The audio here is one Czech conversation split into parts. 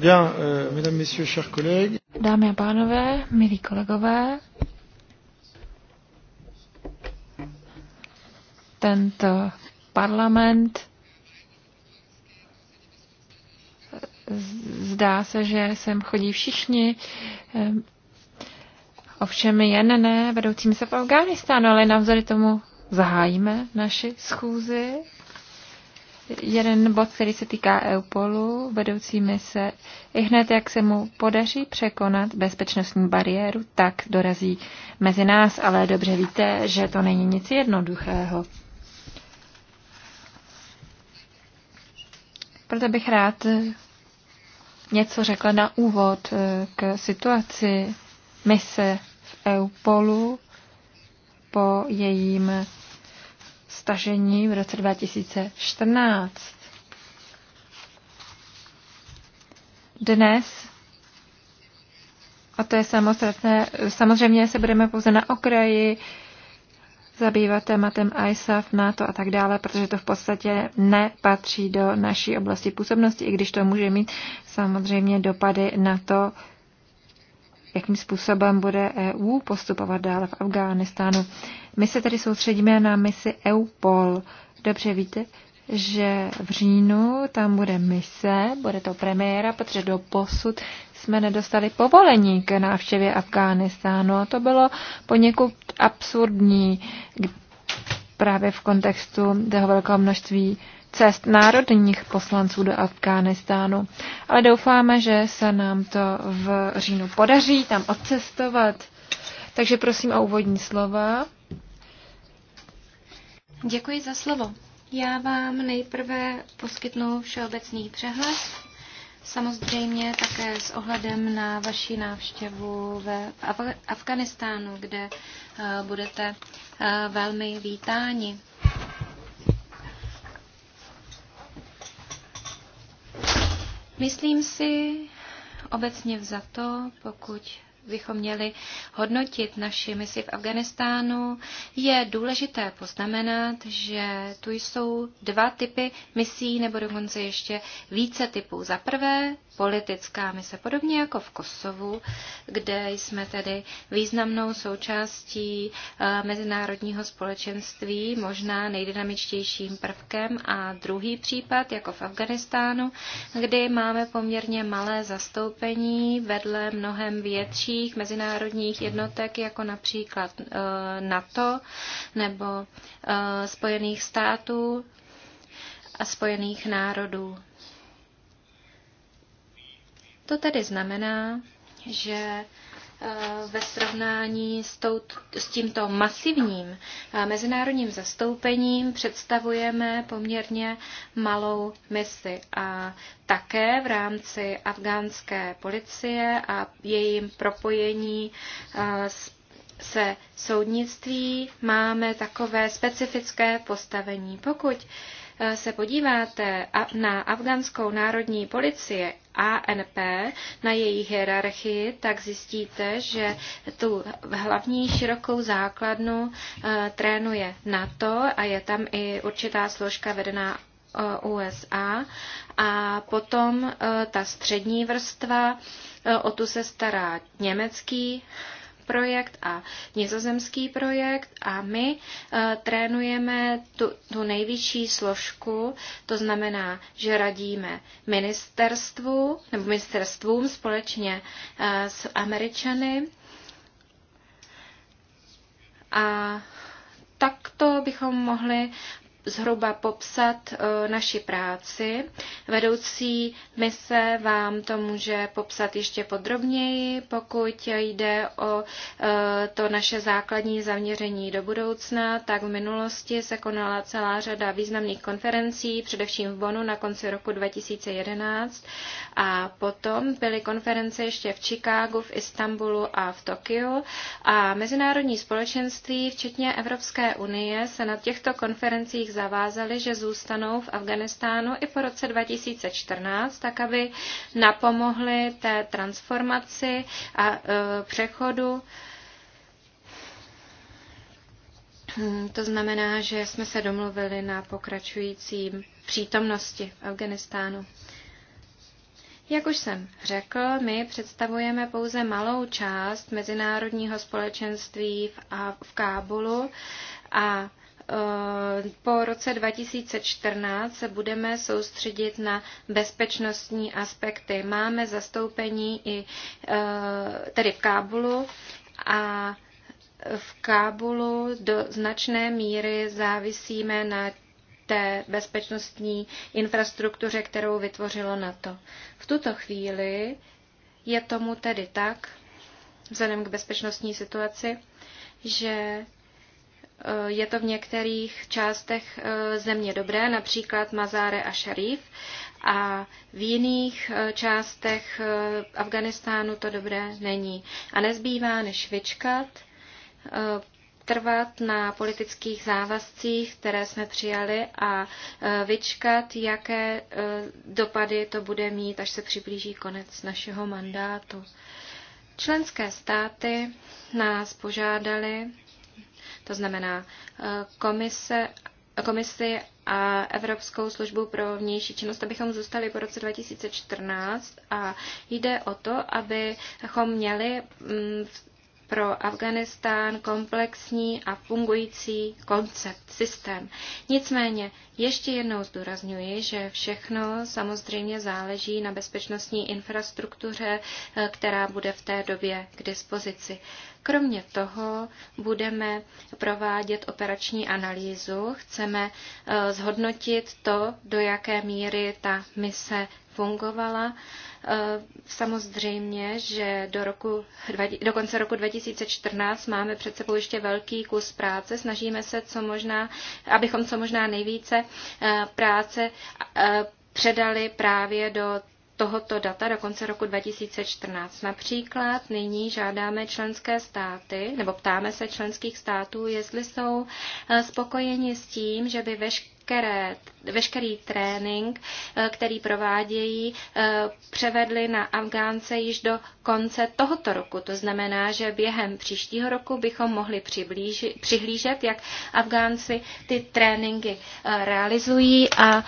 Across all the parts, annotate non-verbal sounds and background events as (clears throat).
Bien, euh, mesdames, messieurs, chers collègues. Dámy a pánové, milí kolegové, tento parlament eh, zdá se, že sem chodí všichni, eh, ovšem jen ne vedoucím se v Afganistánu, ale navzory tomu zahájíme naši schůzi jeden bod, který se týká EUPOLu, vedoucí mise. I hned, jak se mu podaří překonat bezpečnostní bariéru, tak dorazí mezi nás, ale dobře víte, že to není nic jednoduchého. Proto bych rád eh, něco řekla na úvod eh, k situaci mise v EUPOLu po jejím stažení v roce 2014. Dnes, a to je samozřejmě se budeme pouze na okraji zabývat tématem ISAF, NATO a tak dále, protože to v podstatě nepatří do naší oblasti působnosti, i když to může mít samozřejmě dopady na to, jakým způsobem bude EU postupovat dále v Afghánistánu. My se tedy soustředíme na misi EUPOL. Dobře víte, že v říjnu tam bude mise, bude to premiéra, protože do posud jsme nedostali povolení k návštěvě Afghánistánu a to bylo poněkud absurdní právě v kontextu toho velkého množství cest národních poslanců do Afghánistánu. Ale doufáme, že se nám to v říjnu podaří tam odcestovat. Takže prosím o úvodní slova. Děkuji za slovo. Já vám nejprve poskytnu všeobecný přehled, samozřejmě také s ohledem na vaši návštěvu ve Afganistánu, kde eh, budete eh, velmi vítáni. Myslím si obecně vzato, pokud bychom měli hodnotit naši misi v Afganistánu, je důležité poznamenat, že tu jsou dva typy misí, nebo dokonce ještě více typů. Za prvé politická mise, podobně jako v Kosovu, kde jsme tedy významnou součástí eh, mezinárodního společenství, možná nejdynamičtějším prvkem. A druhý případ, jako v Afganistánu, kdy máme poměrně malé zastoupení vedle mnohem větší různých mezinárodních jednotek, jako například eh, NATO nebo eh, Spojených států a Spojených národů. To tedy znamená, že Eh, ve srovnání s, tou, s tímto masivním eh, mezinárodním zastoupením představujeme poměrně malou misi. A také v rámci afgánské policie a jejím propojení eh, s se soudnictví máme takové specifické postavení. Pokud se podíváte na afgánskou národní policii ANP, na její hierarchii, tak zjistíte, že tu hlavní širokou základnu eh, trénuje NATO a je tam i určitá složka vedená eh, USA a potom eh, ta střední vrstva, o tu se stará německý projekt a nizozemský projekt a my eh, trénujeme tu, tu nejvyšší složku, to znamená, že radíme ministerstvu nebo ministerstvům společně eh, s Američany a takto bychom mohli zhruba popsat eh, naši práci. Vedoucí mise vám to může popsat ještě podrobněji, pokud jde o eh, to naše základní zaměření do budoucna, tak v minulosti se konala celá řada významných konferencí, především v Bonu na konci roku 2011 a potom byly konference ještě v Chicagu, v Istanbulu a v Tokiu a mezinárodní společenství, včetně Evropské unie, se na těchto konferencích zavázali, že zůstanou v Afganistánu i po roce 2014, tak aby napomohly té transformaci a e, přechodu. Hmm, to znamená, že jsme se domluvili na pokračující přítomnosti v Afganistánu. Jak už jsem řekl, my představujeme pouze malou část mezinárodního společenství v, v Kábulu a po roce 2014 se budeme soustředit na bezpečnostní aspekty. Máme zastoupení i eh, tedy v Kábulu a v Kábulu do značné míry závisíme na té bezpečnostní infrastruktuře, kterou vytvořilo NATO. V tuto chvíli je tomu tedy tak, vzhledem k bezpečnostní situaci, že Eh, je to v některých částech eh, země dobré, například Mazáre a Šarif, a v jiných eh, částech Afganistánu to dobré není. A nezbývá než vyčkat, trvat na politických závazcích, které jsme přijali a vyčkat, jaké dopady to bude mít, až se přiblíží konec našeho mandátu. Členské státy nás požádali to znamená eh, komise, komisi a Evropskou službu pro vnější činnost, abychom zůstali po roce 2014 a jde o to, abychom měli mm, pro Afganistán komplexní a fungující koncept, systém. Nicméně ještě jednou zdůrazňuji, že všechno samozřejmě záleží na bezpečnostní infrastruktuře, eh, která bude v té době k dispozici. Kromě toho budeme provádět operační analýzu. Chceme eh, zhodnotit to, do jaké míry ta mise fungovala. Eh, samozřejmě, že do, roku, do konce roku 2014 máme před sebou ještě velký kus práce. Snažíme se, co možná, abychom co možná nejvíce eh, práce předali právě do tohoto data do konce roku 2014. Například nyní žádáme členské státy, nebo ptáme se členských států, jestli jsou eh, spokojeni s tím, že by veškeré, veškerý trénink, eh, který provádějí, eh, převedli na Afgánce již do konce tohoto roku. To znamená, že během příštího roku bychom mohli přiblíži, přihlížet, jak Afgánci ty tréninky realizují a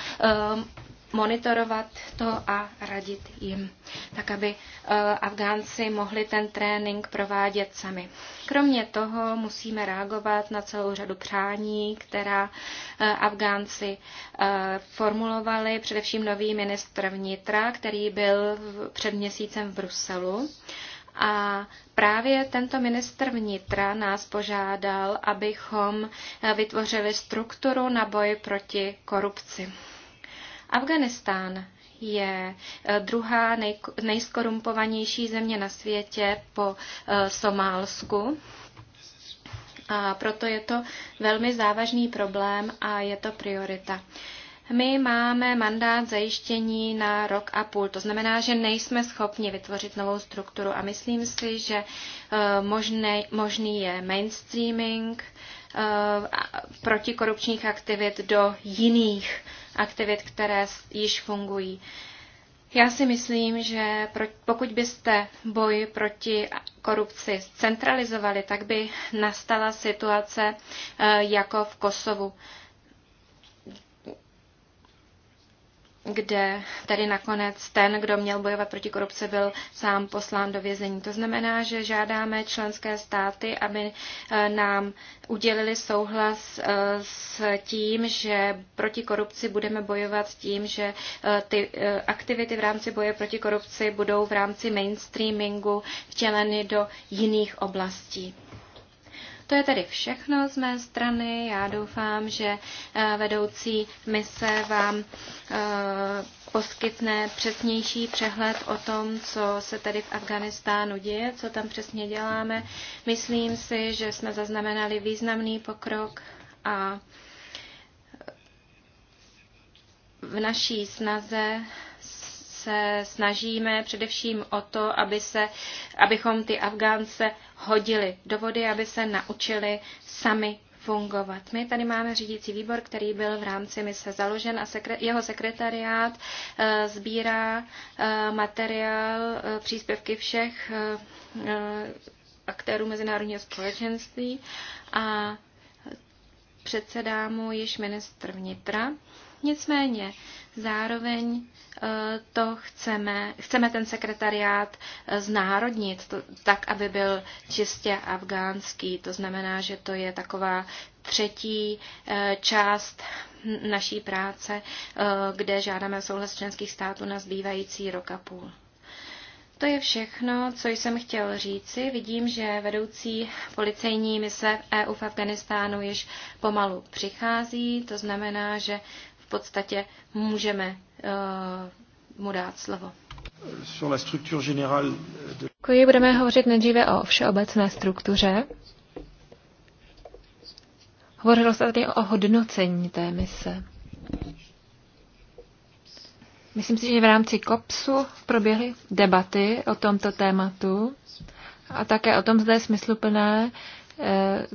monitorovat to a radit jim, tak aby eh, Afgánci mohli ten trénink provádět sami. Kromě toho musíme reagovat na celou řadu přání, která eh, Afgánci eh, formulovali, především nový ministr vnitra, který byl před měsícem v Bruselu. A právě tento ministr vnitra nás požádal, abychom vytvořili strukturu na boj proti korupci. Afganistán je eh, druhá nej, nejskorumpovanější země na světě po eh, Somálsku. A proto je to velmi závažný problém a je to priorita. My máme mandát zajištění na rok a půl, to znamená, že nejsme schopni vytvořit novou strukturu a myslím si, že eh, možný, možný je mainstreaming protikorupčních aktivit do jiných aktivit, které již fungují. Já si myslím, že pokud byste boj proti korupci centralizovali, tak by nastala situace eh, jako v Kosovu. kde tady nakonec ten, kdo měl bojovat proti korupci, byl sám poslán do vězení. To znamená, že žádáme členské státy, aby eh, nám udělili souhlas eh, s tím, že proti korupci budeme bojovat tím, že eh, ty aktivity v rámci boje proti korupci budou v rámci mainstreamingu vtěleny do jiných oblastí. To je tedy všechno z mé strany. Já doufám, že eh, vedoucí mise vám eh, poskytne přesnější přehled o tom, co se tady v Afganistánu děje, co tam přesně děláme. Myslím si, že jsme zaznamenali významný pokrok a eh, v naší snaze se snažíme především o to, aby se, abychom ty Afgánce hodili do vody, aby se naučili sami fungovat. My tady máme řídící výbor, který byl v rámci mise založen a sekre- jeho sekretariát e, sbírá e, materiál, e, příspěvky všech e, aktérů mezinárodního společenství a předsedá mu již ministr vnitra. Nicméně Zároveň eh, to chceme, chceme ten sekretariát eh, znárodnit, to, tak, aby byl čistě afgánský. To znamená, že to je taková třetí eh, část naší práce, kde žádáme souhlas členských států na zbývající rok a půl. To je všechno, co jsem chtěl říci. Vidím, že vedoucí policejní mise v e EU v Afganistánu již pomalu přichází. To znamená, že podstatě můžeme eh, mu dát slovo. Děkuji, budeme hovořit nejdříve o všeobecné struktuře. Hovořilo se tady o hodnocení té mise. Myslím si, že v rámci COPSu proběhly debaty o tomto tématu a také o tom, zda je smysluplné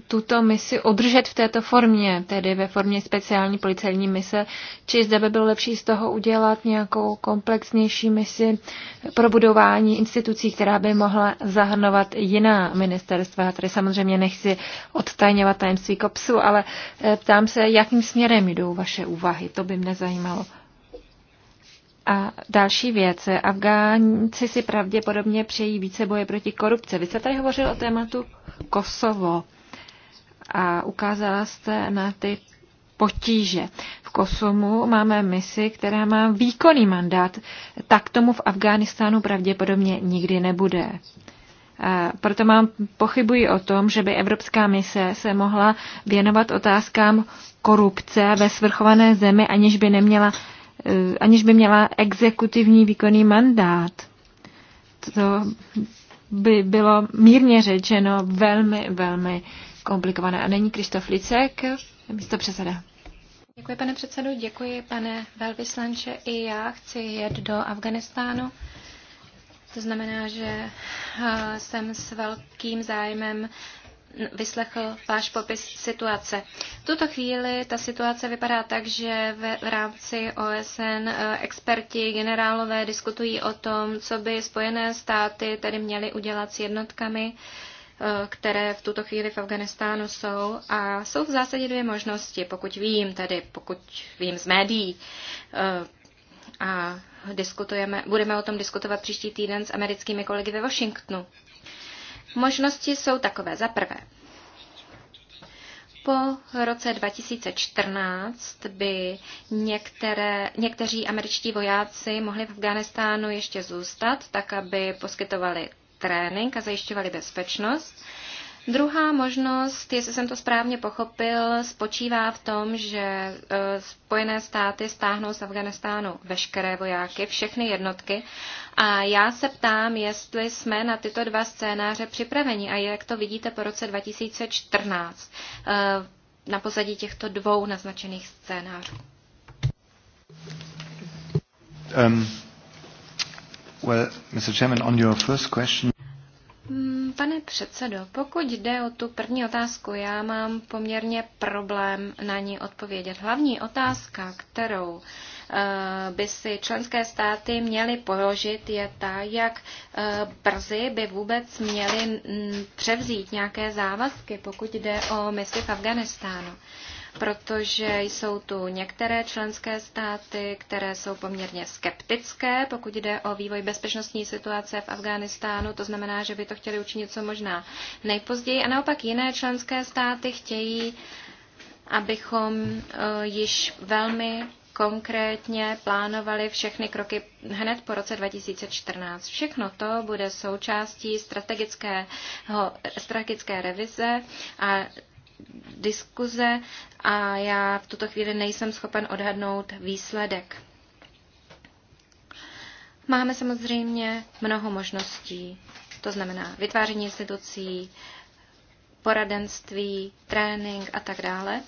tuto misi udržet v této formě, tedy ve formě speciální policejní mise, či zde by bylo lepší z toho udělat nějakou komplexnější misi pro budování institucí, která by mohla zahrnovat jiná ministerstva. Tady samozřejmě nechci odtajňovat tajemství kopsu, ale eh, ptám se, jakým směrem jdou vaše úvahy, to by mě zajímalo. A další věc. Afgánci si pravděpodobně přejí více boje proti korupce. Vy jste tady hovořil o tématu Kosovo a ukázala jste na ty potíže. V Kosomu máme misi, která má výkonný mandát. Tak tomu v Afghánistánu pravděpodobně nikdy nebude. A proto mám pochybuji o tom, že by Evropská mise se mohla věnovat otázkám korupce ve svrchované zemi, aniž by neměla Eh, aniž by měla exekutivní výkonný mandát. To by bylo mírně řečeno velmi, velmi komplikované. A není Kristof Licek, místo předseda. Děkuji, pane předsedu, děkuji, pane velvyslanče. I já chci jet do Afganistánu. To znamená, že eh, jsem s velkým zájmem vyslechl váš popis situace. V tuto chvíli ta situace vypadá tak, že v, rámci OSN eh, experti, generálové diskutují o tom, co by Spojené státy tedy měly udělat s jednotkami, eh, které v tuto chvíli v Afganistánu jsou. A jsou v zásadě dvě možnosti, pokud vím, tedy pokud vím z médií. Eh, a diskutujeme, budeme o tom diskutovat příští týden s americkými kolegy ve Washingtonu. Možnosti jsou takové. Za prvé, po roce 2014 by některé, někteří američtí vojáci mohli v Afganistánu ještě zůstat, tak aby poskytovali trénink a zajišťovali bezpečnost. Druhá možnost, jestli jsem to správně pochopil, spočívá v tom, že e, Spojené státy stáhnou z Afganistánu veškeré vojáky, všechny jednotky. A já se ptám, jestli jsme na tyto dva scénáře připraveni a jak to vidíte po roce 2014 e, na pozadí těchto dvou naznačených scénářů. Um, well, Mr. Chairman, on your first question... Mm, pane předsedo, pokud jde o tu první otázku, já mám poměrně problém na ní odpovědět. Hlavní otázka, kterou eh, by si členské státy měly položit, je ta, jak eh, brzy by vůbec měly mm, převzít nějaké závazky, pokud jde o misi v Afganistánu protože jsou tu některé členské státy, které jsou poměrně skeptické, pokud jde o vývoj bezpečnostní situace v Afghánistánu. To znamená, že by to chtěli učinit co možná nejpozději. A naopak jiné členské státy chtějí, abychom eh, již velmi konkrétně plánovali všechny kroky hned po roce 2014. Všechno to bude součástí strategického, strategické revize a diskuze a já v tuto chvíli nejsem schopen odhadnout výsledek. Máme samozřejmě mnoho možností, to znamená vytváření institucí, poradenství, trénink a tak dále.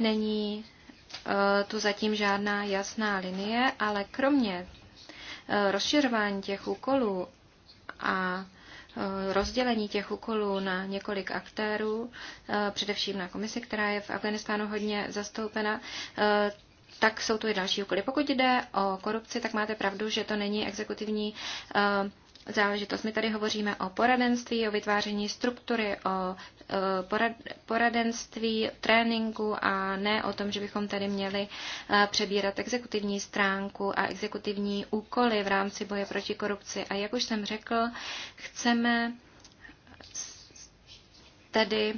Není eh, tu zatím žádná jasná linie, ale kromě eh, rozšiřování těch úkolů a Eh, rozdělení těch úkolů na několik aktérů, eh, především na komisi, která je v Afganistánu hodně zastoupena, eh, tak jsou tu i další úkoly. Pokud jde o korupci, tak máte pravdu, že to není exekutivní záležitost. My tady hovoříme o poradenství, o vytváření struktury, o e, poradenství, tréninku a ne o tom, že bychom tady měli e, přebírat exekutivní stránku a exekutivní úkoly v rámci boje proti korupci. A jak už jsem řekl, chceme tedy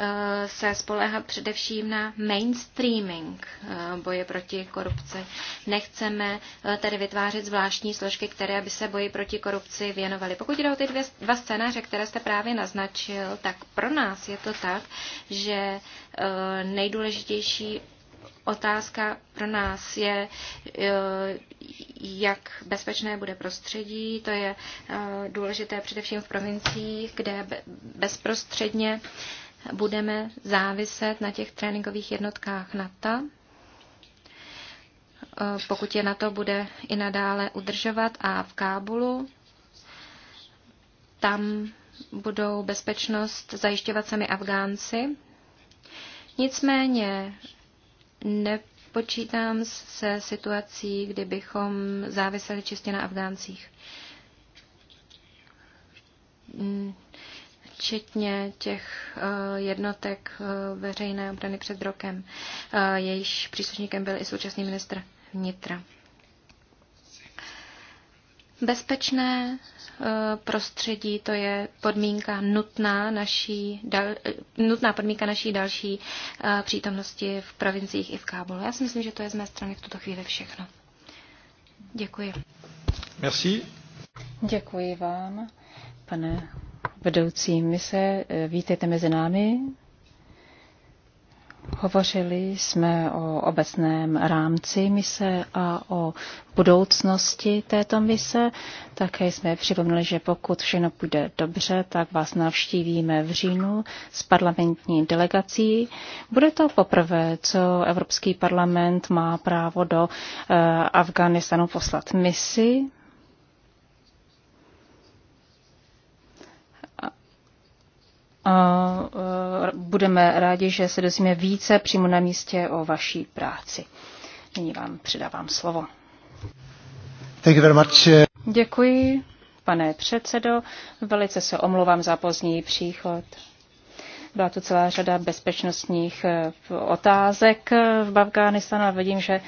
Eh, se spolehat především na mainstreaming eh, boje proti korupci. Nechceme eh, tedy vytvářet zvláštní složky, které by se boji proti korupci věnovaly. Pokud jde o ty dvě, dva scénáře, které jste právě naznačil, tak pro nás je to tak, že nejdůležitější otázka pro nás je, jak bezpečné bude prostředí. To je důležité především v provinciích, kde bezprostředně budeme záviset na těch tréninkových jednotkách NATO, eh, pokud je na to bude i nadále udržovat a v Kábulu. Tam budou bezpečnost zajišťovat sami Afgánci. Nicméně nepočítám se situací, kdybychom záviseli čistě na Afgáncích hmm včetně těch eh, jednotek eh, veřejné obrany před rokem. Eh, jejíž příslušníkem byl i současný ministr vnitra. Bezpečné prostředí to je podmínka nutná, naší, dal, nutná podmínka naší další přítomnosti v provinciích i v Kábulu. Já si myslím, že to je z mé strany v tuto chvíli všechno. Děkuji. Merci. Děkuji vám, pane vedoucí mise, eh, vítejte mezi námi. Hovořili jsme o obecném rámci mise a o budoucnosti této mise. Také jsme připomněli, že pokud všechno půjde dobře, tak vás navštívíme v říjnu s parlamentní delegací. Bude to poprvé, co Evropský parlament má právo do eh, Afganistanu poslat misi. E, budeme rádi, že se dozvíme více přímo na místě o vaší práci. Nyní vám předávám slovo. Thank you very much. Eh. Děkuji, pane předsedo. Velice se omluvám za pozdní příchod. Byla tu celá řada bezpečnostních eh, otázek eh, v Afganistánu a vidím, že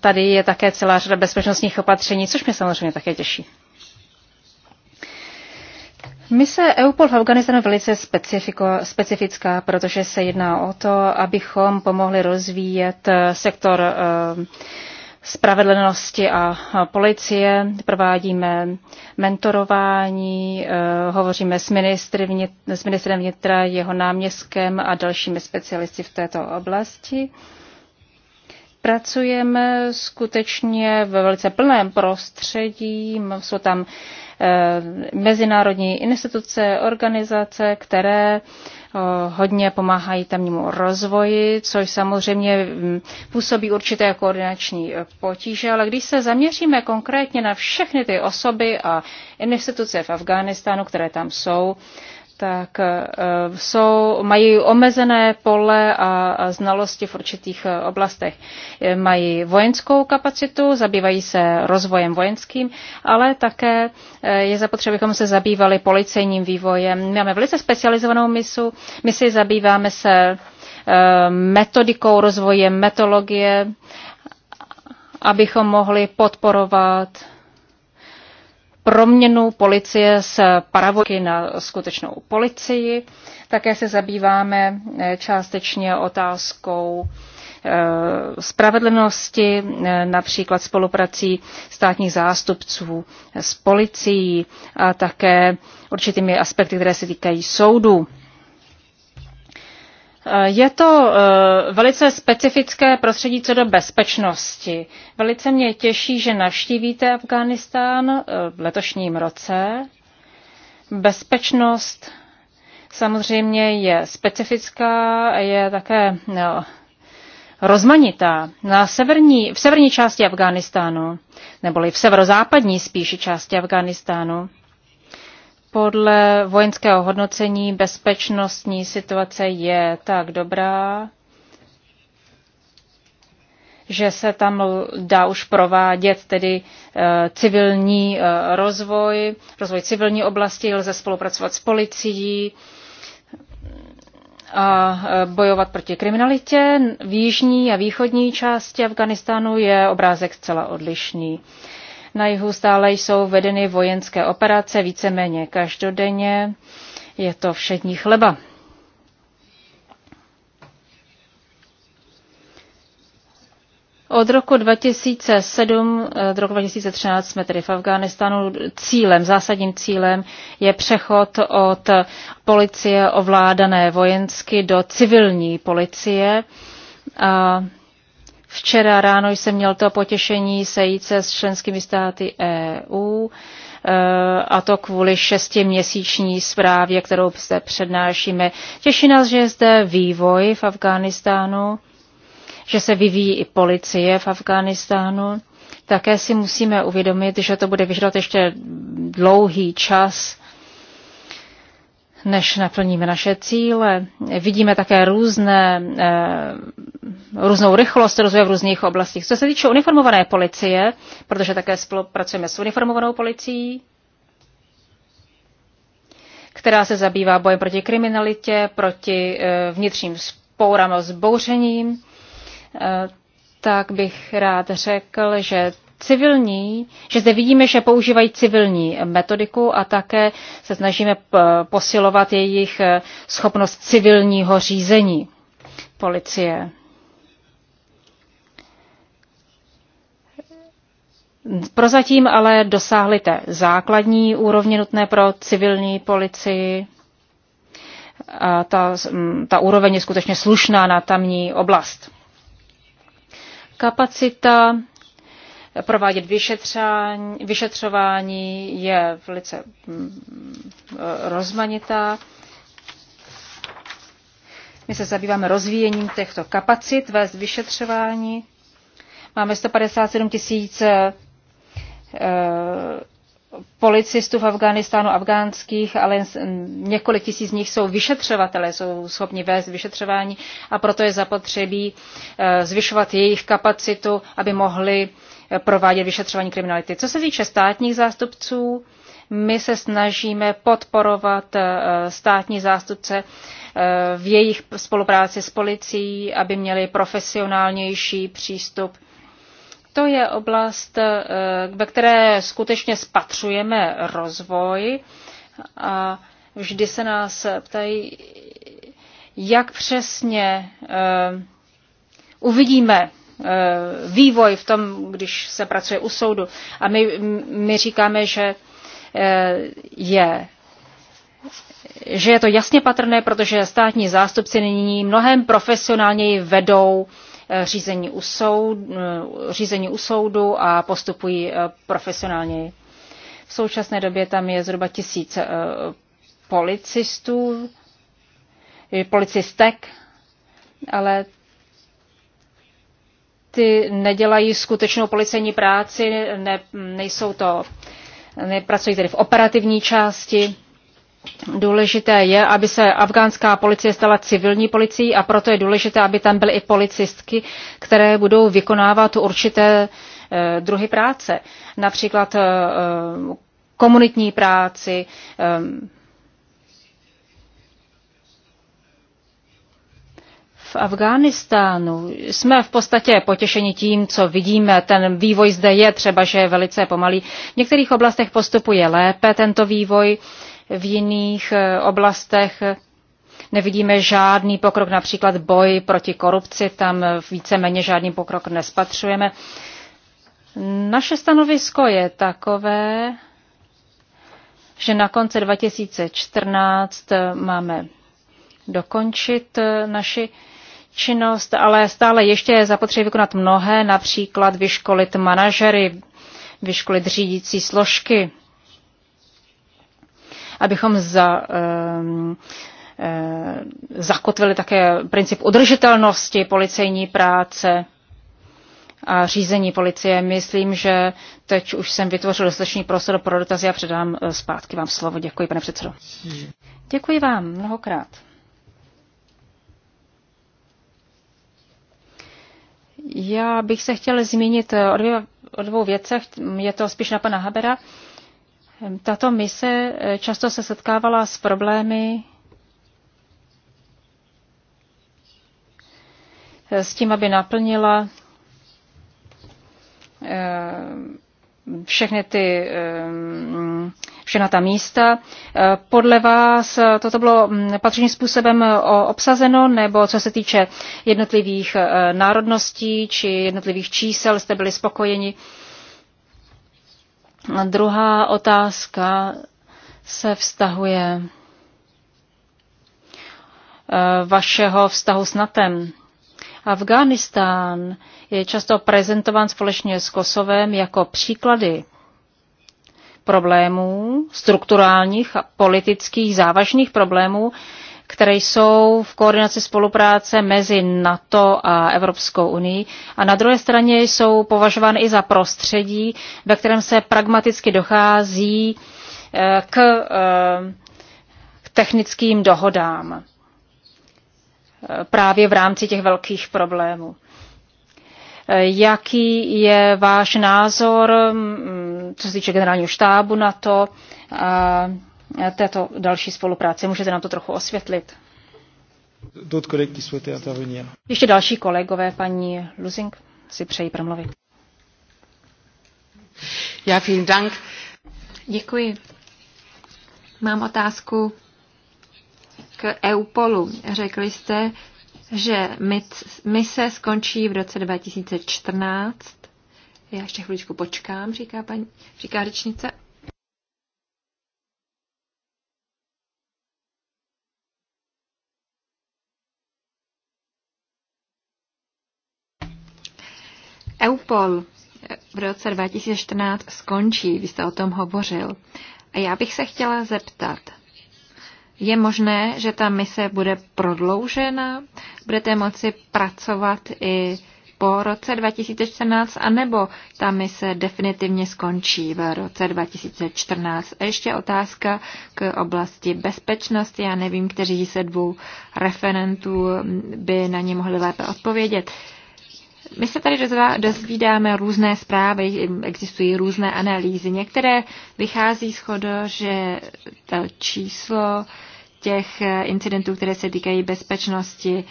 tady je také celá řada bezpečnostních opatření, což mě samozřejmě také těší. Mise EUPOL v Afganistanu je velice specifická, protože se jedná o to, abychom pomohli rozvíjet eh, sektor eh, spravedlnosti a policie. Provádíme mentorování, eh, hovoříme s, ministry vnitra, s ministrem vnitra, jeho náměstkem a dalšími specialisty v této oblasti pracujeme skutečně ve velice plném prostředí. Jsou tam Eh, mezinárodní instituce, organizace, které eh, hodně pomáhají tamnímu rozvoji, což samozřejmě mm, působí určité koordinační eh, potíže, ale když se zaměříme konkrétně na všechny ty osoby a instituce v Afghánistánu, které tam jsou, tak eh, jsou, mají omezené pole a znalosti v určitých eh, oblastech. Eh, mají vojenskou kapacitu, zabývají se rozvojem vojenským, ale také je zapotřebí, abychom se zabývali policejním vývojem. Máme velice specializovanou misu, misi, zabýváme se metodikou rozvoje, metologie, abychom mohli podporovat proměnu policie z paravojky na skutečnou policii. Také se zabýváme eh, částečně otázkou eh, spravedlnosti, eh, například spoluprací státních zástupců s policií a také určitými aspekty, které se týkají soudů. Eh, je to eh, velice specifické prostředí co do bezpečnosti. Velice mě těší, že navštívíte Afghánistán eh, v letošním roce. Bezpečnost samozřejmě je specifická, je také no, rozmanitá. Na severní, v severní části Afghánistánu, neboli v severozápadní spíše části Afghánistánu, podle vojenského hodnocení bezpečnostní situace je tak dobrá, že se tam dá už provádět tedy eh, civilní eh, rozvoj, rozvoj civilní oblasti, lze spolupracovat s policií a eh, bojovat proti kriminalitě. V jižní a východní části Afganistánu je obrázek zcela odlišný. Na jihu stále jsou vedeny vojenské operace víceméně každodenně. Je to všední chleba. Od roku 2007 eh, od roku 2013 jsme tedy v Afghánistánu. Cílem, zásadním cílem je přechod od policie ovládané vojensky do civilní policie. A Včera ráno jsem měl to potěšení sejít se s členskými státy EU eh, a to kvůli šestiměsíční zprávě, kterou zde přednášíme. Těší nás, že je zde vývoj v Afghánistánu, že se vyvíjí i policie v Afghánistánu. Také si musíme uvědomit, že to bude vyžadovat ještě dlouhý čas, než naplníme naše cíle. Vidíme také různé, eh, různou rychlost rozvoje v různých oblastech. Co se týče uniformované policie, protože také spolupracujeme s uniformovanou policií, která se zabývá bojem proti kriminalitě, proti eh, vnitřním spouram a zbouřením, eh, tak bych rád řekl, že civilní, že zde vidíme, že používají civilní metodiku a také se snažíme posilovat jejich eh, schopnost civilního řízení policie. Prozatím ale dosáhli té základní úrovně nutné pro civilní policii. A ta, ta úroveň je skutečně slušná na tamní oblast. Kapacita provádět vyšetřování, vyšetřování je velice mm, rozmanitá. My se zabýváme rozvíjením těchto kapacit, vést vyšetřování. Máme 157 tisíc e, policistů v Afganistánu, afgánských, ale několik tisíc z nich jsou vyšetřovatelé, jsou schopni vést vyšetřování a proto je zapotřebí e, zvyšovat jejich kapacitu, aby mohli provádět vyšetřování kriminality. Co se týče státních zástupců, my se snažíme podporovat eh, státní zástupce eh, v jejich spolupráci s policií, aby měli profesionálnější přístup. To je oblast, eh, ve které skutečně spatřujeme rozvoj a vždy se nás ptají, jak přesně uvidíme Eh, vývoj v tom, když se pracuje u soudu. A my, my říkáme, že eh, je že je to jasně patrné, protože státní zástupci nyní mnohem profesionálněji vedou eh, řízení u, soud, řízení u soudu a postupují profesionálněji. V současné době tam je zhruba tisíc policistů, policistek, ale ty nedělají skutečnou policejní práci, ne, nejsou to, nepracují tedy v operativní části. Důležité je, aby se afgánská policie stala civilní policií a proto je důležité, aby tam byly i policistky, které budou vykonávat určité eh, druhy práce, například eh, komunitní práci, eh, v Afghánistánu. Jsme v podstatě potěšeni tím, co vidíme. Ten vývoj zde je třeba, že je velice pomalý. V některých oblastech postupuje lépe tento vývoj, v jiných eh, oblastech eh, nevidíme žádný pokrok, například boj proti korupci, tam eh, víceméně žádný pokrok nespatřujeme. Naše stanovisko je takové, že na konci 2014 máme dokončit naši činnost, ale stále ještě je zapotřebí vykonat mnohé, například vyškolit manažery, vyškolit řídící složky, abychom za, eh, zakotvili také princip udržitelnosti policejní práce a řízení policie. Myslím, že teď už jsem vytvořil dostatečný prostor pro dotazy a předám eh, zpátky vám slovo. Děkuji, pane předsedo. Děkuji vám mnohokrát. Já bych se chtěl zmínit eh, o, dvě, o dvou věcech, je to spíš na pana Habera. Ehm, tato mise eh, často se setkávala s problémy eh, s tím, aby naplnila všechny ty, eh, všechna ta místa. Eh, podle vás toto bylo mm, patřičným způsobem eh, obsazeno, nebo co se týče jednotlivých národností či jednotlivých čísel, jste byli spokojeni? A druhá otázka se vztahuje vašeho vztahu s NATEM Afghánistán je často prezentován společně s Kosovem jako příklady problémů, strukturálních a politických závažných problémů, které jsou v koordinaci spolupráce mezi NATO a Evropskou unii a na druhé straně jsou považovány i za prostředí, ve kterém se pragmaticky dochází eh, k, eh, k technickým dohodám právě v rámci těch velkých problémů. Jaký je váš názor, co se týče generálního štábu na to a této další spolupráce? Můžete nám to trochu osvětlit? Ještě další kolegové, paní Luzing, si přeji promluvit. Já vielen Dank. Děkuji. Mám otázku k EUPOLu. Řekli jste, že mise skončí v roce 2014. Já ještě chvíličku počkám, říká, paní, říká řečnice. EUPOL v roce 2014 skončí, vy jste o tom hovořil. A já bych se chtěla zeptat, je možné, že ta mise bude prodloužena, budete moci pracovat i po roce 2014, anebo ta mise definitivně skončí v roce 2014. A ještě otázka k oblasti bezpečnosti. Já nevím, kteří se dvou referentů by na ně mohli lépe odpovědět. My se tady dozvídáme různé zprávy, existují různé analýzy. Některé vychází z chodu, že to číslo těch eh, incidentů, které se týkají bezpečnosti,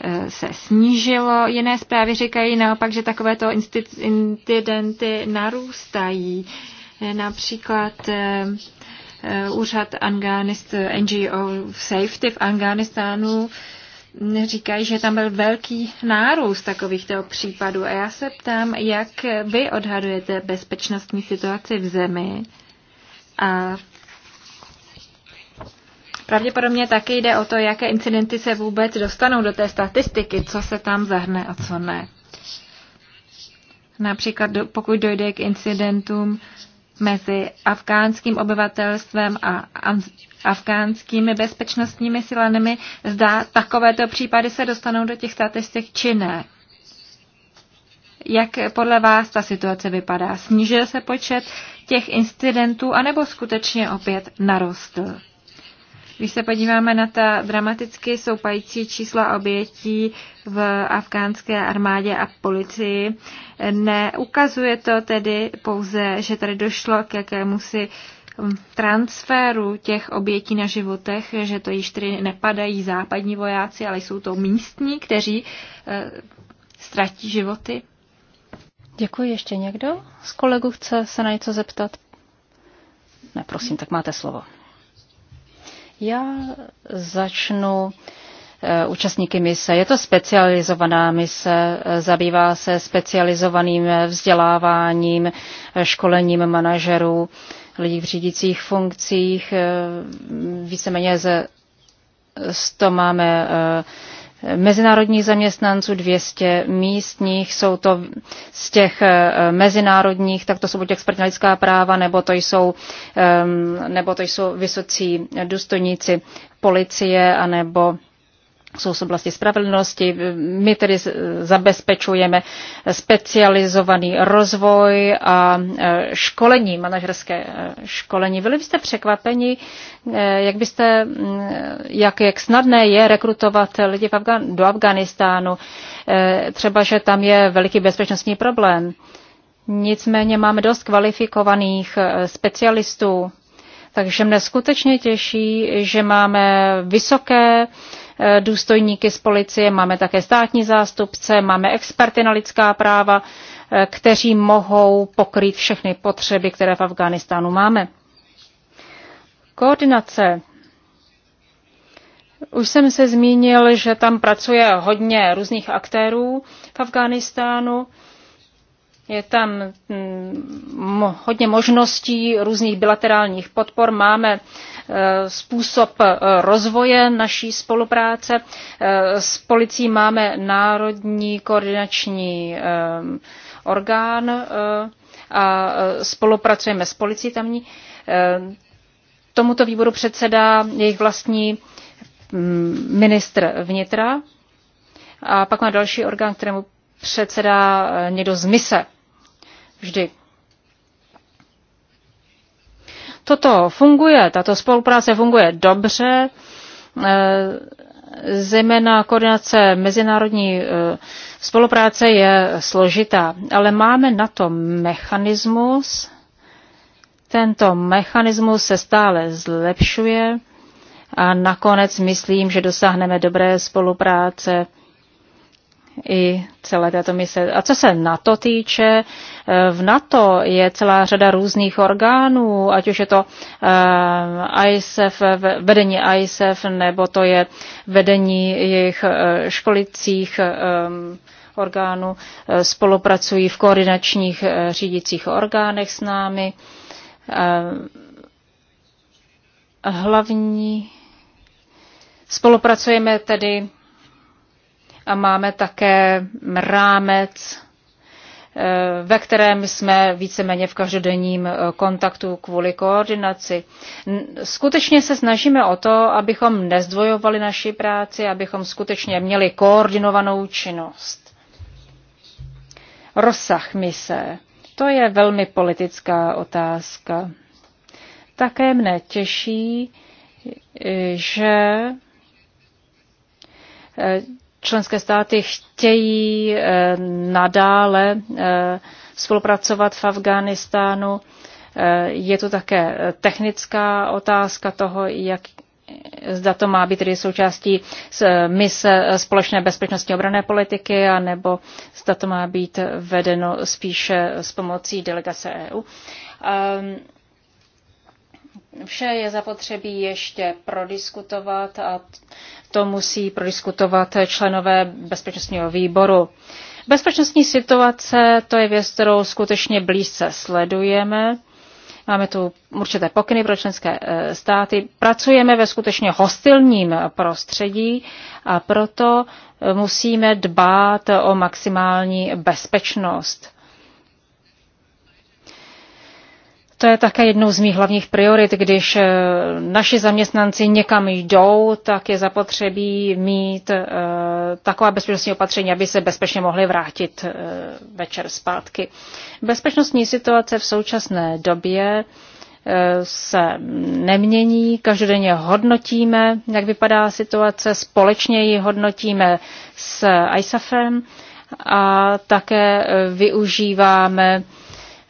eh, se snížilo. Jiné zprávy říkají naopak, že takovéto incidenty narůstají. Eh, například úřad Anganist, NGO Safety v Anganistánu říkají, že tam byl velký nárůst takovýchto případů. A já se ptám, jak vy odhadujete bezpečnostní situaci v zemi a Pravděpodobně také jde o to, jaké incidenty se vůbec dostanou do té statistiky, co se tam zahrne a co ne. Například pokud dojde k incidentům mezi afgánským obyvatelstvem a afgánskými bezpečnostními silami, zda takovéto případy se dostanou do těch statistik či ne. Jak podle vás ta situace vypadá? Snížil se počet těch incidentů anebo skutečně opět narostl? Když se podíváme na ta dramaticky soupající čísla obětí v afgánské armádě a policii, neukazuje to tedy pouze, že tady došlo k jakémusi transferu těch obětí na životech, že to již tedy nepadají západní vojáci, ale jsou to místní, kteří e, ztratí životy. Děkuji. Ještě někdo z kolegů chce se na něco zeptat? Ne, prosím, tak máte slovo. Já začnu eh, účastníky mise. Je to specializovaná mise, eh, zabývá se specializovaným eh, vzděláváním, školením manažerů, lidí v řídících funkcích, víceméně ze 100 máme mezinárodních zaměstnanců, 200 místních, jsou to z těch eh, mezinárodních, tak to jsou buď expertní lidská práva, nebo to jsou, ehm, nebo to jsou vysocí důstojníci policie, anebo jsou z oblasti spravedlnosti. My tedy zabezpečujeme specializovaný rozvoj a e, školení, manažerské e, školení. Byli byste překvapeni, e, jak, byste, mm, jak, jak snadné je rekrutovat lidi v Afgan- do Afganistánu, třeba, že tam je veliký bezpečnostní problém. Nicméně máme dost kvalifikovaných specialistů, takže mne skutečně těší, že máme vysoké Eh, důstojníky z policie, máme také státní zástupce, máme experty na lidská práva, eh, kteří mohou pokrýt všechny potřeby, které v Afghánistánu máme. Koordinace už jsem se zmínil, že tam pracuje hodně různých aktérů v Afghánistánu. Je tam mm, hodně možností různých bilaterálních podpor. Máme Eh, způsob eh, rozvoje naší spolupráce. Eh, s policií máme národní koordinační orgán a spolupracujeme s policií tamní. Tomuto výboru předsedá jejich vlastní mm, ministr vnitra a pak má další orgán, kterému předsedá někdo z mise. Vždy. Toto funguje, tato spolupráce funguje dobře, eh, zejména koordinace mezinárodní eh, spolupráce je složitá, ale máme na to mechanismus. Tento mechanismus se stále zlepšuje a nakonec myslím, že dosáhneme dobré spolupráce i celé této mise. A co se NATO týče, eh, v NATO je celá řada různých orgánů, ať už je to eh, ISF, vedení ISF, nebo to je vedení jejich eh, školicích ehm, orgánů, spolupracují v koordinačních řídicích orgánech s námi. Hlavní spolupracujeme tedy a máme také rámec, eh, ve kterém jsme víceméně v každodenním eh, kontaktu kvůli koordinaci. Skutečně se snažíme o to, abychom nezdvojovali naši práci, abychom skutečně měli koordinovanou činnost. Rozsah mise. To je velmi politická otázka. Také mne těší, eh, že členské státy chtějí eh, nadále eh, spolupracovat v Afghánistánu. Eh, je to také technická otázka toho, jak, zda to má být tedy součástí mise společné bezpečnostní obrané politiky, anebo zda to má být vedeno spíše s pomocí delegace EU. Ehm, vše je zapotřebí ještě prodiskutovat a to musí prodiskutovat členové bezpečnostního výboru. Bezpečnostní situace, to je věc, kterou skutečně blízce sledujeme. Máme tu určité pokyny pro členské eh, státy. Pracujeme ve skutečně hostilním prostředí a proto eh, musíme dbát o maximální bezpečnost. To je také jednou z mých hlavních priorit. Když eh, naši zaměstnanci někam jdou, tak je zapotřebí mít eh, taková bezpečnostní opatření, aby se bezpečně mohli vrátit eh, večer zpátky. Bezpečnostní situace v současné době se nemění, každodenně hodnotíme, jak vypadá situace, společně ji hodnotíme s ISAFem a také využíváme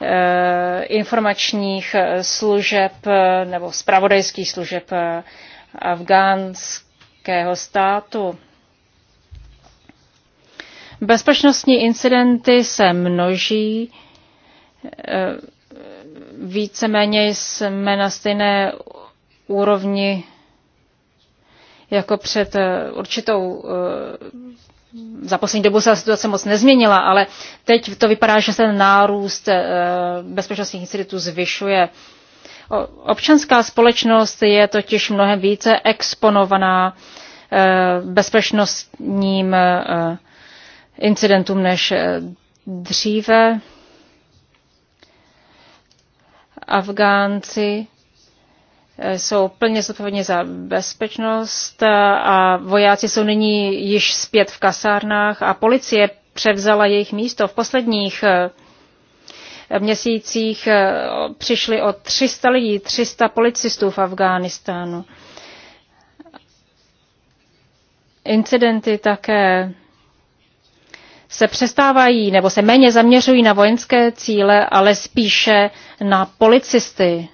Eh, informačních služeb eh, nebo zpravodajských služeb eh, afgánského státu. Bezpečnostní incidenty se množí. Víceméně jsme na stejné úrovni jako před určitou za poslední dobu se situace moc nezměnila, ale teď to vypadá, že se ten nárůst eh, bezpečnostních institutů zvyšuje. Občanská společnost je totiž mnohem více exponovaná eh, bezpečnostním eh, incidentům než dříve. Afgánci jsou plně zodpovědní za bezpečnost a vojáci jsou nyní již zpět v kasárnách a policie převzala jejich místo. V posledních eh, měsících eh, přišli o 300 lidí, 300 policistů v Afghánistánu. Incidenty také se přestávají nebo se méně zaměřují na vojenské cíle, ale spíše na policisty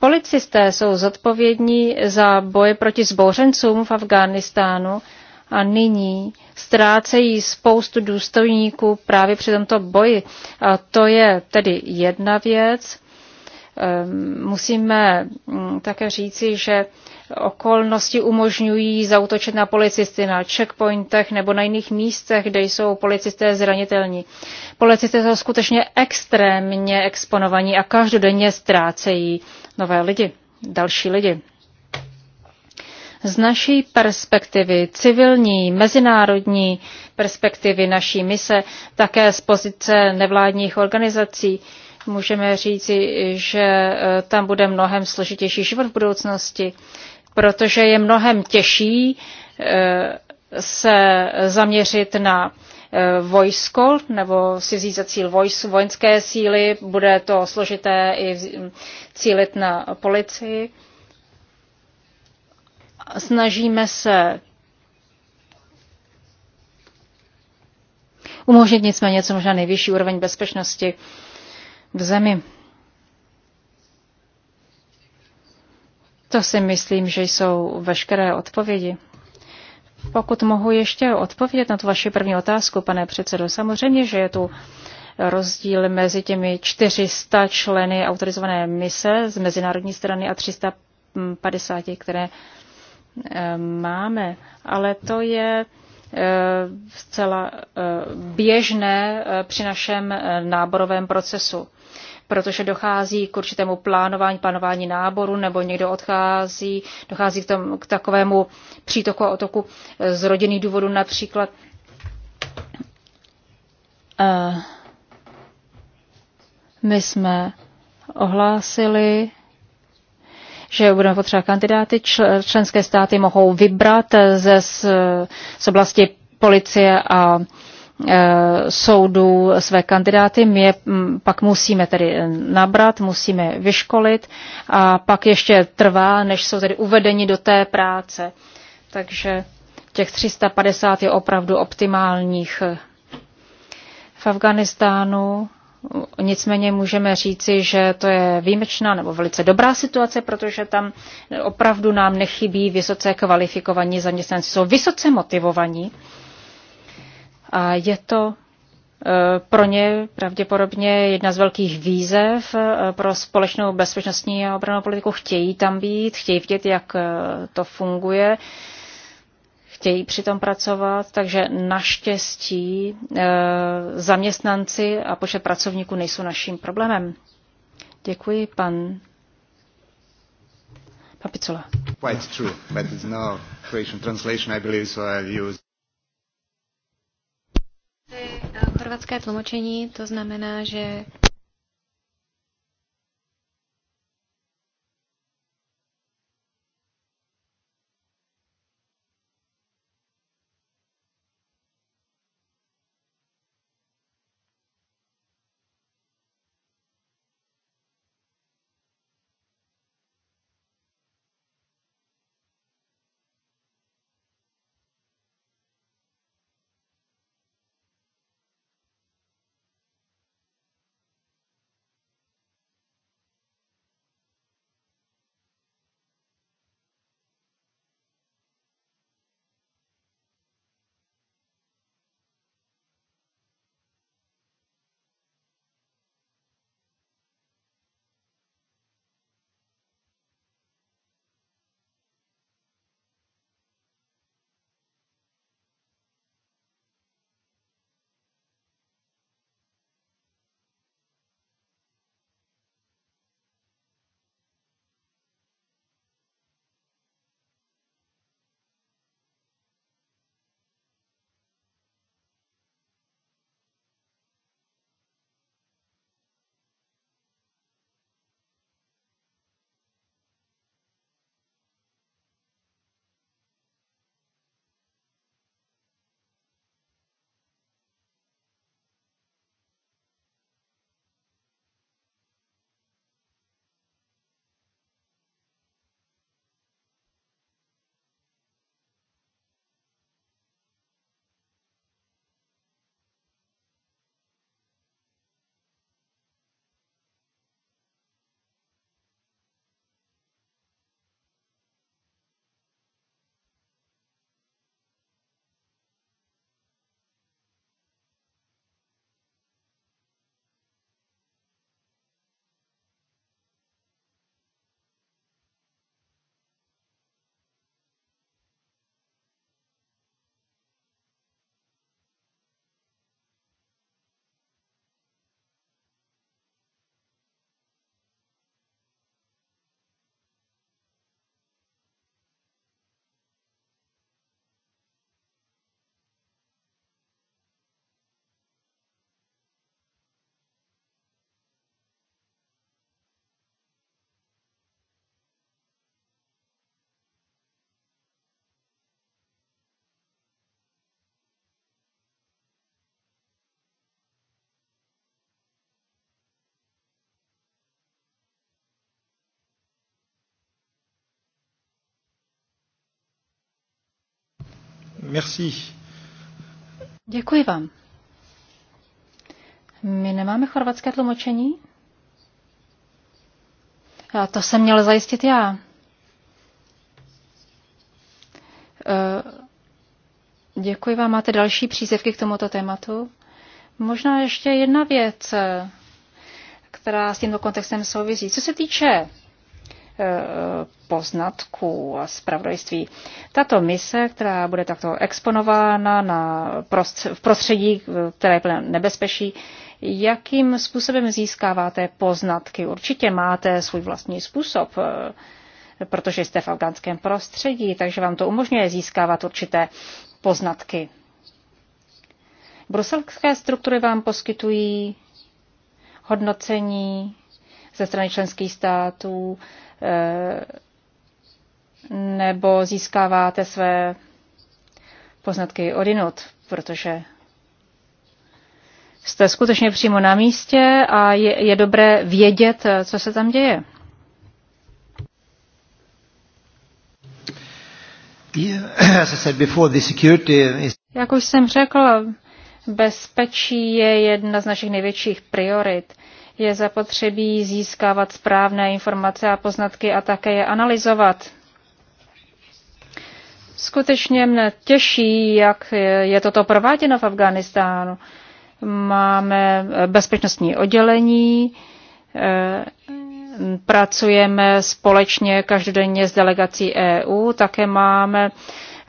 Policisté jsou zodpovědní za boje proti zbouřencům v Afghánistánu a nyní ztrácejí spoustu důstojníků právě při tomto boji. A to je tedy jedna věc. Ehm, musíme mm, také říci, že okolnosti umožňují zautočit na policisty na checkpointech nebo na jiných místech, kde jsou policisté zranitelní. Policisté jsou skutečně extrémně exponovaní a každodenně ztrácejí nové lidi, další lidi. Z naší perspektivy, civilní, mezinárodní perspektivy naší mise, také z pozice nevládních organizací, můžeme říci, že eh, tam bude mnohem složitější život v budoucnosti protože je mnohem těžší eh, se zaměřit na eh, vojsko nebo si vzít za cíl vojenské síly, bude to složité i cílit na policii. Snažíme se umožnit nicméně co možná nejvyšší úroveň bezpečnosti v zemi. To si myslím, že jsou veškeré odpovědi. Pokud mohu ještě odpovědět na tu vaši první otázku, pane předsedo, samozřejmě, že je tu rozdíl mezi těmi 400 členy autorizované mise z mezinárodní strany a 350, které eh, máme. Ale to je eh, zcela eh, běžné při našem náborovém procesu protože dochází k určitému plánování, plánování náboru, nebo někdo odchází, dochází k, tom, k takovému přítoku a otoku z rodinných důvodů například. My jsme ohlásili, že budeme potřebovat kandidáty. Členské státy mohou vybrat ze, z, z oblasti policie a Eh, soudů své kandidáty. My je mm, pak musíme tedy eh, nabrat, musíme vyškolit a pak ještě trvá, než jsou tedy uvedeni do té práce. Takže těch 350 je opravdu optimálních. V Afganistánu eh, Nicméně můžeme říci, že to je výjimečná nebo velice dobrá situace, protože tam opravdu nám nechybí vysoce kvalifikovaní zaměstnanci. Jsou vysoce motivovaní a je to e, pro ně pravděpodobně jedna z velkých výzev e, pro společnou bezpečnostní a obranou politiku. Chtějí tam být, chtějí vidět, jak e, to funguje, chtějí přitom pracovat, takže naštěstí zaměstnanci a počet pracovníků nejsou naším problémem. Děkuji, pan Papicola. Quite true, but it's no translation, I believe, so chorvatské tlumočení, to znamená, že Merci. Děkuji vám. My nemáme chorvatské tlumočení? A to jsem měl zajistit já. Eh, děkuji vám. Máte další přízevky k tomuto tématu? Možná ještě jedna věc, eh, která s tímto kontextem souvisí. Co se týče Eh, poznatků a zpravodajství. Tato mise, která bude takto exponována na prostř- v prostředí, které je plné nebezpečí, jakým způsobem získáváte poznatky? Určitě máte svůj vlastní způsob, eh, protože jste v afgánském prostředí, takže vám to umožňuje získávat určité poznatky. Bruselské struktury vám poskytují hodnocení ze strany členských států, eh, nebo získáváte své poznatky jinot, protože jste skutečně přímo na místě a je, je dobré vědět, eh, co se tam děje. (clears throat) Jak už jsem řekl, bezpečí je jedna z našich největších priorit je zapotřebí získávat správné informace a poznatky a také je analyzovat. Skutečně mne těší, jak je toto prováděno v Afganistánu. Máme eh, bezpečnostní oddělení, eh, pracujeme společně každodenně s delegací EU, také máme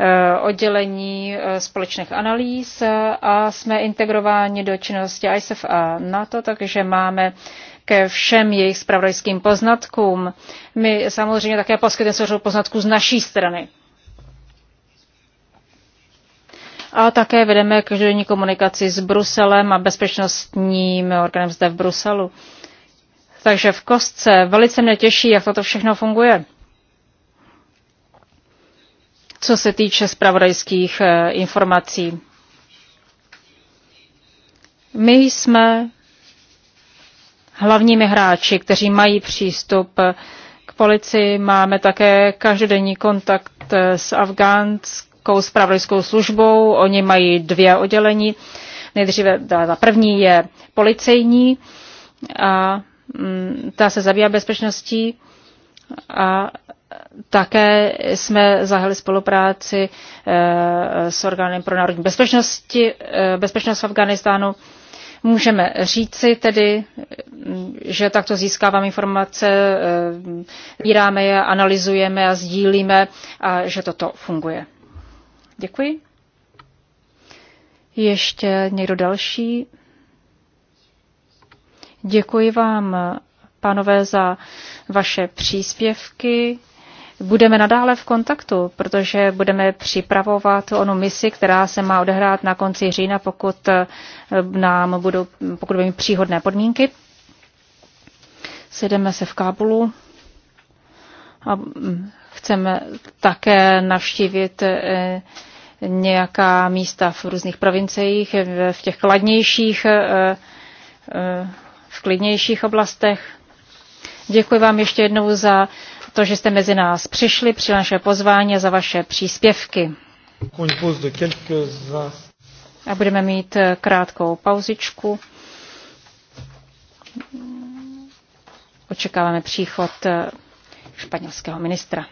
Eh, oddělení eh, společných analýz a jsme integrováni do činnosti ISF a NATO, takže máme ke všem jejich spravodajským poznatkům. My samozřejmě také poskytneme svou poznatků z naší strany. A také vedeme každodenní komunikaci s Bruselem a bezpečnostním organem zde v Bruselu. Takže v kostce velice mě těší, jak toto všechno funguje co se týče spravodajských eh, informací. My jsme hlavními hráči, kteří mají přístup eh, k policii. Máme také každodenní kontakt eh, s afgánskou spravodajskou službou. Oni mají dvě oddělení. Nejdříve ta první je policejní a mm, ta se zabývá bezpečností a také jsme zahali spolupráci eh, s orgánem pro národní bezpečnosti, eh, bezpečnost v Afganistánu. Můžeme říci tedy, mm, že takto získáváme informace, bíráme eh, je, analyzujeme a sdílíme a že toto funguje. Děkuji. Ještě někdo další? Děkuji vám, pánové, za vaše příspěvky. Budeme nadále v kontaktu, protože budeme připravovat onu misi, která se má odehrát na konci října, pokud eh, nám budou, pokud budou příhodné podmínky. Sedeme se v Kábulu a mm, chceme také navštívit eh, nějaká místa v různých provinciích, v těch kladnějších, eh, v klidnějších oblastech. Děkuji vám ještě jednou za to, že jste mezi nás přišli, při naše pozvání a za vaše příspěvky. A budeme mít eh, krátkou pauzičku. Očekáváme příchod eh, španělského ministra.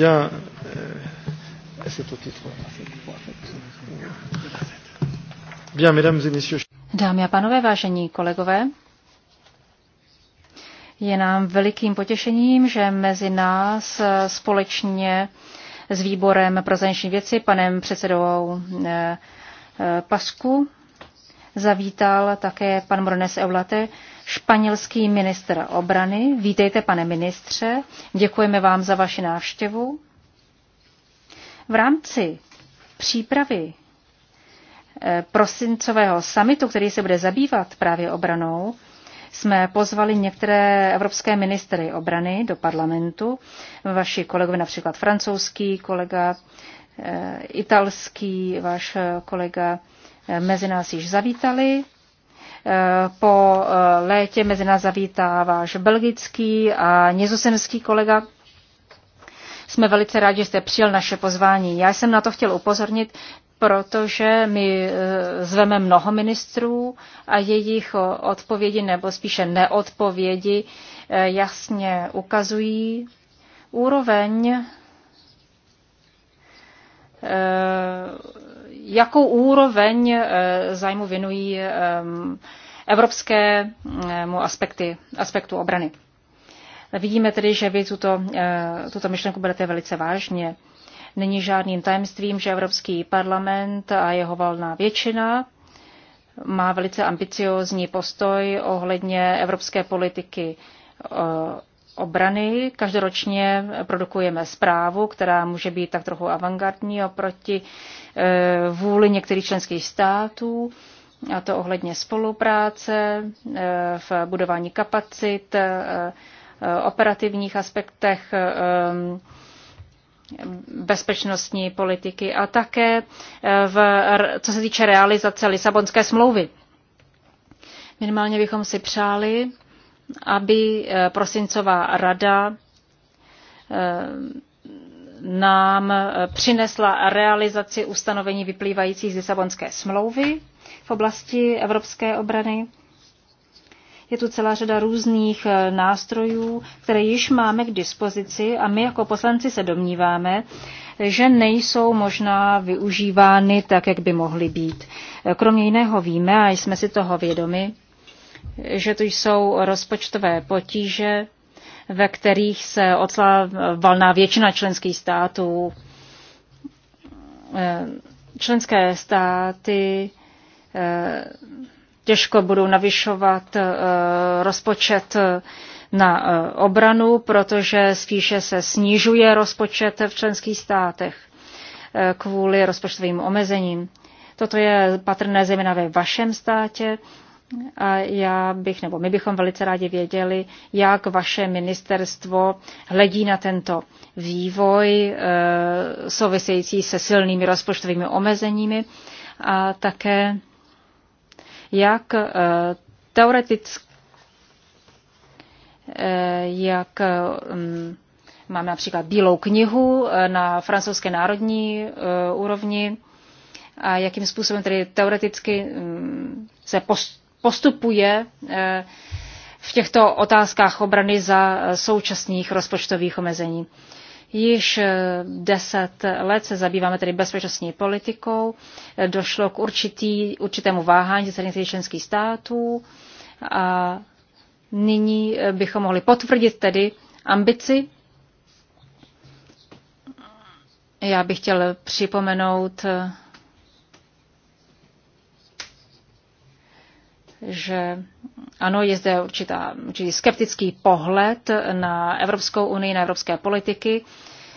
Bien. C'est au titre. Bien, mesdames et messieurs. Dámy a pánové, vážení kolegové, je nám velikým potěšením, že mezi nás eh, společně s výborem pro zahraniční věci, panem předsedou eh, eh, Pasku, zavítal také pan Mornes Eulate, španělský ministr obrany. Vítejte, pane ministře, děkujeme vám za vaši návštěvu. V rámci přípravy eh, prosincového samitu, který se bude zabývat právě obranou, jsme pozvali některé evropské ministry obrany do parlamentu. Vaši kolegové, například francouzský kolega, eh, italský váš kolega, eh, mezi nás již zavítali. Eh, po eh, létě mezi nás zavítá váš belgický a nizozemský kolega. Jsme velice rádi, že jste přijel naše pozvání. Já jsem na to chtěl upozornit, protože my eh, zveme mnoho ministrů a jejich odpovědi, nebo spíše neodpovědi, jasně ukazují úroveň jakou úroveň eh, zájmu věnují eh, evropskému aspekty, aspektu obrany. Vidíme tedy, že vy tuto, eh, tuto myšlenku berete velice vážně. Není žádným tajemstvím, že Evropský parlament a jeho valná většina má velice ambiciozní postoj ohledně evropské politiky obrany. Každoročně produkujeme zprávu, která může být tak trochu avantgardní oproti e, vůli některých členských států, a to ohledně spolupráce, e, v budování kapacit, e, operativních aspektech bezpečnostní politiky a také v, co se týče realizace Lisabonské smlouvy. Minimálně bychom si přáli, aby eh, prosincová rada eh, nám eh, přinesla realizaci ustanovení vyplývajících z Lisabonské smlouvy v oblasti evropské obrany. Je tu celá řada různých nástrojů, které již máme k dispozici a my jako poslanci se domníváme, že nejsou možná využívány tak, jak by mohly být. Kromě jiného víme, a jsme si toho vědomi, že tu jsou rozpočtové potíže, ve kterých se odsla valná většina členských států. Eh, členské státy eh, těžko budou navyšovat eh, rozpočet na obranu, protože spíše se snižuje rozpočet v členských státech kvůli rozpočtovým omezením. Toto je patrné zejména ve vašem státě, a já bych, nebo my bychom velice rádi věděli, jak vaše ministerstvo hledí na tento vývoj e, související se silnými rozpočtovými omezeními a také jak e, teoreticky, e, jak m, mm, mám například Bílou knihu na francouzské národní e, úrovni a jakým způsobem tedy teoreticky mm, se post postupuje eh, v těchto otázkách obrany za eh, současných rozpočtových omezení. Již eh, deset let se zabýváme tedy bezpečnostní politikou. Došlo k určitý, určitému váhání ze strany členských států a nyní bychom mohli potvrdit tedy ambici. Já bych chtěl připomenout že ano, je zde určitá, určitý skeptický pohled na Evropskou unii, na evropské politiky.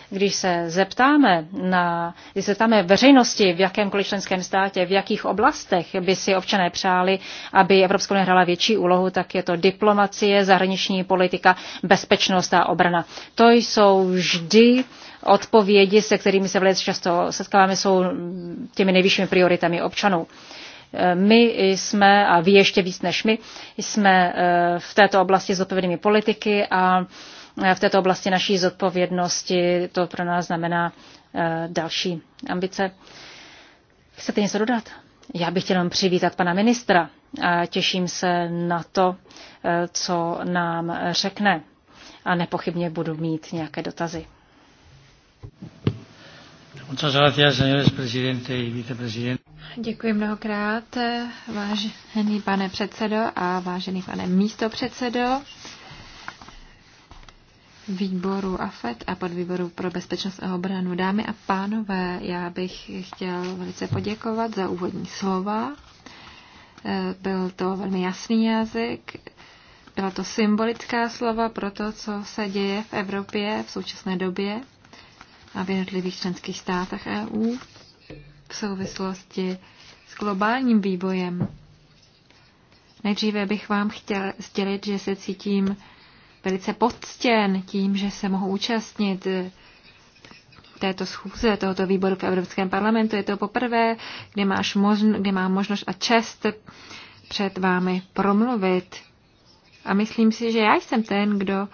Když se zeptáme, na, když se zeptáme veřejnosti v jakémkoliv členském státě, v jakých oblastech by si občané přáli, aby Evropská unie hrála větší úlohu, tak je to diplomacie, zahraniční politika, bezpečnost a obrana. To jsou vždy odpovědi, se kterými se velice často setkáváme, jsou těmi nejvyššími prioritami občanů. My jsme, a vy ještě víc než my, jsme eh, v této oblasti zodpovědnými politiky a eh, v této oblasti naší zodpovědnosti to pro nás znamená eh, další ambice. Chcete něco dodat? Já bych chtěl přivítat pana ministra a těším se na to, co nám řekne. A nepochybně budu mít nějaké dotazy. Muchas gracias, señores presidente y vicepresidente. Děkuji mnohokrát, vážený pane předsedo a vážený pane místopředsedo výboru AFET a podvýboru pro bezpečnost a obranu. Dámy a pánové, já bych chtěl velice poděkovat za úvodní slova. Byl to velmi jasný jazyk, byla to symbolická slova pro to, co se děje v Evropě v současné době a v jednotlivých členských státech EU v souvislosti s globálním vývojem. Nejdříve bych vám chtěl sdělit, že se cítím velice poctěn tím, že se mohu účastnit této schůze, tohoto výboru v Evropském parlamentu. Je to poprvé, kdy, máš možn- kdy mám možnost a čest před vámi promluvit. A myslím si, že já jsem ten, kdo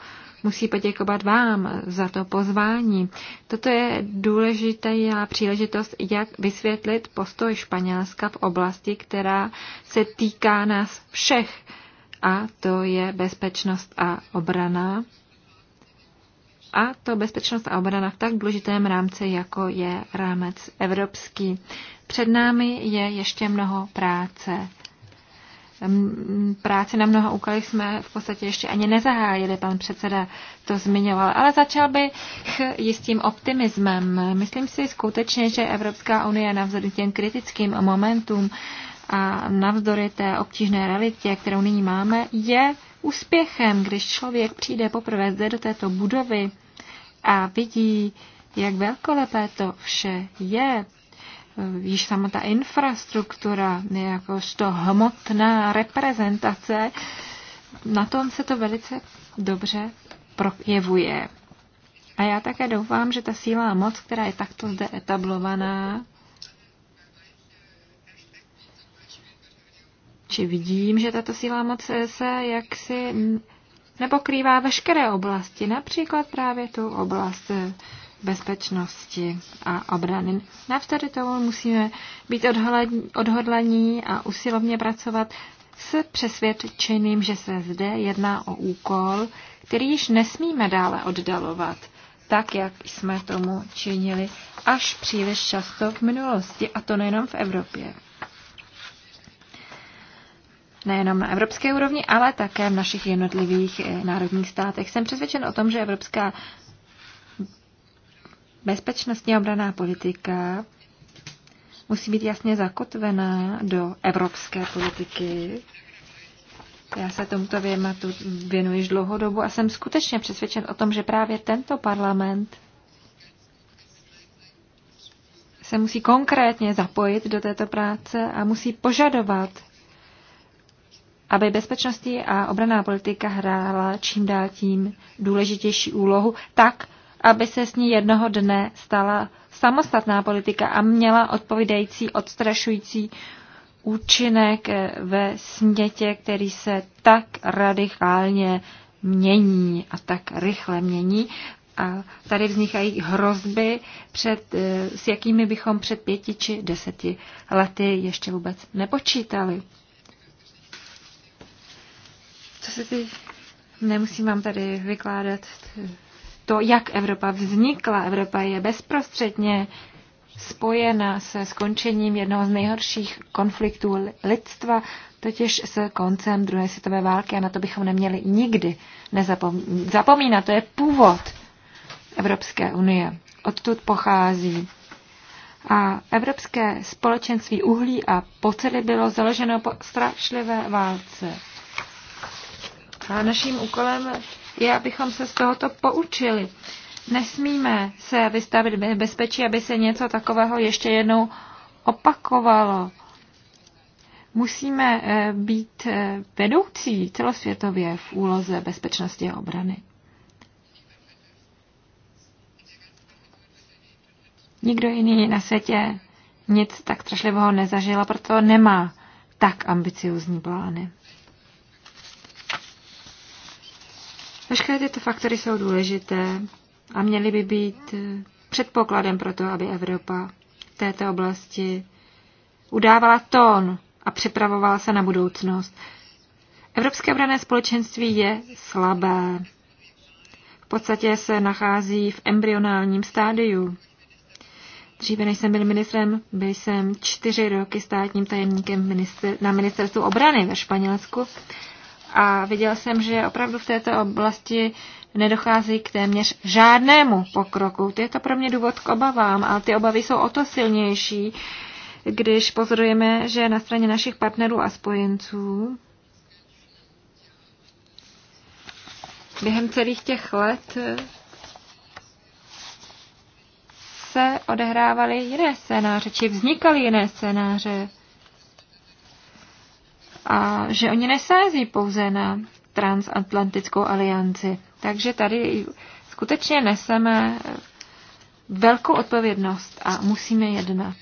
musí poděkovat vám za to pozvání. Toto je důležitá příležitost, jak vysvětlit postoj Španělska v oblasti, která se týká nás všech, a to je bezpečnost a obrana. A to bezpečnost a obrana v tak důležitém rámci, jako je rámec evropský. Před námi je ještě mnoho práce práci na mnoha úkolech jsme v podstatě ještě ani nezahájili, pan předseda to zmiňoval. Ale začal bych jistým optimismem. Myslím si skutečně, že Evropská unie navzdory těm kritickým momentům a navzdory té obtížné realitě, kterou nyní máme, je úspěchem, když člověk přijde poprvé zde do této budovy a vidí, jak velkolepé to vše je, již sama ta infrastruktura, jakožto hmotná reprezentace, na tom se to velice dobře projevuje. A já také doufám, že ta síla a moc, která je takto zde etablovaná, či vidím, že tato síla moc se jaksi nepokrývá veškeré oblasti, například právě tu oblast bezpečnosti a obrany. Navzdory tomu musíme být odhodlaní a usilovně pracovat s přesvědčeným, že se zde jedná o úkol, který již nesmíme dále oddalovat, tak jak jsme tomu činili až příliš často v minulosti, a to nejenom v Evropě. Nejenom na evropské úrovni, ale také v našich jednotlivých eh, národních státech. Jsem přesvědčen o tom, že Evropská Bezpečnostní obraná politika musí být jasně zakotvená do evropské politiky. Já se tomuto věmatu věnuji dlouhou dobu a jsem skutečně přesvědčen o tom, že právě tento parlament se musí konkrétně zapojit do této práce a musí požadovat, aby bezpečnostní a obraná politika hrála čím dál tím důležitější úlohu, tak, aby se s ní jednoho dne stala samostatná politika a měla odpovídající odstrašující účinek ve smětě, který se tak radikálně mění a tak rychle mění. A tady vznikají hrozby, před, eh, s jakými bychom před pěti či deseti lety ještě vůbec nepočítali. Co se ty... Nemusím vám tady vykládat to, jak Evropa vznikla. Evropa je bezprostředně spojena se skončením jednoho z nejhorších konfliktů lidstva, totiž s koncem druhé světové války a na to bychom neměli nikdy nezapomínat. To je původ Evropské unie. Odtud pochází. A Evropské společenství uhlí a pocely bylo založeno po strašlivé válce. A naším úkolem je, abychom se z tohoto poučili. Nesmíme se vystavit bezpečí, aby se něco takového ještě jednou opakovalo. Musíme eh, být eh, vedoucí celosvětově v úloze bezpečnosti a obrany. Nikdo jiný na světě nic tak strašlivého nezažil proto nemá tak ambiciozní plány. Veškeré tyto faktory jsou důležité a měly by být předpokladem pro to, aby Evropa v této oblasti udávala tón a připravovala se na budoucnost. Evropské obrané společenství je slabé. V podstatě se nachází v embryonálním stádiu. Dříve, než jsem byl ministrem, byl jsem čtyři roky státním tajemníkem minister, na ministerstvu obrany ve Španělsku a viděl jsem, že opravdu v této oblasti nedochází k téměř žádnému pokroku. To je to pro mě důvod k obavám a ty obavy jsou o to silnější, když pozorujeme, že na straně našich partnerů a spojenců během celých těch let se odehrávaly jiné scénáře, či vznikaly jiné scénáře a že oni nesází pouze na transatlantickou alianci. Takže tady skutečně neseme velkou odpovědnost a musíme jednat.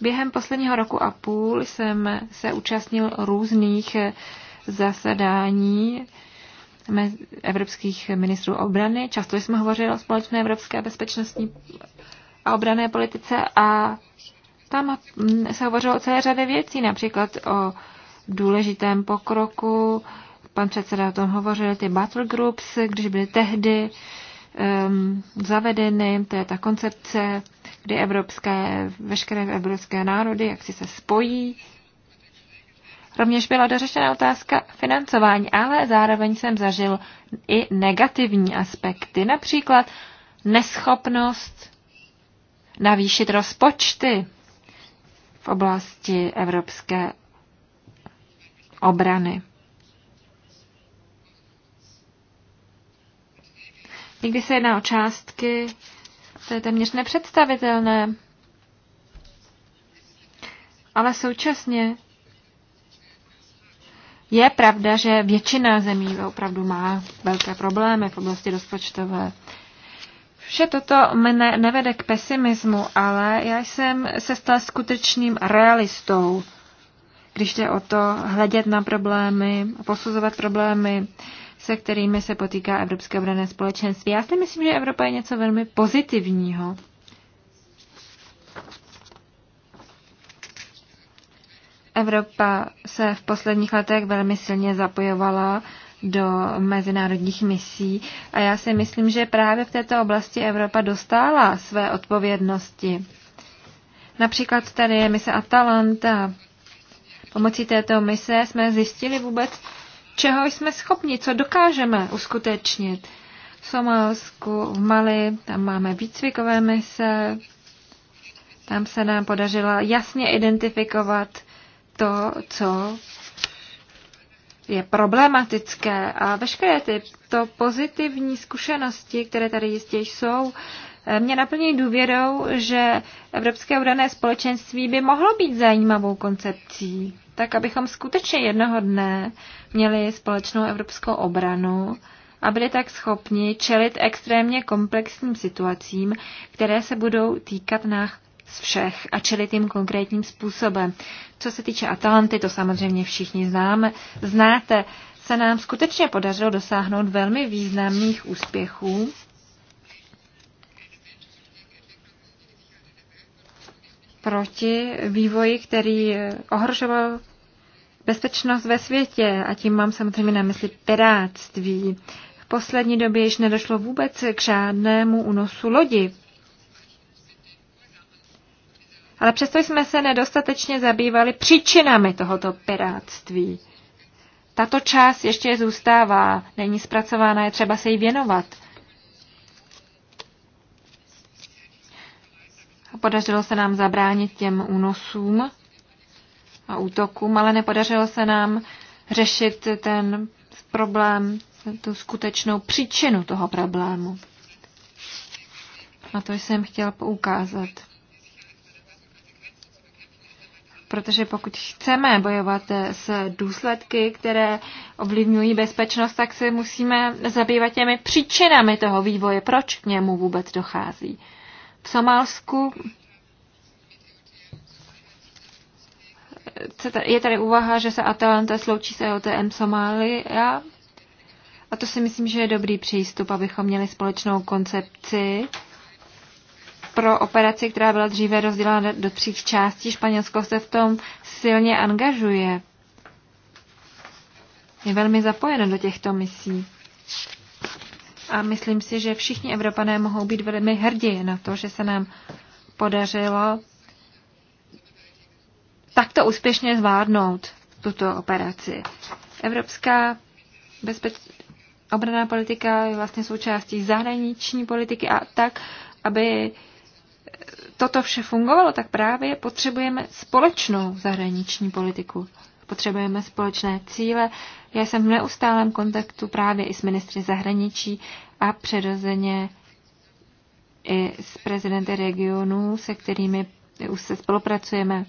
Během posledního roku a půl jsem se účastnil různých zasedání evropských ministrů obrany. Často jsme hovořili o společné evropské bezpečnostní a obrané politice a tam se hovořilo o celé řadě věcí, například o důležitém pokroku, pan předseda o tom hovořil, ty battle groups, když byly tehdy um, zavedeny, to je ta koncepce, kdy evropské, veškeré evropské národy, jak si se spojí. Rovněž byla dořešena otázka financování, ale zároveň jsem zažil i negativní aspekty, například neschopnost navýšit rozpočty v oblasti evropské obrany. Někdy se jedná o částky, to je téměř nepředstavitelné. Ale současně je pravda, že většina zemí opravdu má velké problémy v oblasti rozpočtové. Vše toto mne nevede k pesimismu, ale já jsem se stal skutečným realistou, když jde o to hledět na problémy, posuzovat problémy, se kterými se potýká Evropské obrané společenství. Já si myslím, že Evropa je něco velmi pozitivního. Evropa se v posledních letech velmi silně zapojovala do mezinárodních misí. A já si myslím, že právě v této oblasti Evropa dostala své odpovědnosti. Například tady je mise Atalanta. Pomocí této mise jsme zjistili vůbec, čeho jsme schopni, co dokážeme uskutečnit. V Somálsku, v Mali, tam máme výcvikové mise, tam se nám podařilo jasně identifikovat to, co je problematické a veškeré tyto pozitivní zkušenosti, které tady jistě jsou, eh, mě naplní důvěrou, že Evropské udané společenství by mohlo být zajímavou koncepcí, tak abychom skutečně jednoho dne měli společnou evropskou obranu a byli tak schopni čelit extrémně komplexním situacím, které se budou týkat nás z všech a čelit tím konkrétním způsobem. Co se týče Atalanty, to samozřejmě všichni známe, znáte, se nám skutečně podařilo dosáhnout velmi významných úspěchů. proti vývoji, který ohrožoval bezpečnost ve světě a tím mám samozřejmě na mysli piráctví. V poslední době již nedošlo vůbec k žádnému unosu lodi ale přesto jsme se nedostatečně zabývali příčinami tohoto piráctví. Tato část ještě zůstává, není zpracována, je třeba se jí věnovat. A podařilo se nám zabránit těm únosům a útokům, ale nepodařilo se nám řešit ten problém, tu skutečnou příčinu toho problému. Na to jsem chtěl poukázat protože pokud chceme bojovat eh, s důsledky, které ovlivňují bezpečnost, tak se musíme zabývat těmi příčinami toho vývoje, proč k němu vůbec dochází. V Somálsku eh, je tady úvaha, že se Atalanta sloučí s e OTM Somália a to si myslím, že je dobrý přístup, abychom měli společnou koncepci pro operaci, která byla dříve rozdělena do tří částí. Španělsko se v tom silně angažuje. Je velmi zapojeno do těchto misí. A myslím si, že všichni Evropané mohou být velmi hrdí na to, že se nám podařilo takto úspěšně zvládnout tuto operaci. Evropská bezpeč... obraná politika je vlastně součástí zahraniční politiky a tak, aby toto vše fungovalo, tak právě potřebujeme společnou zahraniční politiku. Potřebujeme společné cíle. Já jsem v neustálém kontaktu právě i s ministry zahraničí a přirozeně i s prezidenty regionů, se kterými už se spolupracujeme.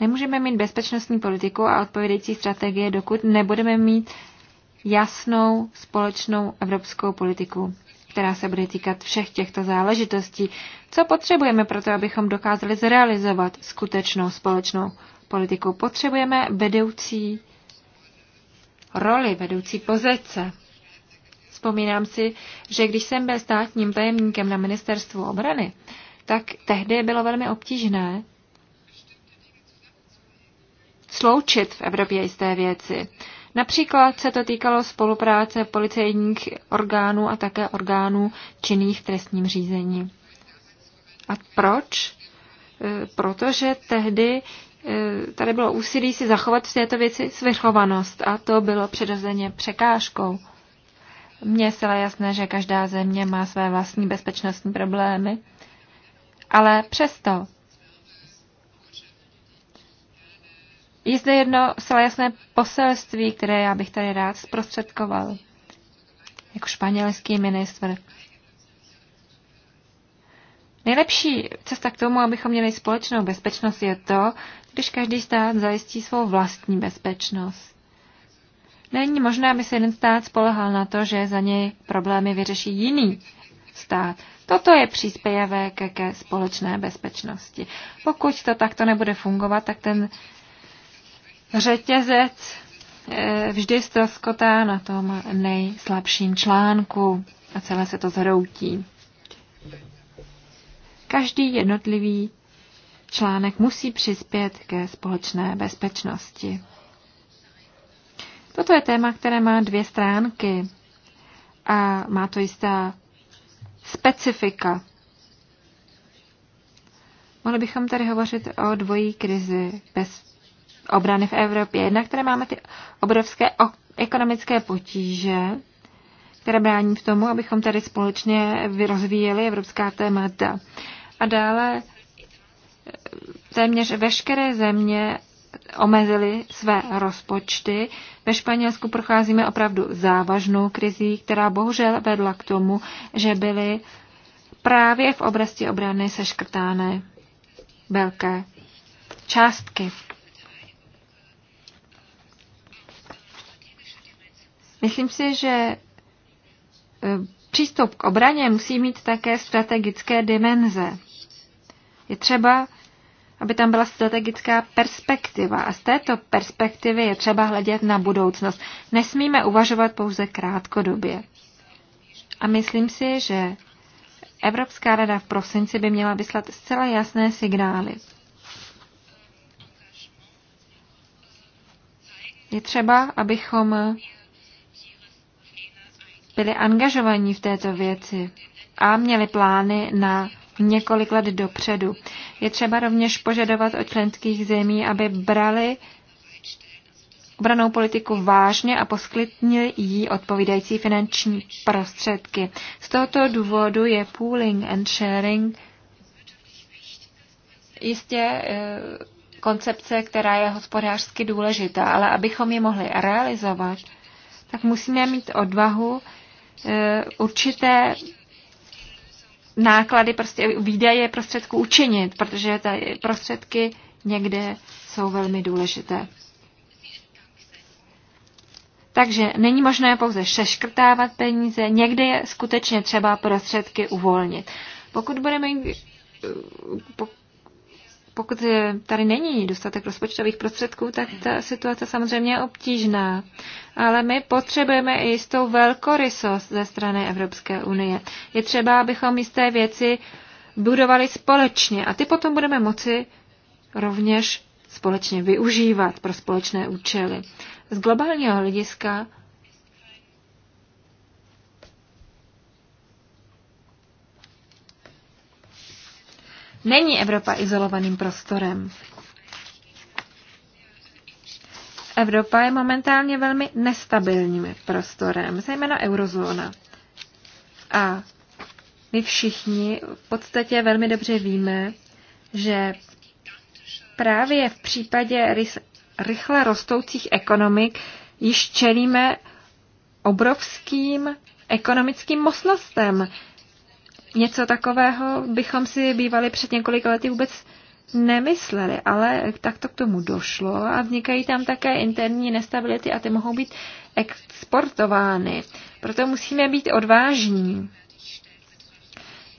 Nemůžeme mít bezpečnostní politiku a odpovědející strategie, dokud nebudeme mít jasnou společnou evropskou politiku která se bude týkat všech těchto záležitostí. Co potřebujeme pro to, abychom dokázali zrealizovat skutečnou společnou politiku? Potřebujeme vedoucí roli, vedoucí pozice. Vzpomínám si, že když jsem byl státním tajemníkem na ministerstvu obrany, tak tehdy bylo velmi obtížné sloučit v Evropě jisté věci. Například se to týkalo spolupráce policejních orgánů a také orgánů činných v trestním řízení. A proč? E, protože tehdy e, tady bylo úsilí si zachovat v této věci svrchovanost a to bylo přirozeně překážkou. Mně je zcela jasné, že každá země má své vlastní bezpečnostní problémy, ale přesto Je zde jedno celé jasné poselství, které já bych tady rád zprostředkoval jako španělský ministr. Nejlepší cesta k tomu, abychom měli společnou bezpečnost, je to, když každý stát zajistí svou vlastní bezpečnost. Není možné, aby se jeden stát spolehal na to, že za něj problémy vyřeší jiný stát. Toto je příspěvek ke společné bezpečnosti. Pokud to takto nebude fungovat, tak ten řetězec eh, vždy ztroskotá na tom nejslabším článku a celé se to zhroutí. Každý jednotlivý článek musí přispět ke společné bezpečnosti. Toto je téma, které má dvě stránky a má to jistá specifika. Mohli bychom tady hovořit o dvojí krizi bez obrany v Evropě. Jednak, které máme ty obrovské ekonomické potíže, které brání v tomu, abychom tady společně rozvíjeli evropská témata. A dále eh, téměř veškeré země omezily své rozpočty. Ve Španělsku procházíme opravdu závažnou krizí, která bohužel vedla k tomu, že byly právě v oblasti obrany seškrtány velké částky. Myslím si, že e, přístup k obraně musí mít také strategické dimenze. Je třeba, aby tam byla strategická perspektiva a z této perspektivy je třeba hledět na budoucnost. Nesmíme uvažovat pouze krátkodobě. A myslím si, že Evropská rada v prosinci by měla vyslat zcela jasné signály. Je třeba, abychom byli angažovaní v této věci a měli plány na několik let dopředu. Je třeba rovněž požadovat od členských zemí, aby brali obranou politiku vážně a poskytnili jí odpovídající finanční prostředky. Z tohoto důvodu je pooling and sharing jistě eh, koncepce, která je hospodářsky důležitá, ale abychom ji mohli realizovat, tak musíme mít odvahu Eh, určité náklady, prostě výdaje prostředků učinit, protože ty prostředky někde jsou velmi důležité. Takže není možné pouze seškrtávat peníze, někde je skutečně třeba prostředky uvolnit. Pokud budeme, eh, pokud tady není dostatek rozpočtových prostředků, tak ta situace samozřejmě je obtížná. Ale my potřebujeme i jistou velkorysost ze strany Evropské unie. Je třeba, abychom jisté věci budovali společně a ty potom budeme moci rovněž společně využívat pro společné účely. Z globálního hlediska Není Evropa izolovaným prostorem. Evropa je momentálně velmi nestabilním prostorem, zejména eurozóna. A my všichni v podstatě velmi dobře víme, že právě v případě rychle rostoucích ekonomik již čelíme obrovským ekonomickým mocnostem. Něco takového bychom si bývali před několika lety vůbec nemysleli, ale tak to k tomu došlo a vznikají tam také interní nestability a ty mohou být exportovány. Proto musíme být odvážní,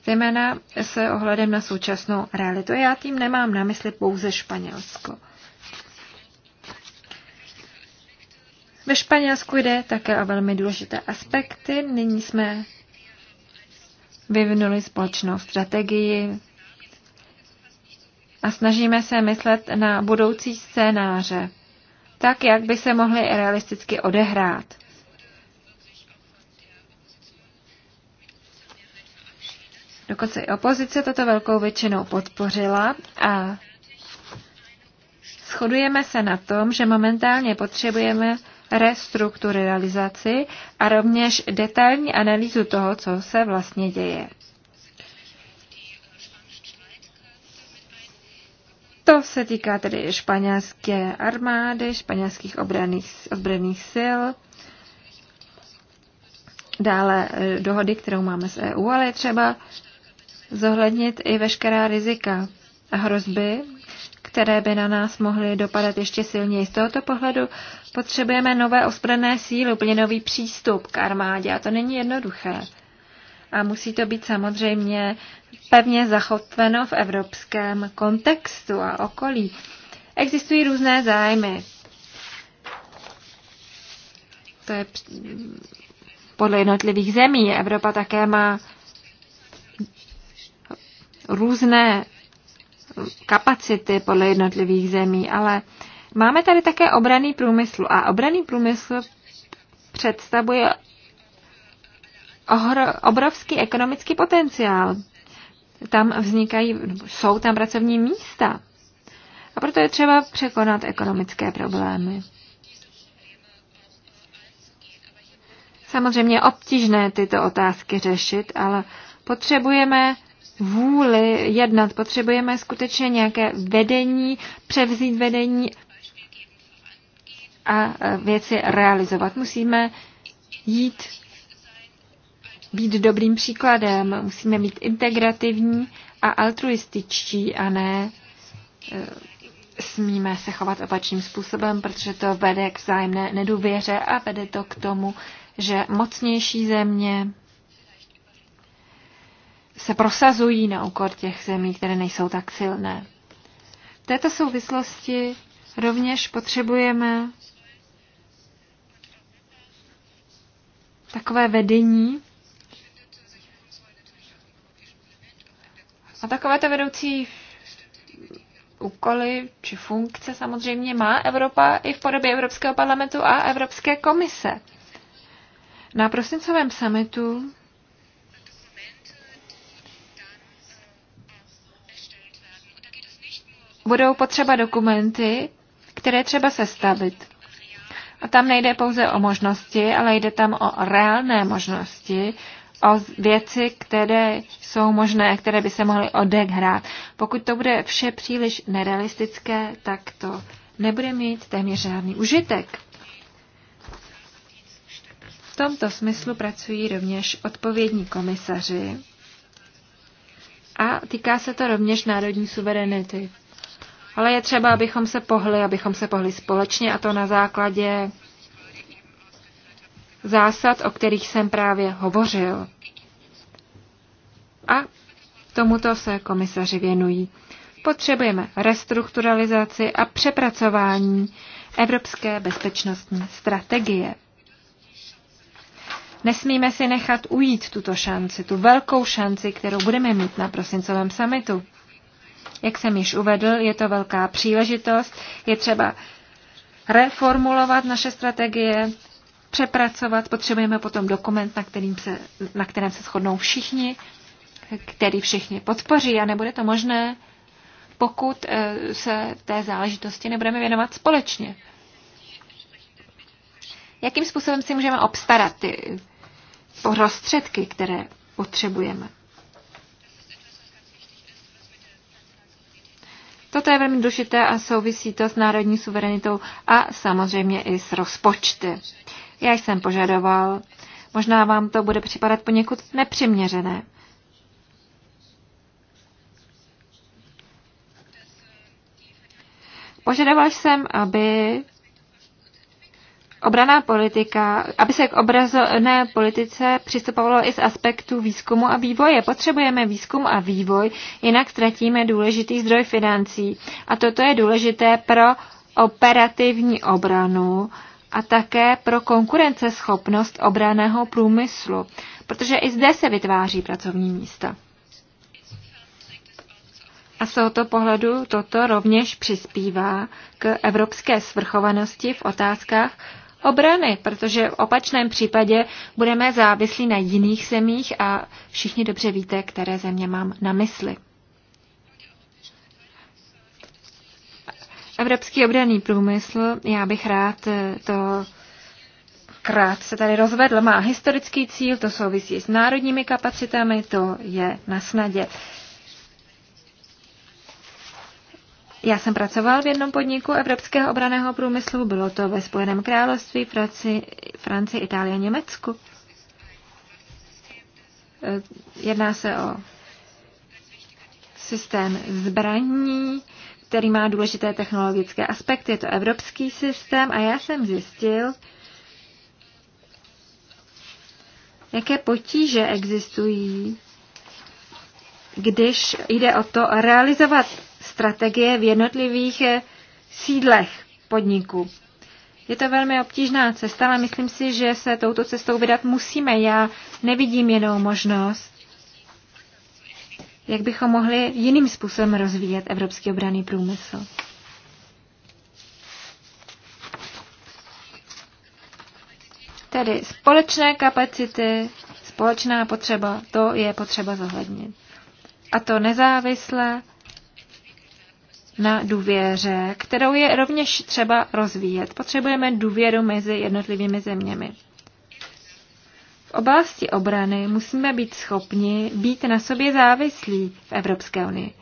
zejména se ohledem na současnou realitu. Já tím nemám na mysli pouze Španělsko. Ve Španělsku jde také o velmi důležité aspekty. Nyní jsme vyvinuli společnou strategii a snažíme se myslet na budoucí scénáře, tak jak by se mohly realisticky odehrát. Dokonce i opozice toto velkou většinou podpořila a shodujeme se na tom, že momentálně potřebujeme restrukturalizaci a rovněž detailní analýzu toho, co se vlastně děje. To se týká tedy španělské armády, španělských obraných, sil, dále e, dohody, kterou máme s EU, ale je třeba zohlednit i veškerá rizika a hrozby, které by na nás mohly dopadat ještě silněji. Z tohoto pohledu potřebujeme nové ozbrojené síly, úplně nový přístup k armádě a to není jednoduché. A musí to být samozřejmě pevně zachotveno v evropském kontextu a okolí. Existují různé zájmy. To je podle jednotlivých zemí. Evropa také má různé kapacity podle jednotlivých zemí, ale máme tady také obraný průmysl a obraný průmysl představuje obrovský ekonomický potenciál. Tam vznikají, jsou tam pracovní místa. A proto je třeba překonat ekonomické problémy. Samozřejmě obtížné tyto otázky řešit, ale potřebujeme vůli jednat. Potřebujeme skutečně nějaké vedení, převzít vedení a e, věci realizovat. Musíme jít, být dobrým příkladem, musíme být integrativní a altruističtí a ne e, smíme se chovat opačným způsobem, protože to vede k vzájemné nedůvěře a vede to k tomu, že mocnější země se prosazují na úkor těch zemí, které nejsou tak silné. V této souvislosti rovněž potřebujeme takové vedení a takové to vedoucí úkoly či funkce samozřejmě má Evropa i v podobě Evropského parlamentu a Evropské komise. Na prosincovém summitu budou potřeba dokumenty, které třeba sestavit. A tam nejde pouze o možnosti, ale jde tam o reálné možnosti, o věci, které jsou možné, které by se mohly odehrát. Pokud to bude vše příliš nerealistické, tak to nebude mít téměř žádný užitek. V tomto smyslu pracují rovněž odpovědní komisaři a týká se to rovněž národní suverenity. Ale je třeba, abychom se pohli, abychom se pohli společně a to na základě zásad, o kterých jsem právě hovořil. A tomuto se komisaři věnují. Potřebujeme restrukturalizaci a přepracování evropské bezpečnostní strategie. Nesmíme si nechat ujít tuto šanci, tu velkou šanci, kterou budeme mít na prosincovém summitu. Jak jsem již uvedl, je to velká příležitost. Je třeba reformulovat naše strategie, přepracovat. Potřebujeme potom dokument, na, kterým se, na kterém se shodnou všichni, který všichni podpoří a nebude to možné, pokud eh, se té záležitosti nebudeme věnovat společně. Jakým způsobem si můžeme obstarat ty prostředky, které potřebujeme? Toto je velmi důležité a souvisí to s národní suverenitou a samozřejmě i s rozpočty. Já jsem požadoval, možná vám to bude připadat poněkud nepřiměřené. Požadoval jsem, aby obraná politika, aby se k obrazné politice přistupovalo i z aspektu výzkumu a vývoje. Potřebujeme výzkum a vývoj, jinak ztratíme důležitý zdroj financí. A toto je důležité pro operativní obranu a také pro konkurenceschopnost obraného průmyslu, protože i zde se vytváří pracovní místa. A z tohoto pohledu toto rovněž přispívá k evropské svrchovanosti v otázkách obrany, protože v opačném případě budeme závislí na jiných zemích a všichni dobře víte, které země mám na mysli. Evropský obranný průmysl, já bych rád eh, to krát se tady rozvedl, má historický cíl, to souvisí s národními kapacitami, to je na snadě. Já jsem pracoval v jednom podniku evropského obraného průmyslu, bylo to ve Spojeném království, Francii, Francii Itálii a Německu. Eh, jedná se o systém zbraní, který má důležité technologické aspekty. Je to evropský systém a já jsem zjistil, jaké potíže existují, když jde o to realizovat strategie v jednotlivých eh, sídlech podniků. Je to velmi obtížná cesta, ale myslím si, že se touto cestou vydat musíme. Já nevidím jinou možnost, jak bychom mohli jiným způsobem rozvíjet evropský obraný průmysl. Tedy společné kapacity, společná potřeba, to je potřeba zohlednit. A to nezávisle na důvěře, kterou je rovněž třeba rozvíjet. Potřebujeme důvěru mezi jednotlivými zeměmi. V oblasti obrany musíme být schopni být na sobě závislí v Evropské unii.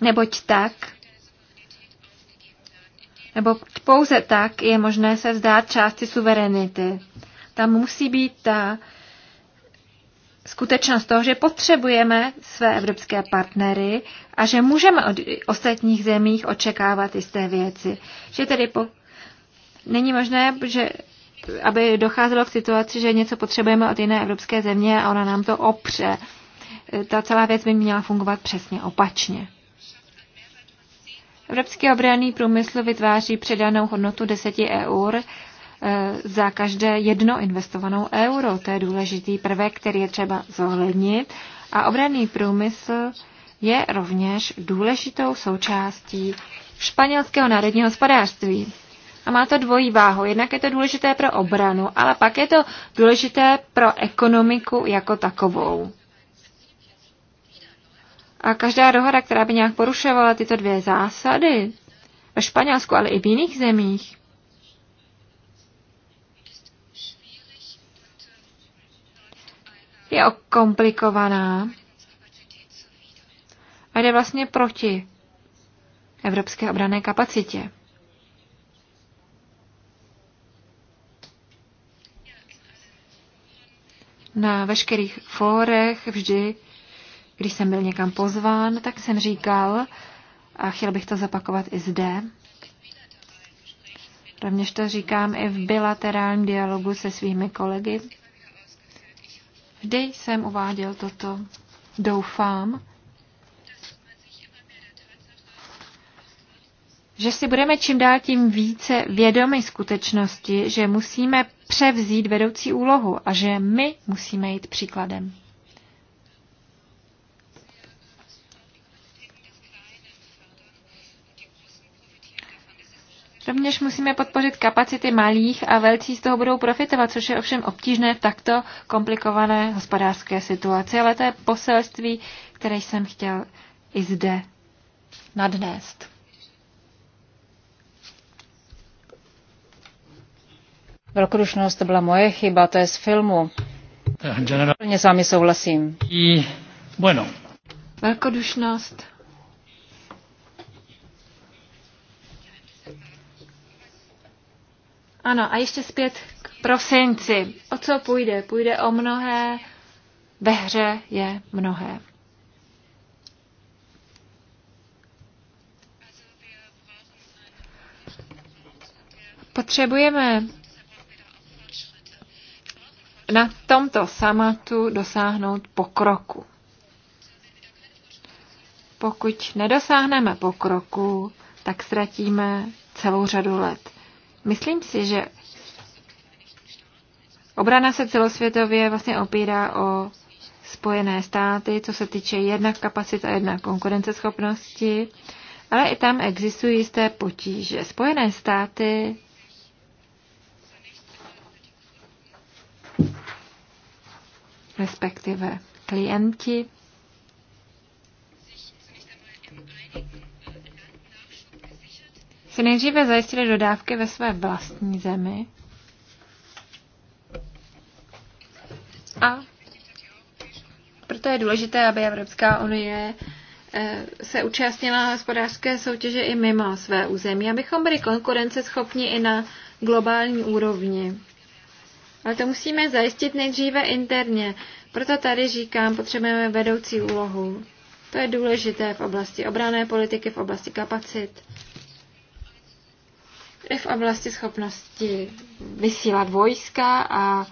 Neboť tak, nebo pouze tak je možné se vzdát části suverenity. Tam musí být ta skutečnost toho, že potřebujeme své evropské partnery a že můžeme od ostatních zemích očekávat jisté věci. Že tedy po... není možné, že aby docházelo k situaci, že něco potřebujeme od jiné evropské země a ona nám to opře. Ta celá věc by měla fungovat přesně opačně. Evropský obranný průmysl vytváří předanou hodnotu 10 eur Eh, za každé jedno investovanou euro. To je důležitý prvek, který je třeba zohlednit. A obranný průmysl je rovněž důležitou součástí španělského národního hospodářství. A má to dvojí váhu. Jednak je to důležité pro obranu, ale pak je to důležité pro ekonomiku jako takovou. A každá dohoda, která by nějak porušovala tyto dvě zásady, ve Španělsku, ale i v jiných zemích, je komplikovaná a jde vlastně proti evropské obrané kapacitě. Na veškerých fórech vždy, když jsem byl někam pozván, tak jsem říkal, a chtěl bych to zapakovat i zde, rovněž to říkám i v bilaterálním dialogu se svými kolegy, Vždy jsem uváděl toto. Doufám, že si budeme čím dál tím více vědomi skutečnosti, že musíme převzít vedoucí úlohu a že my musíme jít příkladem. Rovněž musíme podpořit kapacity malých a velcí z toho budou profitovat, což je ovšem obtížné v takto komplikované hospodářské situaci, ale to je poselství, které jsem chtěl i zde nadnést. Velkodušnost byla moje chyba, to je z filmu. Plně s vámi souhlasím. I, bueno. Velkodušnost Ano, a ještě zpět k prosinci. O co půjde? Půjde o mnohé. Ve hře je mnohé. Potřebujeme na tomto samatu dosáhnout pokroku. Pokud nedosáhneme pokroku, tak ztratíme celou řadu let. Myslím si, že obrana se celosvětově vlastně opírá o Spojené státy, co se týče jednak kapacit a jednak konkurenceschopnosti, ale i tam existují jisté potíže. Spojené státy respektive klienti si nejdříve zajistili dodávky ve své vlastní zemi a proto je důležité, aby Evropská unie eh, se účastnila hospodářské soutěže i mimo své území, abychom byli konkurenceschopní i na globální úrovni. Ale to musíme zajistit nejdříve interně. Proto tady říkám, potřebujeme vedoucí úlohu. To je důležité v oblasti obrané politiky, v oblasti kapacit i v oblasti schopnosti vysílat vojska a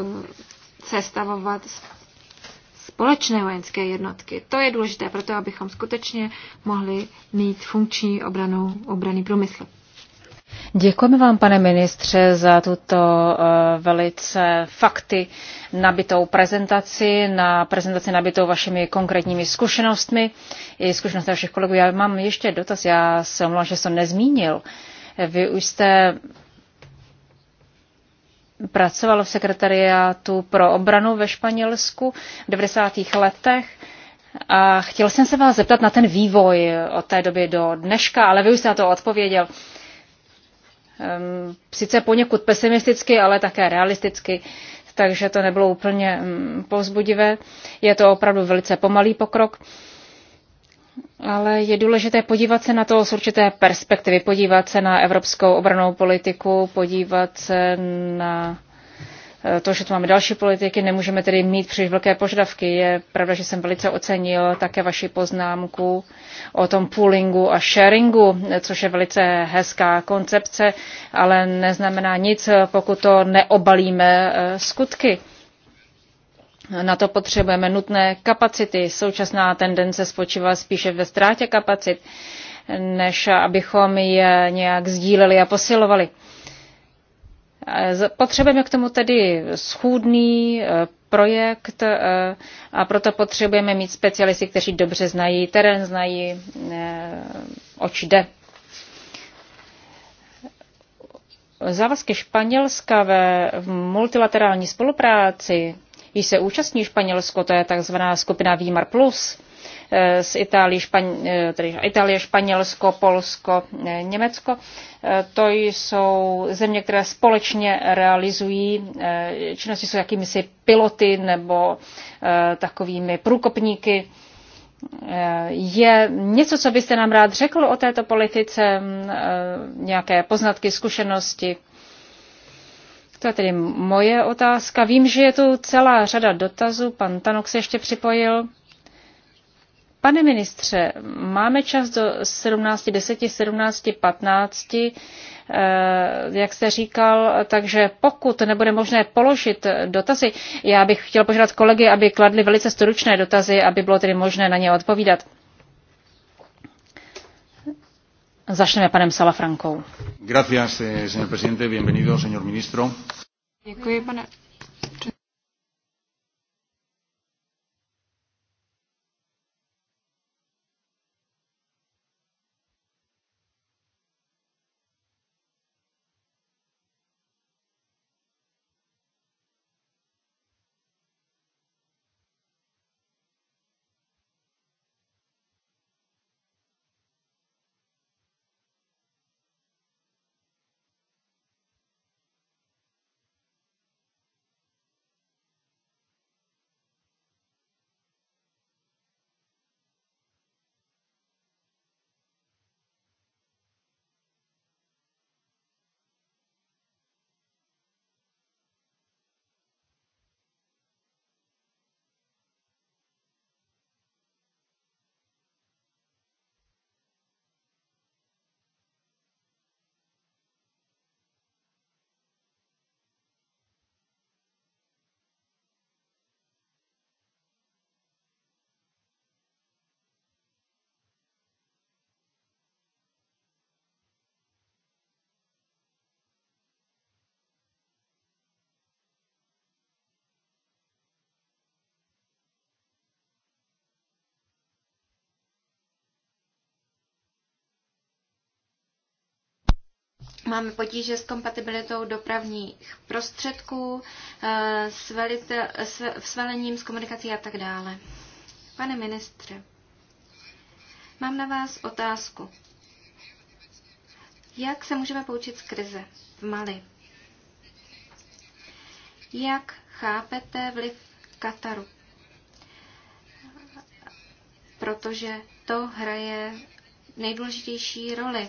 um, sestavovat společné vojenské jednotky. To je důležité proto, abychom skutečně mohli mít funkční obranou, obraný průmysl. Děkujeme vám, pane ministře, za tuto eh, velice fakty nabitou prezentaci, na prezentaci nabitou vašimi konkrétními zkušenostmi i zkušenostmi vašich kolegů. Já mám ještě dotaz, já se omlouvám, že jsem nezmínil. Uh, vy už jste pracoval v sekretariátu pro obranu ve Španělsku v 90. letech. A chtěl jsem se vás zeptat na ten vývoj od té doby do dneška, ale vy už jste na to odpověděl. Ehm, sice poněkud pesimisticky, ale také realisticky, takže to nebylo úplně mm, povzbudivé. Je to opravdu velice pomalý pokrok ale je důležité podívat se na to z určité perspektivy, podívat se na evropskou obranou politiku, podívat se na eh, to, že tu máme další politiky, nemůžeme tedy mít příliš velké požadavky. Je pravda, že jsem velice ocenil také vaši poznámku o tom poolingu a sharingu, což je velice hezká koncepce, ale neznamená nic, pokud to neobalíme eh, skutky. Na to potřebujeme nutné kapacity. Současná tendence spočívá spíše ve ztrátě kapacit, než abychom je nějak sdíleli a posilovali. Potřebujeme k tomu tedy schůdný eh, projekt eh, a proto potřebujeme mít specialisty, kteří dobře znají terén, znají, eh, oč jde. Závazky Španělska ve multilaterální spolupráci již se účastní Španělsko, to je takzvaná skupina Výmar Plus, eh, z Itálie, Špan... Eh, tedy Itálie, Španělsko, Polsko, eh, Německo. To jsou země, které společně realizují činnosti, jsou jakýmisi piloty nebo takovými průkopníky. Je něco, co byste nám rád řekl o této politice, mm, nějaké poznatky, zkušenosti? To je tedy moje otázka. Vím, že je tu celá řada dotazů. Pan Tanok se ještě připojil. Pane ministře, máme čas do 17.10, 17.15, eh, jak jste říkal, takže pokud nebude možné položit dotazy, já bych chtěl požádat kolegy, aby kladli velice stručné dotazy, aby bylo tedy možné na ně odpovídat. Začneme panem Salafrankou. Gracias, eh, señor presidente. Bienvenido, señor ministro. Děkuji, pane Máme potíže s kompatibilitou dopravních prostředků, eh, s, s, s velením, s komunikací a tak dále. Pane ministře, mám na vás otázku. Jak se můžeme poučit z krize v Mali? Jak chápete vliv Kataru? Protože to hraje nejdůležitější roli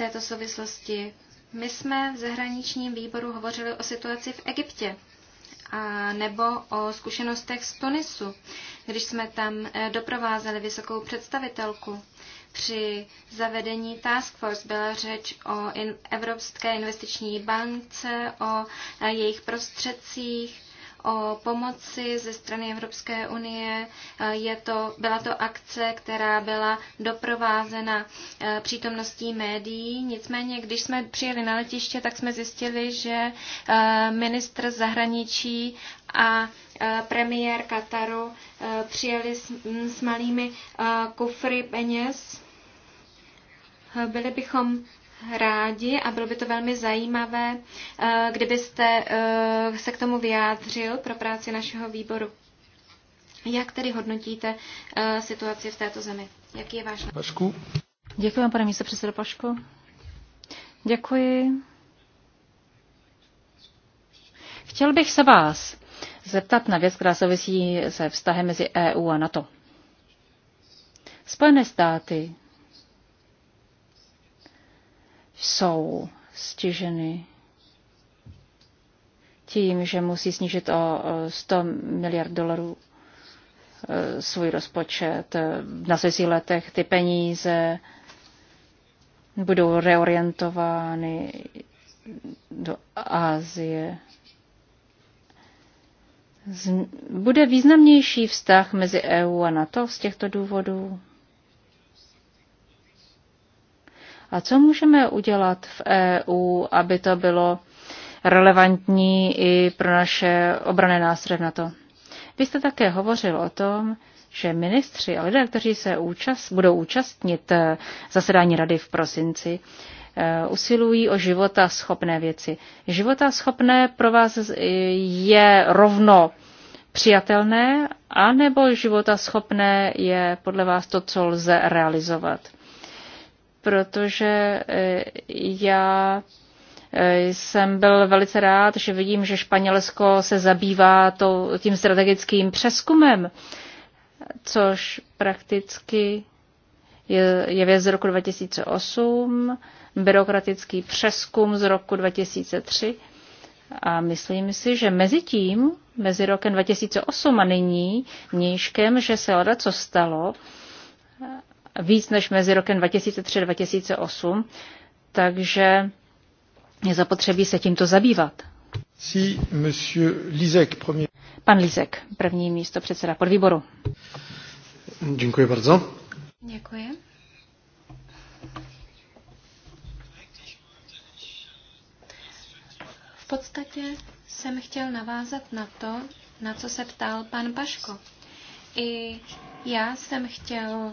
této souvislosti. My jsme v zahraničním výboru hovořili o situaci v Egyptě a nebo o zkušenostech z Tunisu, když jsme tam eh, doprovázeli vysokou představitelku. Při zavedení Task Force byla řeč o Evropské investiční bance, o eh, jejich prostředcích, o pomoci ze strany Evropské unie. Eh, je to, byla to akce, která byla doprovázena eh, přítomností médií. Nicméně, když jsme přijeli na letiště, tak jsme zjistili, že eh, ministr zahraničí a premiér Kataru přijeli s, s malými kufry peněz. Byli bychom rádi a bylo by to velmi zajímavé, eh, kdybyste eh, se k tomu vyjádřil pro práci našeho výboru. Jak tedy hodnotíte eh, situaci v této zemi? Jaký je váš Pašku. Děkuji vám, pane místo předsedo Pašku. Děkuji. Chtěl bych se vás zeptat na věc, která souvisí se vztahem mezi EU a NATO. Spojené státy jsou stiženy tím, že musí snížit o 100 miliard dolarů e, svůj rozpočet. V následujících letech ty peníze budou reorientovány do Asie. Bude významnější vztah mezi EU a NATO z těchto důvodů? A co můžeme udělat v EU, aby to bylo relevantní i pro naše obrané nástroje na to? Vy jste také hovořil o tom, že ministři a lidé, kteří se účast, budou účastnit eh, zasedání rady v prosinci, eh, usilují o života schopné věci. Života schopné pro vás je rovno přijatelné, anebo života schopné je podle vás to, co lze realizovat protože eh, já eh, jsem byl velice rád, že vidím, že Španělsko se zabývá to, tím strategickým přeskumem, což prakticky je, je věc z roku 2008, byrokratický přeskum z roku 2003. A myslím si, že mezi tím, mezi rokem 2008 a nyní, nížkem, že se hledat, co stalo, víc než mezi rokem 2003 a 2008, takže je zapotřebí se tímto zabývat. Si, monsieur Lizek, premier... Pan Lizek, první místo předseda podvýboru. Děkuji bardzo. Děkuji. V podstatě jsem chtěl navázat na to, na co se ptal pan Paško. I já jsem chtěl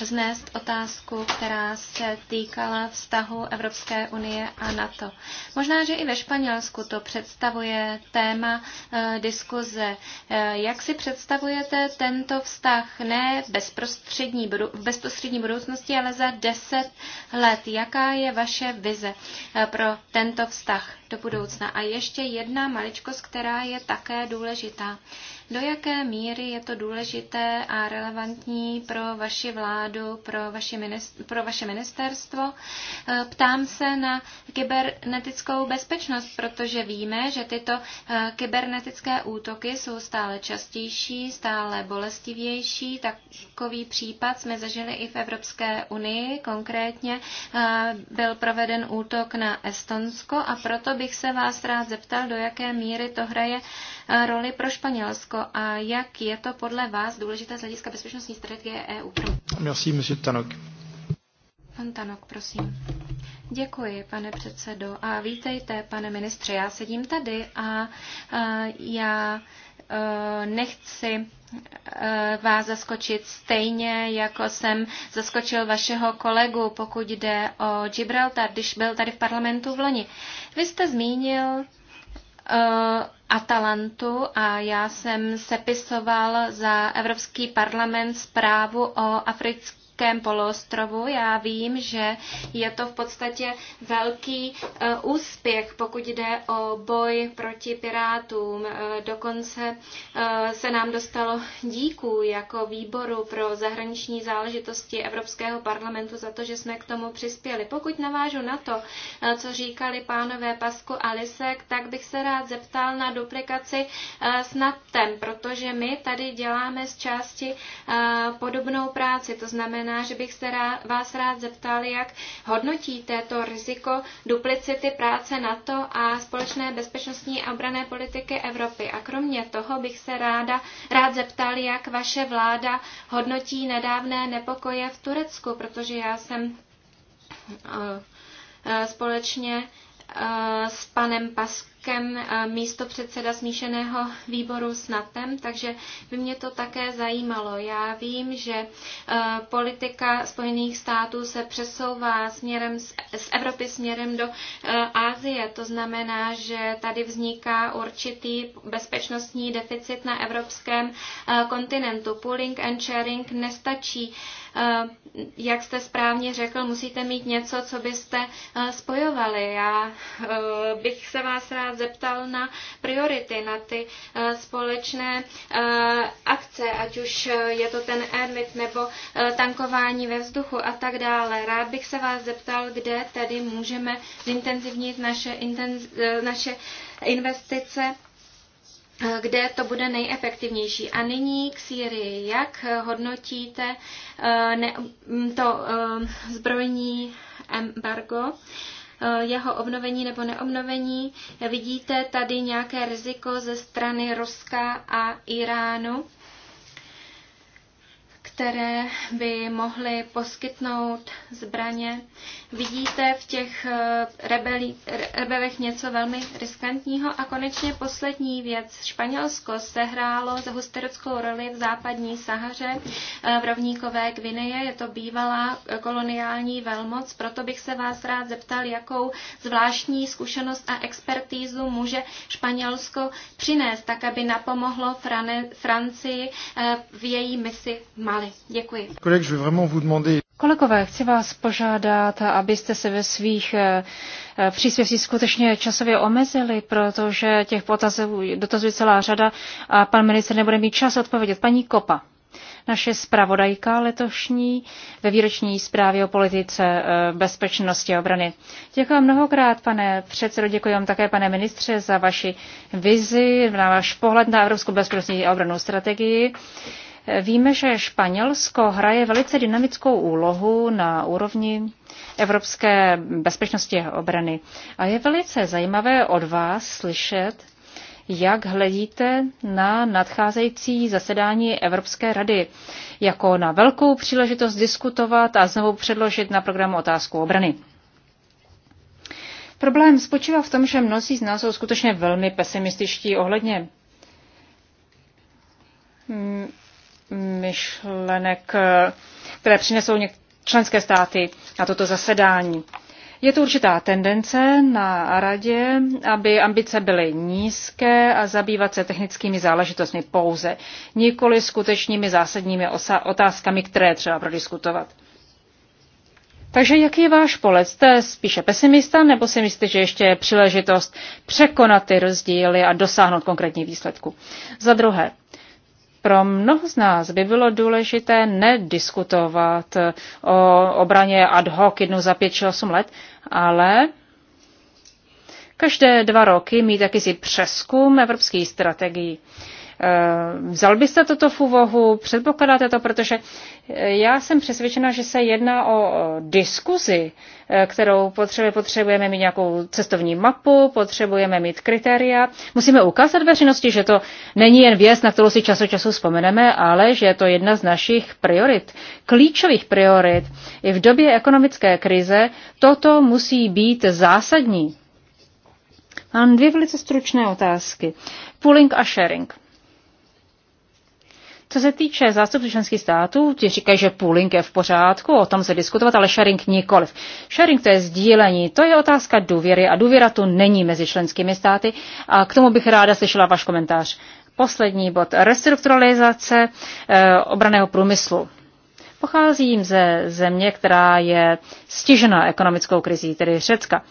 vznést otázku, která se týkala vztahu Evropské unie a NATO. Možná, že i ve Španělsku to představuje téma e, diskuze. E, jak si představujete tento vztah ne bezprostřední, budu, v bezprostřední budoucnosti, ale za deset let? Jaká je vaše vize e, pro tento vztah do budoucna? A ještě jedna maličkost, která je také důležitá. Do jaké míry je to důležité a relevantní pro vaši vládu, pro, vaši minister, pro vaše ministerstvo? Eh, ptám se na kybernetickou bezpečnost, protože víme, že tyto eh, kybernetické útoky jsou stále častější, stále bolestivější. Takový případ jsme zažili i v Evropské unii. Konkrétně eh, byl proveden útok na Estonsko a proto bych se vás rád zeptal, do jaké míry to hraje roli pro Španělsko jak je to podle vás důležité z hlediska bezpečnostní strategie EU. Merci, monsieur Tanok. Pan Tanok, prosím. Děkuji, pane předsedo. A vítejte, pane ministře. Já sedím tady a, já e, nechci e, vás zaskočit stejně, jako jsem zaskočil vašeho kolegu, pokud jde o Gibraltar, když byl tady v parlamentu v loni. Vy jste zmínil Eh, Atalantu a já jsem sepisoval za Evropský parlament zprávu o africké Iberském poloostrovu. Já vím, že je to v podstatě velký e, úspěch, pokud jde o boj proti pirátům. E, dokonce e, se nám dostalo díků jako výboru pro zahraniční záležitosti Evropského parlamentu za to, že jsme k tomu přispěli. Pokud navážu na to, co říkali pánové Pasku a Lisek, tak bych se rád zeptal na duplikaci s NATEM, protože my tady děláme z části podobnou práci, to znamená, znamená, že bych se rá, vás rád zeptal, jak hodnotíte to riziko duplicity práce NATO a společné bezpečnostní a obrané politiky Evropy. A kromě toho bych se ráda, rád zeptal, jak vaše vláda hodnotí nedávné nepokoje v Turecku, protože já jsem eh, eh, společně eh, s panem Paskou Kem eh, místo předseda smíšeného výboru s NATem, takže by mě to také zajímalo. Já vím, že eh, politika Spojených států se přesouvá směrem z Evropy směrem do eh, Asie. To znamená, že tady vzniká určitý bezpečnostní deficit na evropském kontinentu. Pooling and sharing nestačí jak jste správně řekl, musíte mít něco, co byste spojovali. Já bych se vás rád rád zeptal na priority, na ty eh, společné eh, akce, ať už eh, je to ten Ermit nebo tankování ve vzduchu a tak dále. Rád bych se vás zeptal, kde tedy můžeme zintenzivnit naše, intenz, naše investice kde to bude nejefektivnější. A nyní k Sýrii. Jak hodnotíte to zbrojní embargo? Eh, jeho obnovení nebo neobnovení. Vidíte tady nějaké riziko ze strany Ruska a Iránu které by mohly poskytnout zbraně. Vidíte v těch eh, rebelí, rebelech něco velmi riskantního. A konečně poslední věc. Španělsko sehrálo za husterockou roli v západní Sahaře eh, v rovníkové Gvineje. Je to bývalá eh, koloniální velmoc, proto bych se vás rád zeptal, jakou zvláštní zkušenost a expertízu může Španělsko přinést, tak aby napomohlo Francii v její misi Mali věnovali. Děkuji. je vraiment vous demander... Kolegové, chci vás požádat, abyste se ve svých eh, eh, příspěvcích skutečně časově omezili, protože těch potazů dotazuje celá řada a pan minister nebude mít čas odpovědět. Paní Kopa, naše zpravodajka letošní ve výroční zprávě o politice eh, bezpečnosti a obrany. Děkuji mnohokrát, pane předsedo, děkuji vám také, pane ministře, za vaši vizi, na váš pohled na Evropskou bezpečnostní a obranou strategii. Víme, že Španělsko hraje velice dynamickou úlohu na úrovni evropské bezpečnosti a obrany. A je velice zajímavé od vás slyšet, jak hledíte na nadcházející zasedání Evropské rady jako na velkou příležitost diskutovat a znovu předložit na program otázku obrany. Problém spočívá v tom, že mnozí z nás jsou skutečně velmi pesimističtí ohledně mm, myšlenek, které přinesou členské státy na toto zasedání. Je to určitá tendence na radě, aby ambice byly nízké a zabývat se technickými záležitostmi pouze, nikoli skutečnými zásadními otázkami, které třeba prodiskutovat. Takže jaký je váš polec? Jste spíše pesimista, nebo si myslíte, že ještě je příležitost překonat ty rozdíly a dosáhnout konkrétní výsledku? Za druhé, pro mnoho z nás by bylo důležité nediskutovat o obraně ad hoc jednou za pět či osm let, ale každé dva roky mít jakýsi přeskum evropských strategií. Eh, vzal byste toto v úvahu? Předpokládáte to? Protože eh, já jsem přesvědčena, že se jedná o diskuzi, eh, kterou potřebujeme. Potřebujeme mít nějakou cestovní mapu, potřebujeme mít kritéria. Musíme ukázat veřejnosti, že to není jen věc, na kterou si čas od času vzpomeneme, ale že je to jedna z našich priorit, klíčových priorit. I v době ekonomické krize toto musí být zásadní. Mám dvě velice stručné otázky. Pooling a sharing. Co se týče zástupců členských států, ti říkají, že pooling je v pořádku, o tom se diskutovat, ale sharing nikoliv. Sharing to je sdílení, to je otázka důvěry a důvěra tu není mezi členskými státy a k tomu bych ráda slyšela váš komentář. Poslední bod. Restrukturalizace e, obraného průmyslu. Pocházím ze země, která je stižena ekonomickou krizí, tedy Řecka.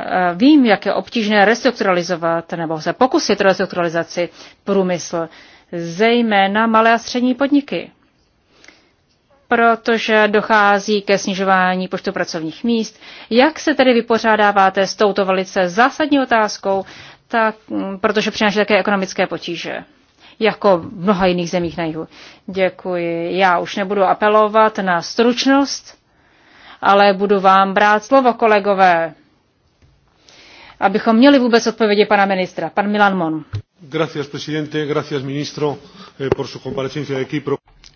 Eh, vím, jak je obtížné restrukturalizovat nebo se pokusit restrukturalizaci průmysl zejména malé a střední podniky, protože dochází ke snižování počtu pracovních míst. Jak se tedy vypořádáváte s touto velice zásadní otázkou, tak, mm, protože přináší také ekonomické potíže? jako v mnoha jiných zemích na jihu. Děkuji. Já už nebudu apelovat na stručnost, ale budu vám brát slovo, kolegové, abychom měli vůbec odpovědi pana ministra. Pan Milan Mon. Gracias, presidente, gracias, ministro, eh, por su comparecencia de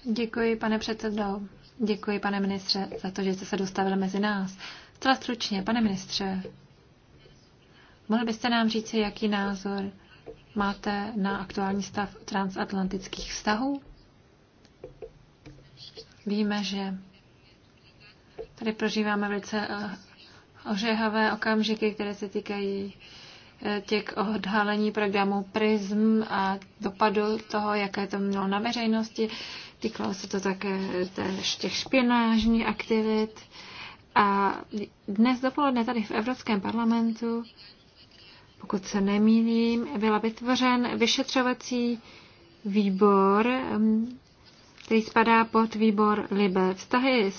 Děkuji, pane předsedo. Děkuji, pane ministře, za to, že jste se dostavil mezi nás. Zcela stručně, pane ministře, mohl byste nám říci, jaký názor máte na aktuální stav transatlantických vztahů? Víme, že tady prožíváme velice eh, ožehavé okamžiky, které se týkají těch odhalení programu PRISM a dopadu toho, jaké to mělo na veřejnosti. Týkalo se to také těch špionážních aktivit. A dnes dopoledne tady v Evropském parlamentu, pokud se nemýlím, byla vytvořen vyšetřovací výbor, který spadá pod výbor LIBE. Vztahy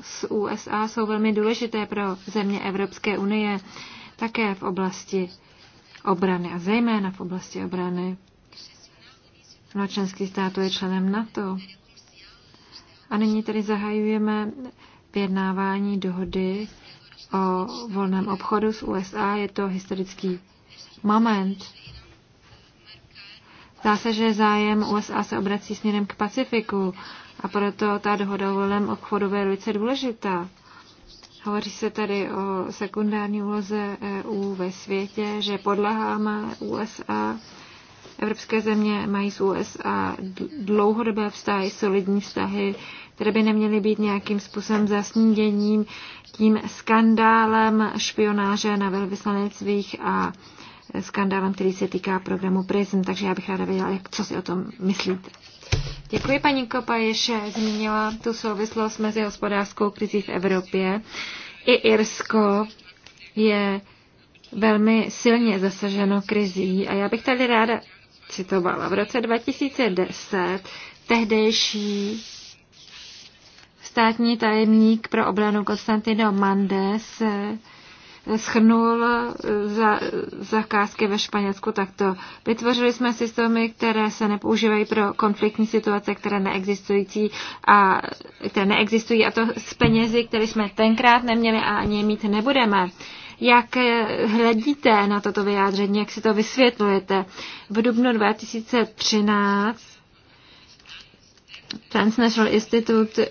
s USA jsou velmi důležité pro země Evropské unie také v oblasti obrany a zejména v oblasti obrany. Mnoho stát států je členem NATO. A nyní tedy zahajujeme vyjednávání dohody o volném obchodu s USA. Je to historický moment. Zdá se, že zájem USA se obrací směrem k Pacifiku a proto ta dohoda o volném obchodu je velice důležitá. Hovoří se tady o sekundární úloze EU ve světě, že podlaháme USA. Evropské země mají s USA dlouhodobé vztahy, solidní vztahy, které by neměly být nějakým způsobem zasníděním tím skandálem špionáže na velvyslanectvích a skandálem, který se týká programu PRISM. Takže já bych ráda věděla, jak, co si o tom myslíte. Děkuji, paní Kopa, zmínila tu souvislost mezi hospodářskou krizí v Evropě. I Irsko je velmi silně zasaženo krizí a já bych tady ráda citovala. V roce 2010 tehdejší státní tajemník pro obranu Konstantino Mandes schrnul eh, za, zakázky ve Španělsku takto. Vytvořili jsme systémy, které se nepoužívají pro konfliktní situace, které neexistují a které neexistují a to s penězi, které jsme tenkrát neměli a ani mít nebudeme. Jak eh, hledíte na toto vyjádření, jak si to vysvětlujete? V dubnu 2013 Transnational Institute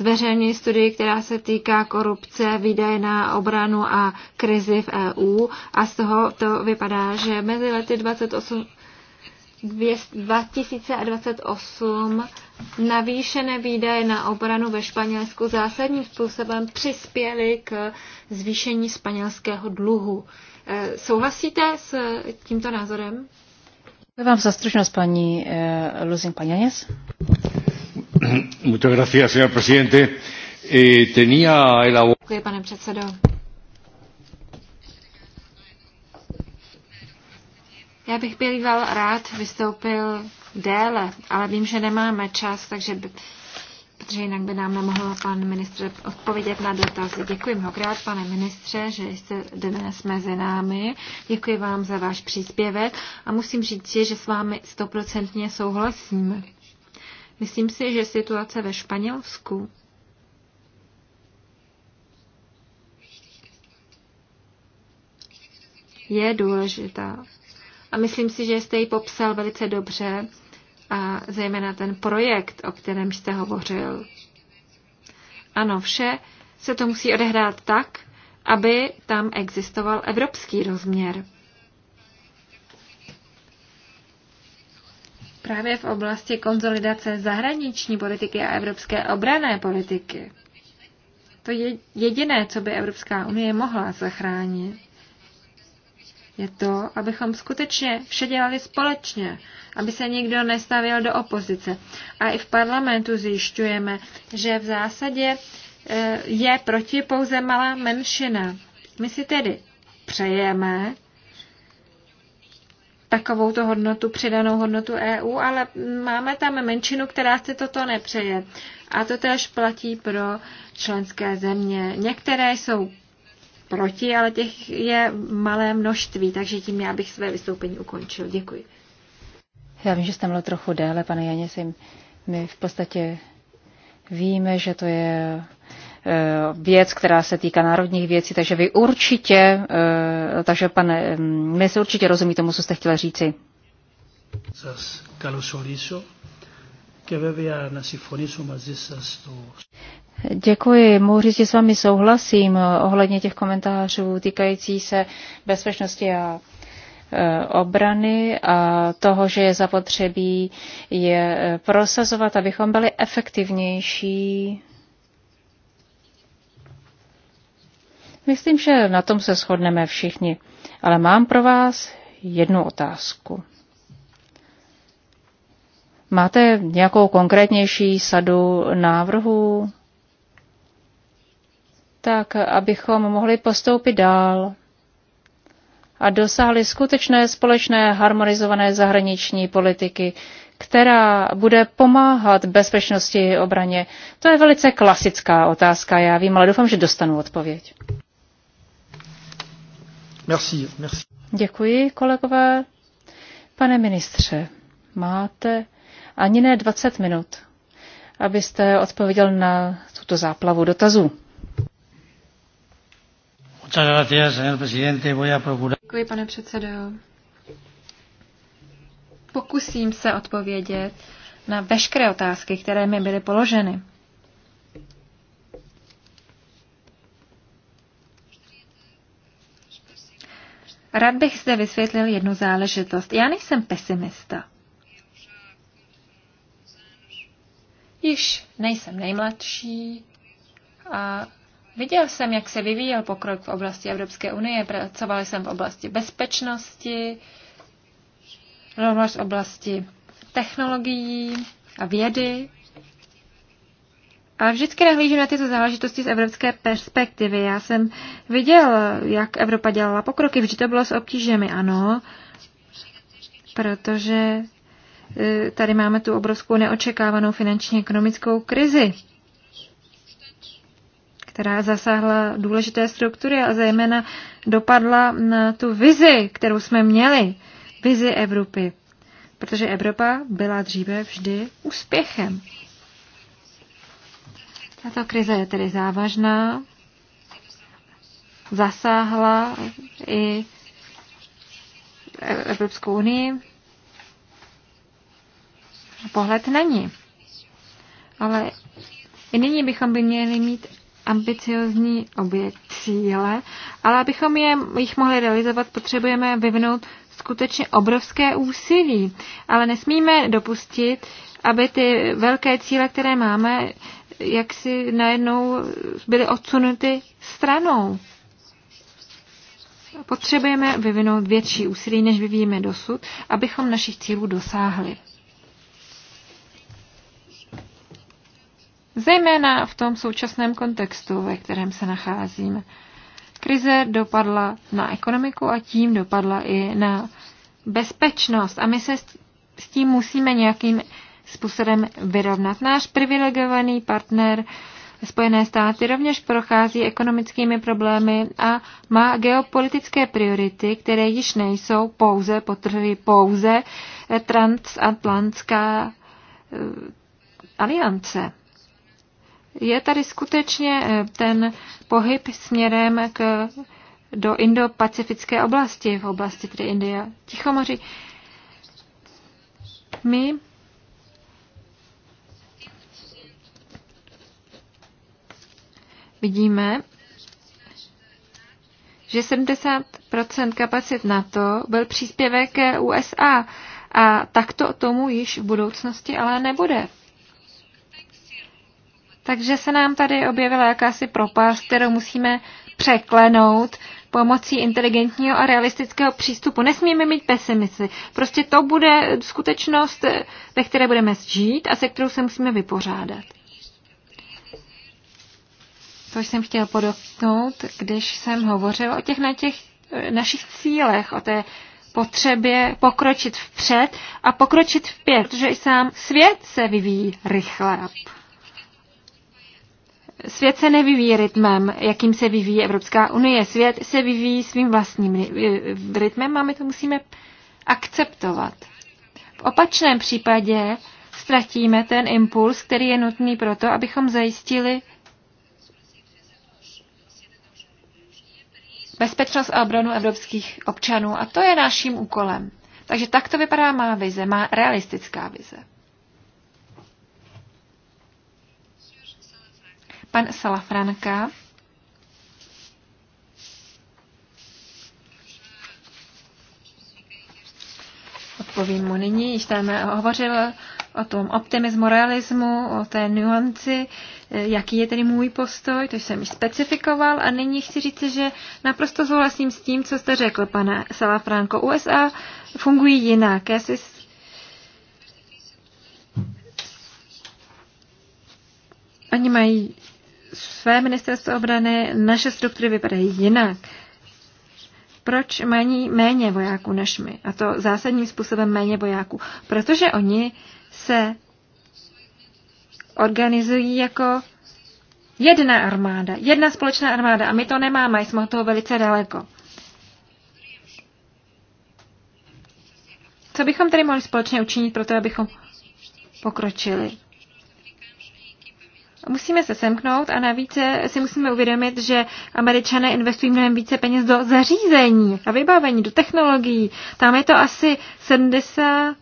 zveřejnili studii, která se týká korupce, výdaje na obranu a krizi v EU a z toho to vypadá, že mezi lety 28 2028 navýšené výdaje na obranu ve Španělsku zásadním způsobem přispěly k zvýšení španělského dluhu. E, souhlasíte s tímto názorem? vám za stručnost, paní e, Luzin Paněněz señor presidente. Eh, tenía Děkuji, pane předsedo. Já bych býval rád vystoupil déle, ale vím, že nemáme čas, takže by, protože jinak by nám nemohl pan ministr odpovědět na dotazy. Děkuji mnohokrát, pane ministře, že jste dnes mezi námi. Děkuji vám za váš příspěvek a musím říct, že s vámi stoprocentně souhlasím. Myslím si, že situace ve Španělsku je důležitá. A myslím si, že jste ji popsal velice dobře, a zejména ten projekt, o kterém jste hovořil. Ano, vše se to musí odehrát tak, aby tam existoval evropský rozměr. právě v oblasti konzolidace zahraniční politiky a evropské obrané politiky. To je jediné, co by Evropská unie mohla zachránit. Je to, abychom skutečně vše dělali společně, aby se nikdo nestavil do opozice. A i v parlamentu zjišťujeme, že v zásadě e, je proti pouze malá menšina. My si tedy přejeme, takovou to hodnotu, přidanou hodnotu EU, ale máme tam menšinu, která si toto nepřeje. A to též platí pro členské země. Některé jsou proti, ale těch je malé množství, takže tím já bych své vystoupení ukončil. Děkuji. Já vím, že jste mluvil trochu déle, pane Janě, my v podstatě víme, že to je Eh, věc, která se týká národních věcí, takže vy určitě, eh, takže pane, mm, my se určitě rozumí tomu, co jste chtěla říci. Děkuji, mohu říct, že s vámi souhlasím ohledně těch komentářů týkající se bezpečnosti a eh, obrany a toho, že je zapotřebí je prosazovat, abychom byli efektivnější Myslím, že na tom se shodneme všichni, ale mám pro vás jednu otázku. Máte nějakou konkrétnější sadu návrhů? Tak, abychom mohli postoupit dál a dosáhli skutečné společné harmonizované zahraniční politiky, která bude pomáhat bezpečnosti obraně? To je velice klasická otázka, já vím, ale doufám, že dostanu odpověď. Merci, merci. Děkuji, kolegové. Pane ministře, máte ani ne 20 minut, abyste odpověděl na tuto záplavu dotazů. Děkuji, pane předsedo. Pokusím se odpovědět na veškeré otázky, které mi byly položeny. Rád bych zde vysvětlil jednu záležitost. Já nejsem pesimista. Již nejsem nejmladší a viděl jsem, jak se vyvíjel pokrok v oblasti Evropské unie. Pracoval jsem v oblasti bezpečnosti, v oblasti technologií a vědy. A vždycky nahlížím na tyto záležitosti z evropské perspektivy. Já jsem viděl, jak Evropa dělala pokroky, vždy to bylo s obtížemi, ano, protože e, tady máme tu obrovskou neočekávanou finanční ekonomickou krizi, která zasáhla důležité struktury a zejména dopadla na tu vizi, kterou jsme měli, vizi Evropy. Protože Evropa byla dříve vždy úspěchem. Tato krize je tedy závažná, zasáhla i Evropskou unii. Pohled není. Ale i nyní bychom by měli mít ambiciozní obě cíle, ale abychom je, jich mohli realizovat, potřebujeme vyvinout skutečně obrovské úsilí. Ale nesmíme dopustit, aby ty velké cíle, které máme, jak si najednou byly odsunuty stranou. Potřebujeme vyvinout větší úsilí, než vyvíjíme dosud, abychom našich cílů dosáhli. Zejména v tom současném kontextu, ve kterém se nacházíme. Krize dopadla na ekonomiku a tím dopadla i na bezpečnost. A my se s tím musíme nějakým způsobem vyrovnat. Náš privilegovaný partner Spojené státy rovněž prochází ekonomickými problémy a má geopolitické priority, které již nejsou pouze, potrhy pouze, eh, transatlantská eh, aliance. Je tady skutečně eh, ten pohyb směrem k, do indopacifické oblasti, v oblasti tedy Indie Tichomoří. My vidíme, že 70 kapacit NATO byl příspěvek USA a takto tomu již v budoucnosti ale nebude. Takže se nám tady objevila jakási propast, kterou musíme překlenout pomocí inteligentního a realistického přístupu. Nesmíme mít pesimisty. Prostě to bude skutečnost, ve které budeme žít a se kterou se musíme vypořádat. To jsem chtěl podotknout, když jsem hovořil o těch, na těch našich cílech, o té potřebě pokročit vpřed a pokročit vpět, protože i sám svět se vyvíjí rychle. Svět se nevyvíjí rytmem, jakým se vyvíjí Evropská unie. Svět se vyvíjí svým vlastním e, rytmem a my to musíme akceptovat. V opačném případě ztratíme ten impuls, který je nutný proto, abychom zajistili bezpečnost a obranu evropských občanů. A to je naším úkolem. Takže tak to vypadá má vize, má realistická vize. Pan Salafranka. Odpovím mu nyní, již tam hovořil o tom optimismu, realismu, o té nuanci. Eh, jaký je tedy můj postoj, to jsem již specifikoval a nyní chci říct, že naprosto souhlasím s tím, co jste řekl, pane Salafranco. USA fungují jinak. Já si Oni mají své ministerstvo obrany, naše struktury vypadají jinak. Proč mají méně vojáků než my? A to zásadním způsobem méně vojáků. Protože oni se organizují jako jedna armáda, jedna společná armáda a my to nemáme, jsme od toho velice daleko. Co bychom tedy mohli společně učinit pro to, abychom pokročili? Musíme se semknout a navíc si musíme uvědomit, že američané investují mnohem více peněz do zařízení a vybavení, do technologií. Tam je to asi 70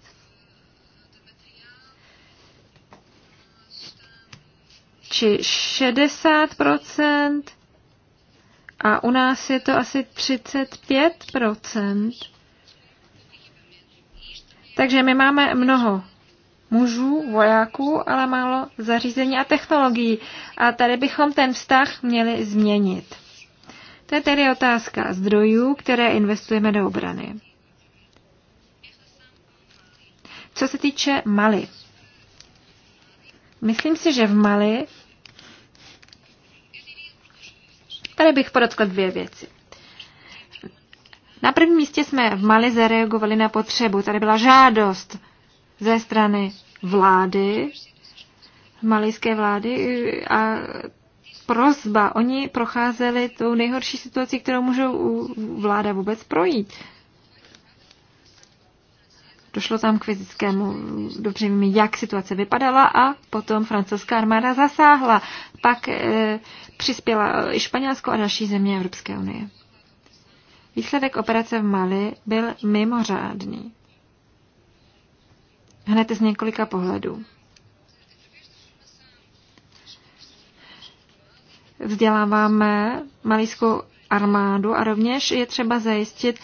či 60 a u nás je to asi 35 Takže my máme mnoho mužů, vojáků, ale málo zařízení a technologií. A tady bychom ten vztah měli změnit. To je tedy otázka zdrojů, které investujeme do obrany. Co se týče Mali, Myslím si, že v Mali tady bych podotkl dvě věci. Na prvním místě jsme v Mali zareagovali na potřebu. Tady byla žádost ze strany vlády, malijské vlády a prozba. Oni procházeli tou nejhorší situací, kterou můžou vláda vůbec projít. Došlo tam k fyzickému víme, jak situace vypadala a potom francouzská armáda zasáhla. Pak e, přispěla eh, i Španělsko a další země Evropské unie. Výsledek operace v Mali byl mimořádný. Hned z několika pohledů. Vzděláváme malijskou armádu a rovněž je třeba zajistit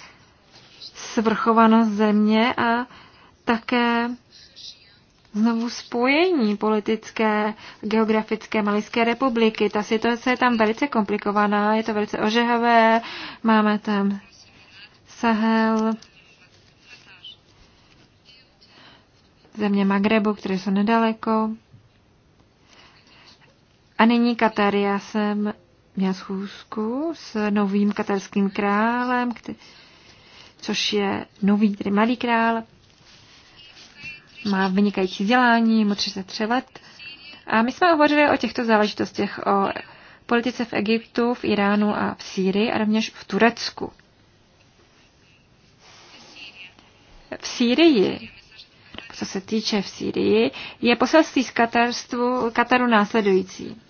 svrchovanost země a také znovu spojení politické, geografické Malijské republiky. Ta situace je tam velice komplikovaná, je to velice ožehavé, máme tam Sahel, země Magrebu, které jsou nedaleko. A nyní Katar. Já jsem měl schůzku s novým katarským králem, který což je nový, tedy mladý král. Má vynikající vzdělání, mu 33 let. A my jsme hovořili o těchto záležitostech, o politice v Egyptu, v Iránu a v Sýrii a rovněž v Turecku. V Sýrii, co se týče v Sýrii, je poselství z Katarstvu, Kataru následující.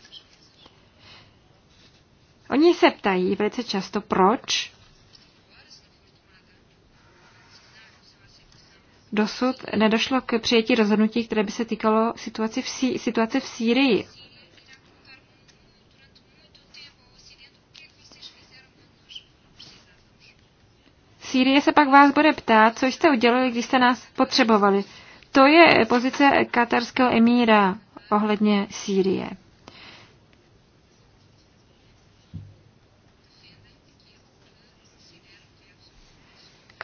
Oni se ptají velice často, proč dosud nedošlo k přijetí rozhodnutí, které by se týkalo situaci v Sý- situace v Sýrii. Sýrie se pak vás bude ptát, co jste udělali, když jste nás potřebovali. To je pozice katarského emíra ohledně Sýrie.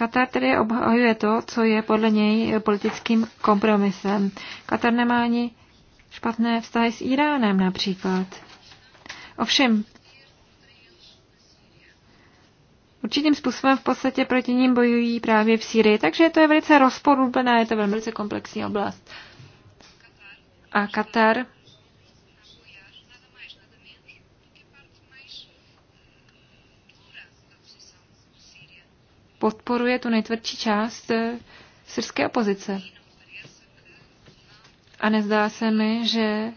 Katar tedy obhajuje to, co je podle něj politickým kompromisem. Katar nemá ani špatné vztahy s Iránem například. Ovšem, určitým způsobem v podstatě proti ním bojují právě v Sýrii, takže to je velice rozporuplná, je to velice komplexní oblast. A Katar podporuje tu nejtvrdší část eh, syrské opozice. A nezdá se mi, že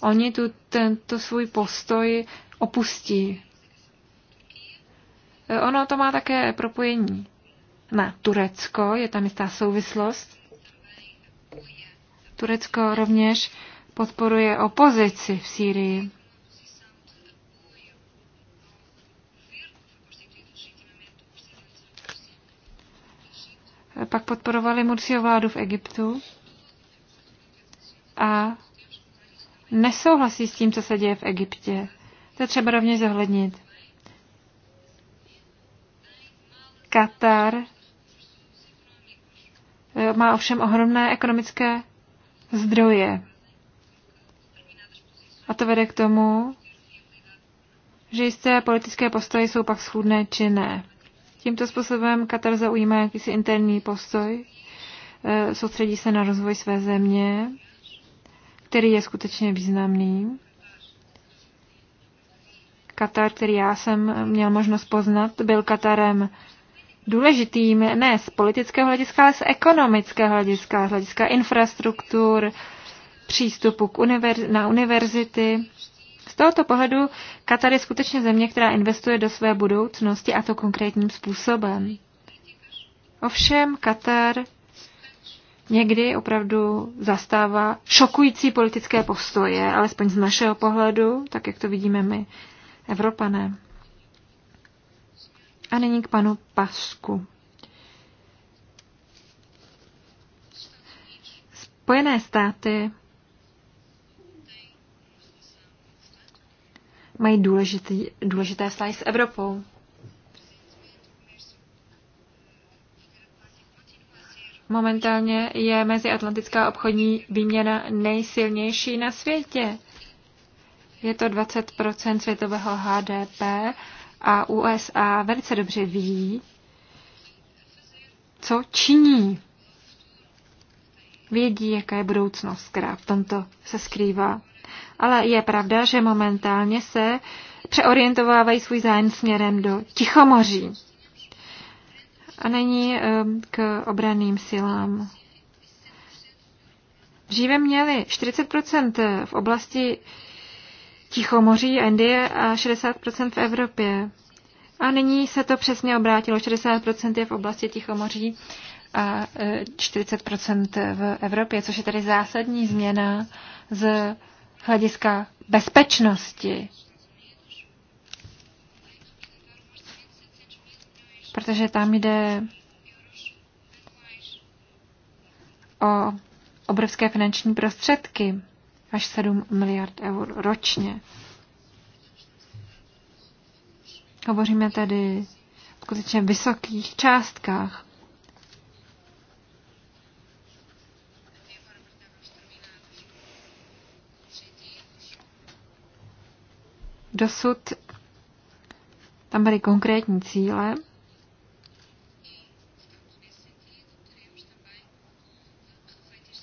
oni tu tento svůj postoj opustí. Eh, ono to má také propojení na Turecko, je tam jistá souvislost. Turecko rovněž podporuje opozici v Sýrii. pak podporovali Mursiho vládu v Egyptu a nesouhlasí s tím, co se děje v Egyptě. To je třeba rovněž zohlednit. Katar eh, má ovšem ohromné ekonomické zdroje. A to vede k tomu, že jisté politické postoje jsou pak schůdné či ne. Tímto způsobem Katar zaujímá jakýsi interní postoj, eh, soustředí se na rozvoj své země, který je skutečně významný. Katar, který já jsem měl možnost poznat, byl Katarem důležitým ne z politického hlediska, ale z ekonomického hlediska, z hlediska infrastruktur, přístupu k univerz- na univerzity, z tohoto pohledu Katar je skutečně země, která investuje do své budoucnosti a to konkrétním způsobem. Ovšem Katar někdy opravdu zastává šokující politické postoje, alespoň z našeho pohledu, tak jak to vidíme my, Evropané. A nyní k panu Pasku. Spojené státy mají důležitý, důležité vztahy s Evropou. Momentálně je meziatlantická obchodní výměna nejsilnější na světě. Je to 20 světového HDP a USA velice dobře ví, co činí. Vědí, jaká je budoucnost, která v tomto se skrývá. Ale je pravda, že momentálně se přeorientovávají svůj zájem směrem do Tichomoří. A není eh, k obraným silám. Dříve měli 40% v oblasti Tichomoří Indie a 60% v Evropě. A nyní se to přesně obrátilo. 60% je v oblasti Tichomoří a 40% eh, v Evropě, což je tedy zásadní změna z hlediska bezpečnosti. Protože tam jde o obrovské finanční prostředky, až 7 miliard eur ročně. Hovoříme tedy skutečně vysokých částkách. Dosud tam byly konkrétní cíle,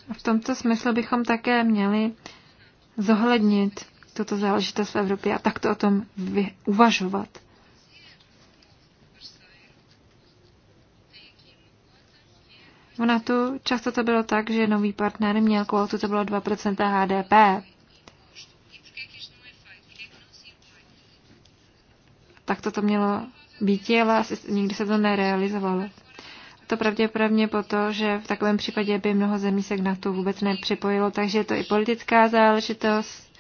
A v tomto smyslu bychom také měli zohlednit tuto záležitost v Evropě a takto o tom uvažovat. V NATO často to bylo tak, že nový partner měl kvotu, to bylo 2% HDP. tak to, to mělo být, ale asi nikdy se to nerealizovalo. To pravděpodobně proto, že v takovém případě by mnoho zemí se k NATO vůbec nepřipojilo, takže je to i politická záležitost.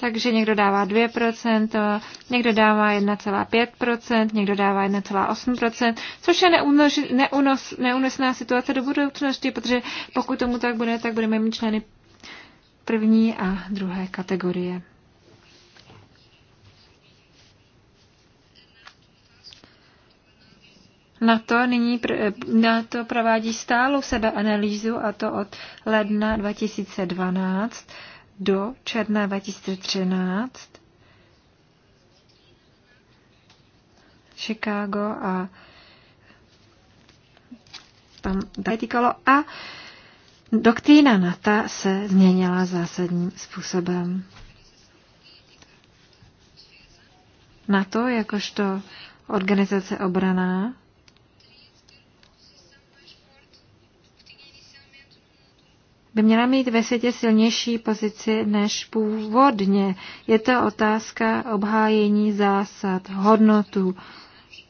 Takže někdo dává 2%, někdo dává 1,5%, někdo dává 1,8%, což je neunos, neunos, neunosná situace do budoucnosti, protože pokud tomu tak bude, tak budeme mít členy první a druhé kategorie. Na to nyní eh, na to provádí stálou sebeanalýzu a to od ledna 2012 do června 2013. Chicago a tam týkalo a doktrína NATO se změnila zásadním způsobem. NATO jakožto organizace obraná by měla mít ve světě silnější pozici než původně. Je to otázka obhájení zásad, hodnotu,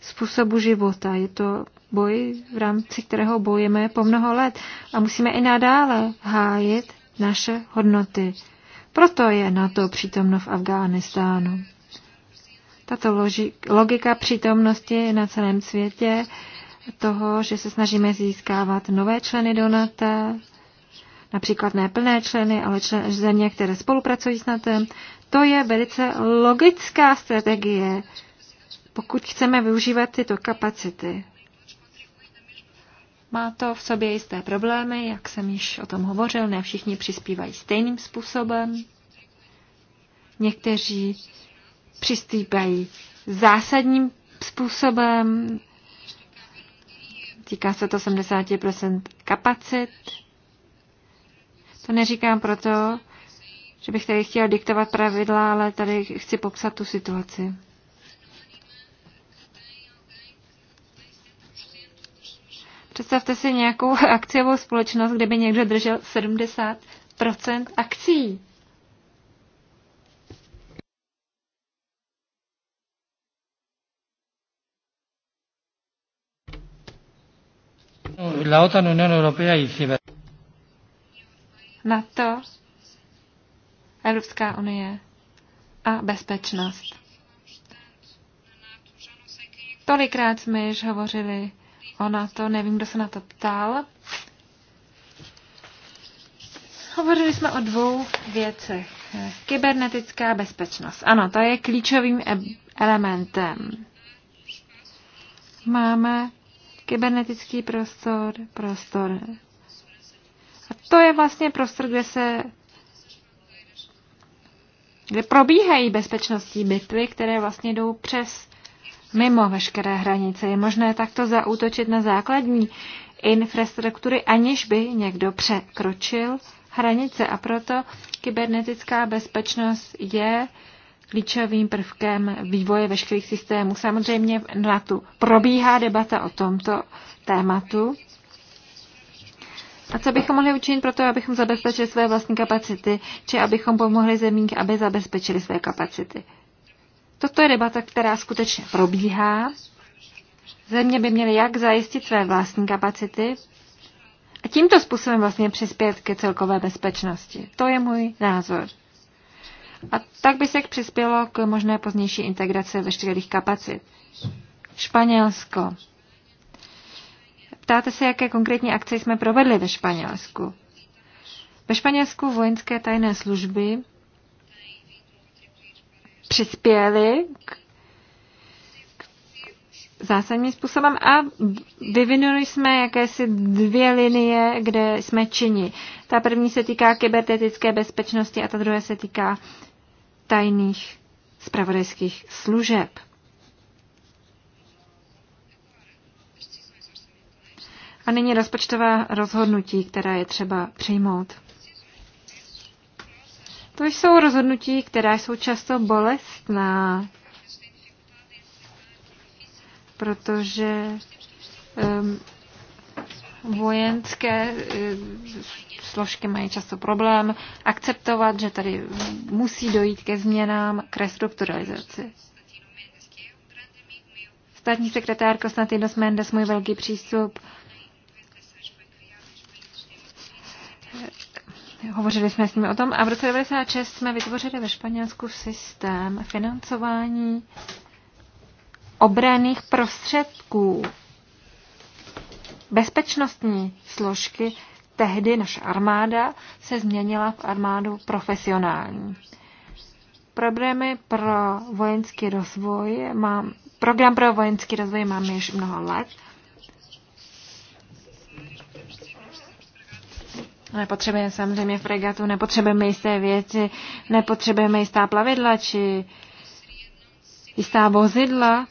způsobu života. Je to boj, v rámci kterého bojeme po mnoho let a musíme i nadále hájit naše hodnoty. Proto je na to přítomno v Afghánistánu. Tato logika přítomnosti na celém světě toho, že se snažíme získávat nové členy do NATO, například ne plné členy, ale člen, země, které spolupracují s NATO. To je velice logická strategie, pokud chceme využívat tyto kapacity. Má to v sobě jisté problémy, jak jsem již o tom hovořil, ne všichni přispívají stejným způsobem. Někteří přispívají zásadním způsobem, týká se to 80 kapacit, to neříkám proto, že bych tady chtěl diktovat pravidla, ale tady chci popsat tu situaci. Představte si nějakou (laughs) akciovou společnost, kde by někdo držel 70 akcí. La OTAN, Unión Europea y Ciber. NATO, Evropská unie a bezpečnost. Tolikrát jsme již hovořili o NATO, nevím, kdo se na to ptal. Hovořili jsme o dvou věcech. Kybernetická bezpečnost. Ano, to je klíčovým e- elementem. Máme kybernetický prostor, prostor to je vlastně prostor, kde se kde probíhají bezpečnostní bitvy, které vlastně jdou přes mimo veškeré hranice. Je možné takto zaútočit na základní infrastruktury, aniž by někdo překročil hranice. A proto kybernetická bezpečnost je klíčovým prvkem vývoje veškerých systémů. Samozřejmě na tu probíhá debata o tomto tématu a co bychom mohli učinit pro to, abychom zabezpečili své vlastní kapacity, či abychom pomohli zemím, aby zabezpečili své kapacity? Toto je debata, která skutečně probíhá. Země by měly jak zajistit své vlastní kapacity a tímto způsobem vlastně přispět ke celkové bezpečnosti. To je můj názor. A tak by se přispělo k možné pozdější integraci veškerých kapacit. Španělsko. Ptáte se, jaké konkrétní akce jsme provedli ve Španělsku. Ve Španělsku vojenské tajné služby přispěly k zásadním způsobem a vyvinuli jsme jakési dvě linie, kde jsme čini. Ta první se týká kybernetické bezpečnosti a ta druhá se týká tajných spravodajských služeb. A nyní rozpočtová rozhodnutí, která je třeba přijmout. To jsou rozhodnutí, která jsou často bolestná, protože um, vojenské eh, složky mají často problém akceptovat, že tady musí dojít ke změnám, k restrukturalizaci. Státní sekretár Konstantinos Mendes, můj velký přístup, hovořili jsme s nimi o tom. A v roce 1996 jsme vytvořili ve Španělsku systém financování obraných prostředků. Bezpečnostní složky, tehdy naše armáda, se změnila v armádu profesionální. Problémy pro vojenský rozvoj mám, program pro vojenský rozvoj máme již mnoho let Nepotřebujeme samozřejmě fregatu, nepotřebujeme jisté věci, nepotřebujeme jistá plavidla či jistá vozidla.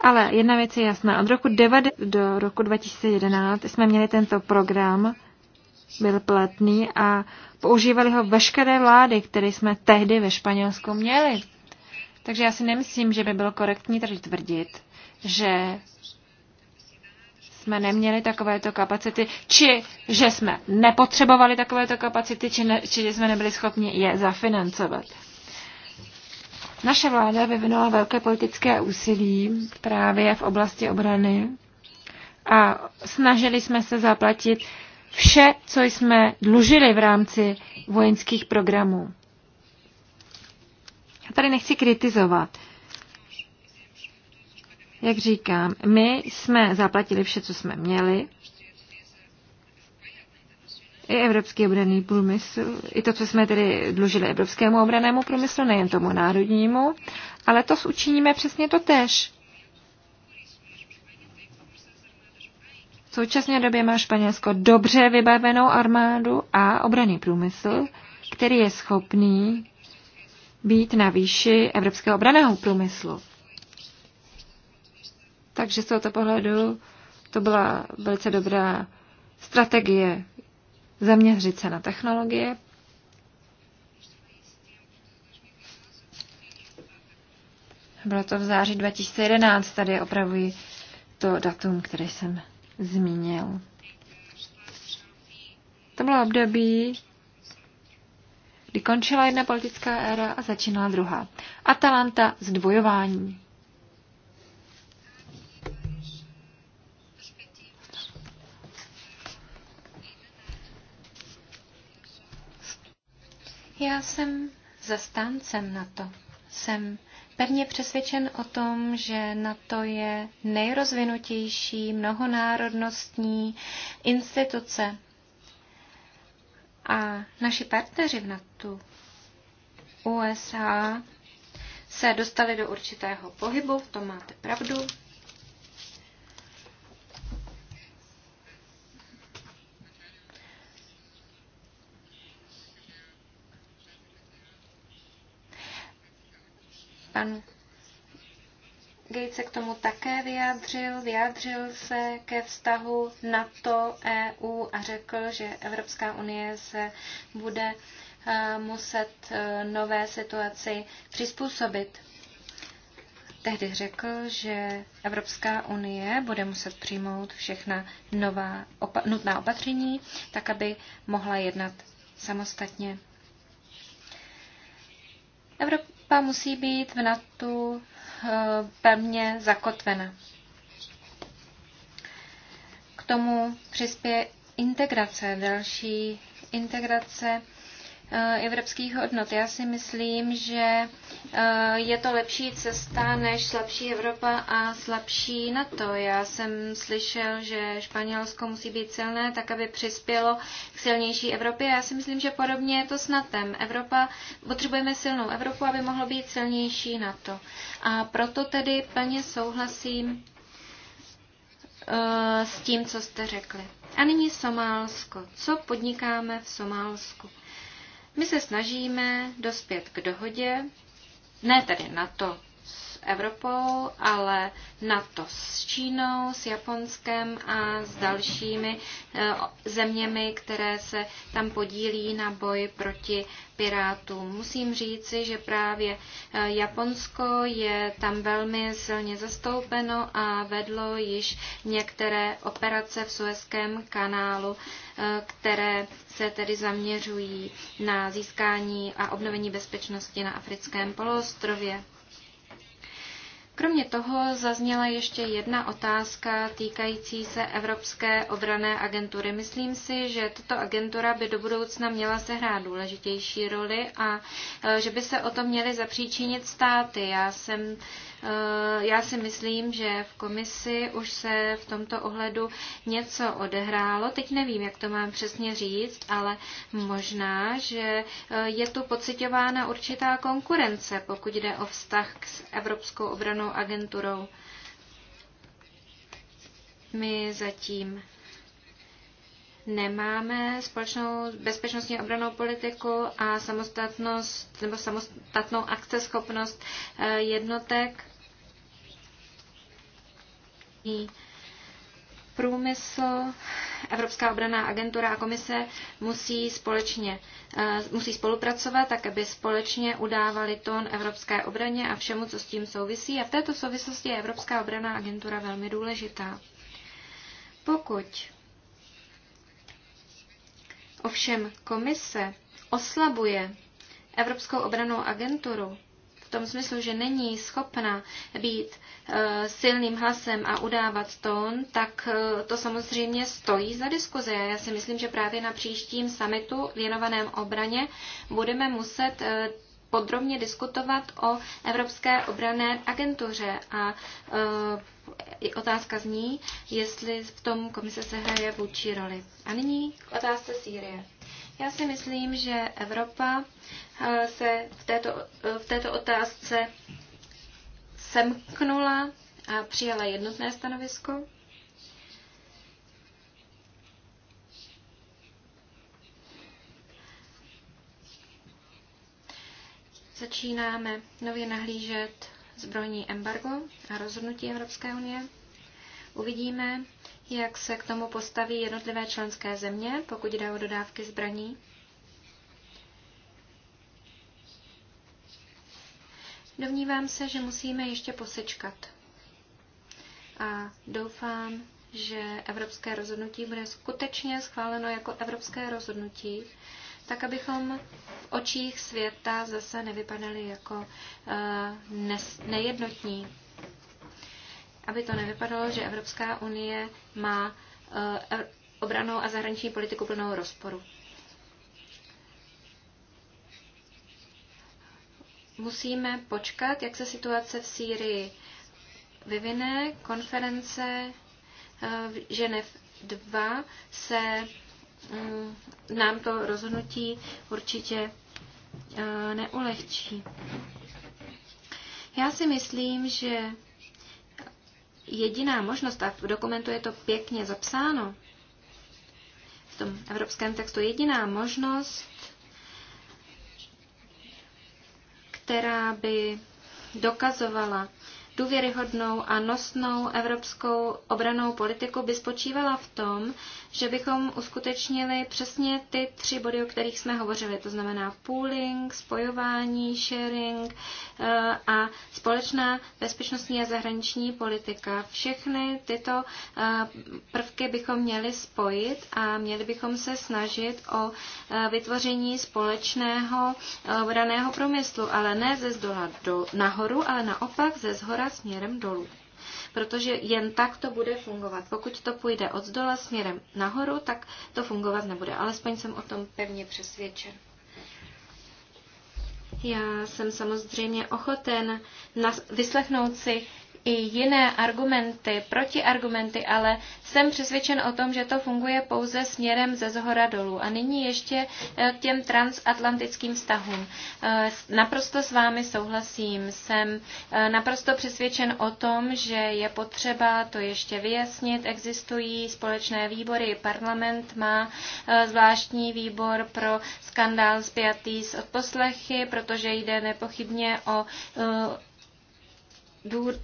Ale jedna věc je jasná. Od roku 90 do roku 2011 jsme měli tento program, byl platný a používali ho veškeré vlády, které jsme tehdy ve Španělsku měli. Takže já si nemyslím, že by bylo korektní tady tvrdit, že jsme neměli takovéto kapacity, či že jsme nepotřebovali takovéto kapacity, či, ne, či že jsme nebyli schopni je zafinancovat. Naše vláda vyvinula velké politické úsilí právě v oblasti obrany a snažili jsme se zaplatit vše, co jsme dlužili v rámci vojenských programů. Já tady nechci kritizovat jak říkám, my jsme zaplatili vše, co jsme měli, i evropský obranný průmysl, i to, co jsme tedy dlužili evropskému obranému průmyslu, nejen tomu národnímu, ale to učiníme přesně to tež. V současné době má Španělsko dobře vybavenou armádu a obraný průmysl, který je schopný být na výši evropského obraného průmyslu. Takže z tohoto pohledu to byla velice dobrá strategie zaměřit se na technologie. Bylo to v září 2011, tady opravuji to datum, které jsem zmínil. To bylo období, kdy končila jedna politická éra a začínala druhá. Atalanta zdvojování. Já jsem zastáncem na to. Jsem pevně přesvědčen o tom, že na to je nejrozvinutější mnohonárodnostní instituce a naši partneři v NATO, USA, se dostali do určitého pohybu, v tom máte pravdu. Pan Gates se k tomu také vyjádřil, vyjádřil se ke vztahu NATO-EU a řekl, že Evropská unie se bude eh, muset eh, nové situaci přizpůsobit. Tehdy řekl, že Evropská unie bude muset přijmout všechna nová opa- nutná opatření, tak aby mohla jednat samostatně. Evrop- Evropa musí být v natu eh, pevně zakotvena. K tomu přispěje integrace, další integrace Eh, evropských hodnot. Já si myslím, že eh, je to lepší cesta než slabší Evropa a slabší NATO. Já jsem slyšel, že Španělsko musí být silné, tak aby přispělo k silnější Evropě. Já si myslím, že podobně je to s NATEM. Evropa, potřebujeme silnou Evropu, aby mohlo být silnější NATO. A proto tedy plně souhlasím eh, s tím, co jste řekli. A nyní Somálsko. Co podnikáme v Somálsku? My se snažíme dospět k dohodě, ne tedy na to, Evropou, ale NATO s Čínou, s Japonskem a s dalšími eh, zeměmi, které se tam podílí na boji proti pirátům. Musím říci, že právě eh, Japonsko je tam velmi silně zastoupeno a vedlo již některé operace v Suezském kanálu, eh, které se tedy zaměřují na získání a obnovení bezpečnosti na africkém poloostrově. Kromě toho zazněla ještě jedna otázka týkající se Evropské obrané agentury. Myslím si, že tato agentura by do budoucna měla sehrát důležitější roli a e, že by se o to měly zapříčinit státy. Já jsem Eh, já si myslím, že v komisi už se v tomto ohledu něco odehrálo. Teď nevím, jak to mám přesně říct, ale možná, že eh, je tu pocitována určitá konkurence, pokud jde o vztah s Evropskou obranou agenturou. My zatím nemáme společnou bezpečnostní obranou politiku a samostatnost nebo samostatnou akceschopnost eh, jednotek průmysl, Evropská obraná agentura a komise musí společně eh, musí spolupracovat, tak aby společně udávali tón evropské obraně a všemu, co s tím souvisí. A v této souvislosti je Evropská obraná agentura velmi důležitá. Pokud ovšem komise oslabuje Evropskou obranou agenturu tom smyslu, že není schopna být eh, silným hlasem a udávat tón, tak eh, to samozřejmě stojí za diskuzi. Já si myslím, že právě na příštím summitu věnovaném obraně budeme muset eh, podrobně diskutovat o Evropské obrané agentuře a e, otázka zní, jestli v tom komise se hraje vůči roli. A nyní k otázce Sýrie. Já si myslím, že Evropa eh, se v této, eh, v této otázce semknula a přijala jednotné stanovisko. Začínáme nově nahlížet zbrojní embargo a rozhodnutí Evropské unie. Uvidíme, jak se k tomu postaví jednotlivé členské země, pokud jde o dodávky zbraní. Domnívám se, že musíme ještě posečkat. A doufám, že evropské rozhodnutí bude skutečně schváleno jako evropské rozhodnutí, tak abychom v očích světa zase nevypadali jako uh, nejednotní aby to nevypadalo, že Evropská unie má eh, obranou a zahraniční politiku plnou rozporu. Musíme počkat, jak se situace v Sýrii vyvine. Konference eh, Ženev 2 se mm, nám to rozhodnutí určitě eh, neulehčí. Já si myslím, že jediná možnost, a v dokumentu je to pěkně zapsáno, v tom evropském textu jediná možnost, která by dokazovala důvěryhodnou a nosnou evropskou obranou politiku by spočívala v tom, že bychom uskutečnili přesně ty tři body, o kterých jsme hovořili, to znamená pooling, spojování, sharing eh, a společná bezpečnostní a zahraniční politika. Všechny tyto eh, prvky bychom měli spojit a měli bychom se snažit o eh, vytvoření společného obraného průmyslu, ale ne ze zdola do, nahoru, ale naopak ze zhora zdola směrem dolů. Protože jen tak to bude fungovat. Pokud to půjde od zdola směrem nahoru, tak to fungovat nebude. Alespoň jsem o tom pevně přesvědčen. Já jsem samozřejmě ochoten vyslechnout si i jiné argumenty, protiargumenty, ale jsem přesvědčen o tom, že to funguje pouze směrem ze zhora dolů. A nyní ještě eh, k těm transatlantickým vztahům. Eh, naprosto s vámi souhlasím. Jsem eh, naprosto přesvědčen o tom, že je potřeba to ještě vyjasnit. Existují společné výbory. Parlament má zvláštní výbor pro skandál zpětý z odposlechy, protože jde nepochybně o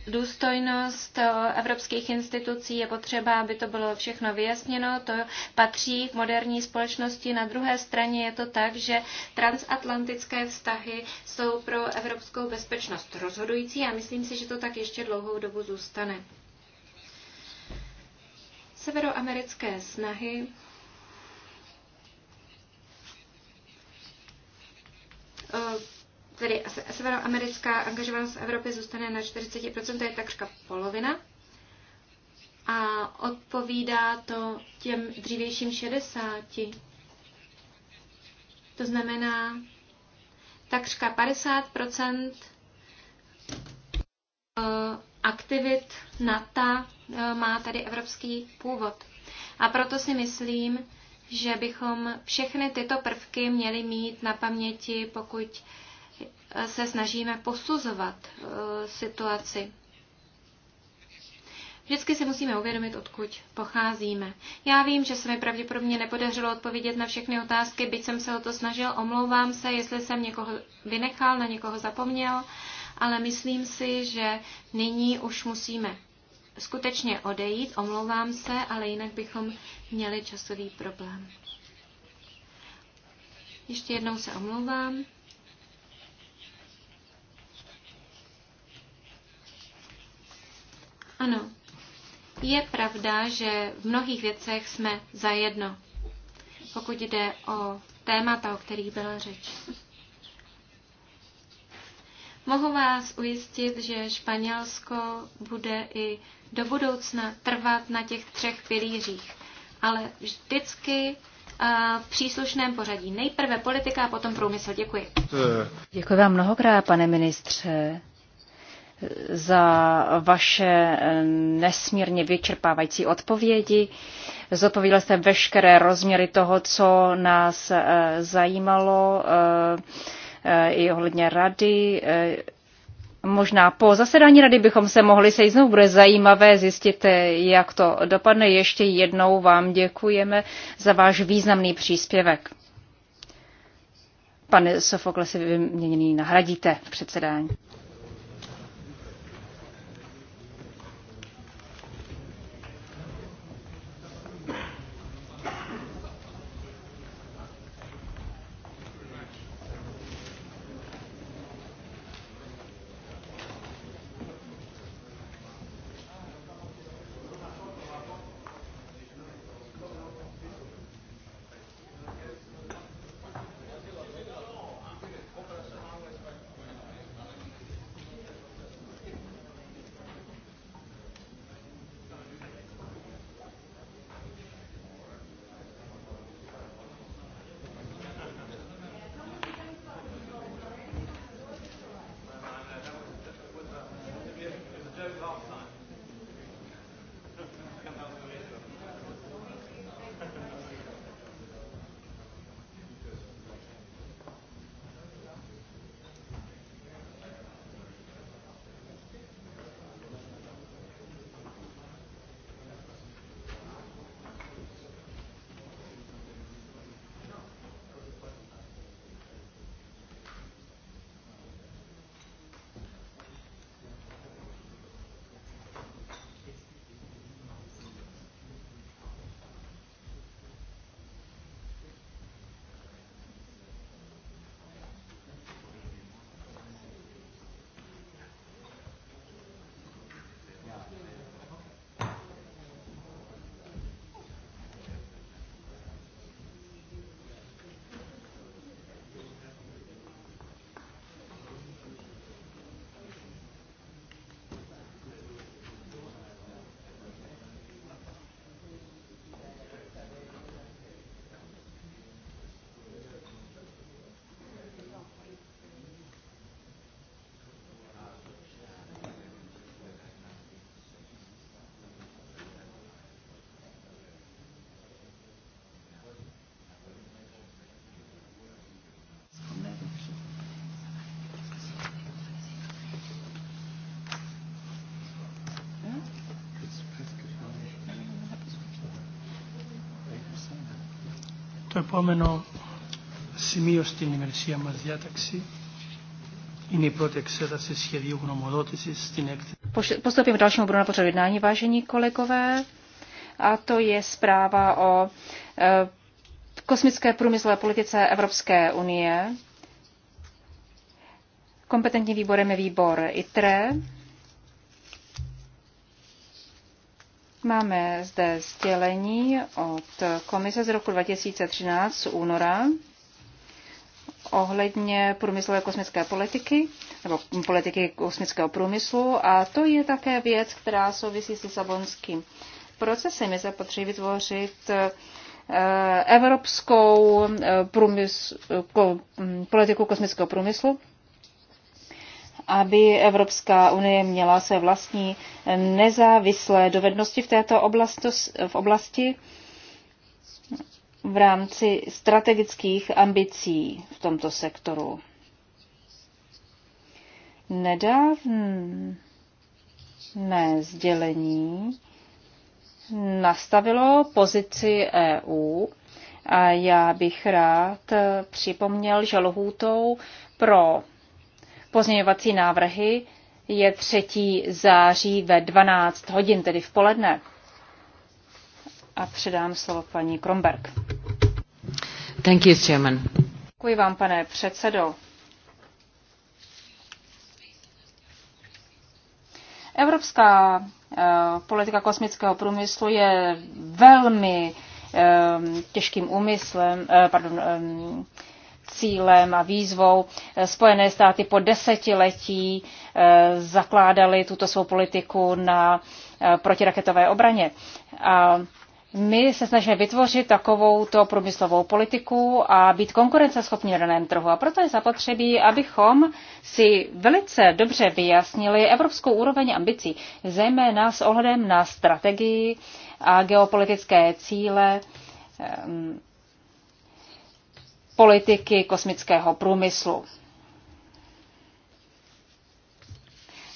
důstojnost eh, evropských institucí je potřeba, aby to bylo všechno vyjasněno. To patří k moderní společnosti. Na druhé straně je to tak, že transatlantické vztahy jsou pro evropskou bezpečnost rozhodující a myslím si, že to tak ještě dlouhou dobu zůstane. Severoamerické snahy uh, tedy severoamerická angažovanost Evropy zůstane na 40%, to je takřka polovina. A odpovídá to těm dřívějším 60. To znamená takřka 50% eh, aktivit NATO eh, má tady evropský původ. A proto si myslím, že bychom všechny tyto prvky měli mít na paměti, pokud se snažíme posuzovat eh, situaci. Vždycky si musíme uvědomit, odkud pocházíme. Já vím, že se mi pravděpodobně nepodařilo odpovědět na všechny otázky, byť jsem se o to snažil, omlouvám se, jestli jsem někoho vynechal, na někoho zapomněl, ale myslím si, že nyní už musíme skutečně odejít, omlouvám se, ale jinak bychom měli časový problém. Ještě jednou se omlouvám. Ano, je pravda, že v mnohých věcech jsme zajedno, pokud jde o témata, o kterých byla řeč. Mohu vás ujistit, že Španělsko bude i do budoucna trvat na těch třech pilířích, ale vždycky v příslušném pořadí. Nejprve politika a potom průmysl. Děkuji. Děkuji vám mnohokrát, pane ministře za vaše nesmírně vyčerpávající odpovědi. Zodpověděl jste veškeré rozměry toho, co nás eh, zajímalo, eh, eh, i ohledně rady. Možná po zasedání rady bychom se mohli sejít znovu. Bude zajímavé zjistit, jak to dopadne. Ještě jednou vám děkujeme za váš významný příspěvek. Pane si vyměněný nahradíte v předsedání. επόμενο σημείο στην ημερησία μας διάταξη είναι η πρώτη εξέταση σχεδίου γνωμοδότησης στην έκθεση. Postupím k dalšímu bodu na pořadu jednání, vážení kolegové, a to je zpráva o e, kosmické průmyslové politice Evropské unie. Kompetentním výborem je výbor ITRE. Máme zde sdělení od Komise z roku 2013 z února ohledně průmyslové kosmické politiky, nebo politiky kosmického průmyslu. A to je také věc, která souvisí s Lisabonským procesem. Je zapotřebí vytvořit eh, evropskou eh, průmysl, politiku kosmického průmyslu aby Evropská unie měla své vlastní nezávislé dovednosti v této oblasti, v oblasti v rámci strategických ambicí v tomto sektoru. Nedávné sdělení nastavilo pozici EU a já bych rád připomněl, že lhůtou pro Pozměňovací návrhy je 3. září ve 12 hodin, tedy v poledne. A předám slovo paní Kromberg. Thank you, Chairman. Děkuji vám, pane předsedo. Evropská eh, politika kosmického průmyslu je velmi eh, těžkým úmyslem, eh, pardon, cílem a výzvou. Spojené státy po desetiletí eh, zakládaly tuto svou politiku na eh, protiraketové obraně. A my se snažíme vytvořit takovouto průmyslovou politiku a být konkurenceschopní na daném trhu. A proto je zapotřebí, abychom si velice dobře vyjasnili evropskou úroveň ambicí, zejména s ohledem na strategii a geopolitické cíle ehm, politiky kosmického průmyslu.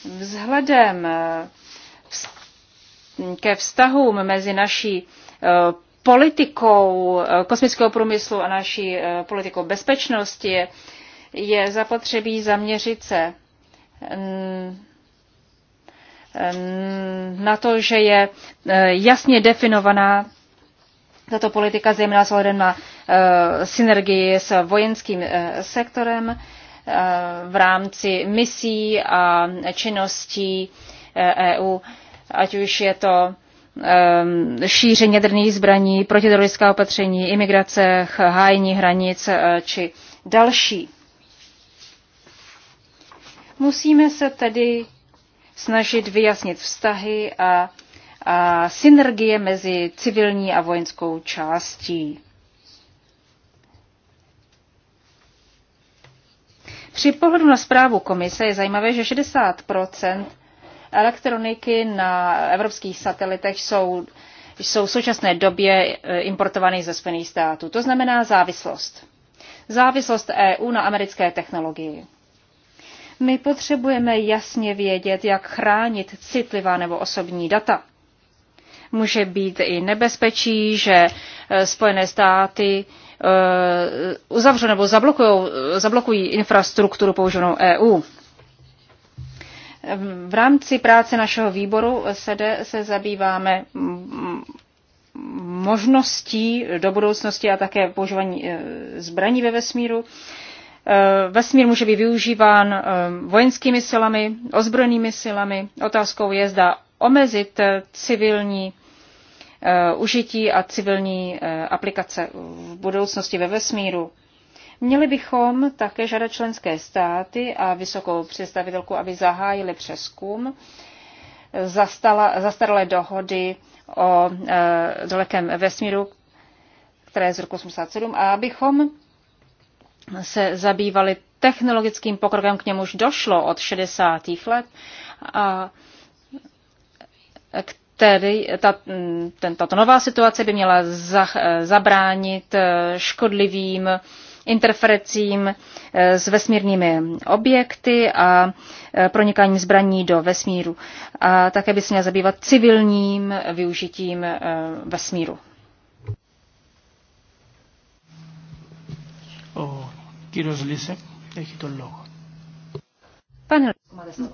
Vzhledem eh, ke vztahům mezi naší eh, politikou eh, kosmického průmyslu a naší politikou bezpečnosti je zapotřebí zaměřit se na to, že je jasně definovaná tato politika zejména s ohledem na eh, synergii s vojenským eh, sektorem eh, v rámci misí a činností EU, e ať už je to šíření jaderných zbraní, protiteroristická opatření, imigrace, hájení hranic či další. Musíme se tedy snažit vyjasnit vztahy a a synergie mezi civilní a vojenskou částí. Při pohledu na zprávu komise je zajímavé, že 60 elektroniky na evropských satelitech jsou, jsou v současné době e, importovány ze Spojených států. To znamená závislost. Závislost EU na americké technologii. My potřebujeme jasně vědět, jak chránit citlivá nebo osobní data může být i nebezpečí, že eh, Spojené státy eh, uzavřou nebo zablokují infrastrukturu používanou EU. V rámci práce našeho výboru SEDE se zabýváme možností do budoucnosti a také používání eh, zbraní ve vesmíru. Vesmír může být využíván vojenskými silami, ozbrojenými silami. Otázkou je, zda omezit civilní Eh, užití a civilní eh, aplikace v budoucnosti ve vesmíru. Měli bychom také žádat členské státy a vysokou představitelku, aby zahájili přeskum zastaralé dohody o e, dalekém vesmíru, které je z roku 87, a abychom se zabývali technologickým pokrokem, k němuž došlo od 60. let, a Tedy ta, ten, tato nová situace by měla za, zabránit eh, škodlivým interferencím eh, s vesmírnými objekty a eh, pronikáním zbraní do vesmíru. A také by se měla zabývat civilním využitím vesmíru. Oh, Pane, máte slovo.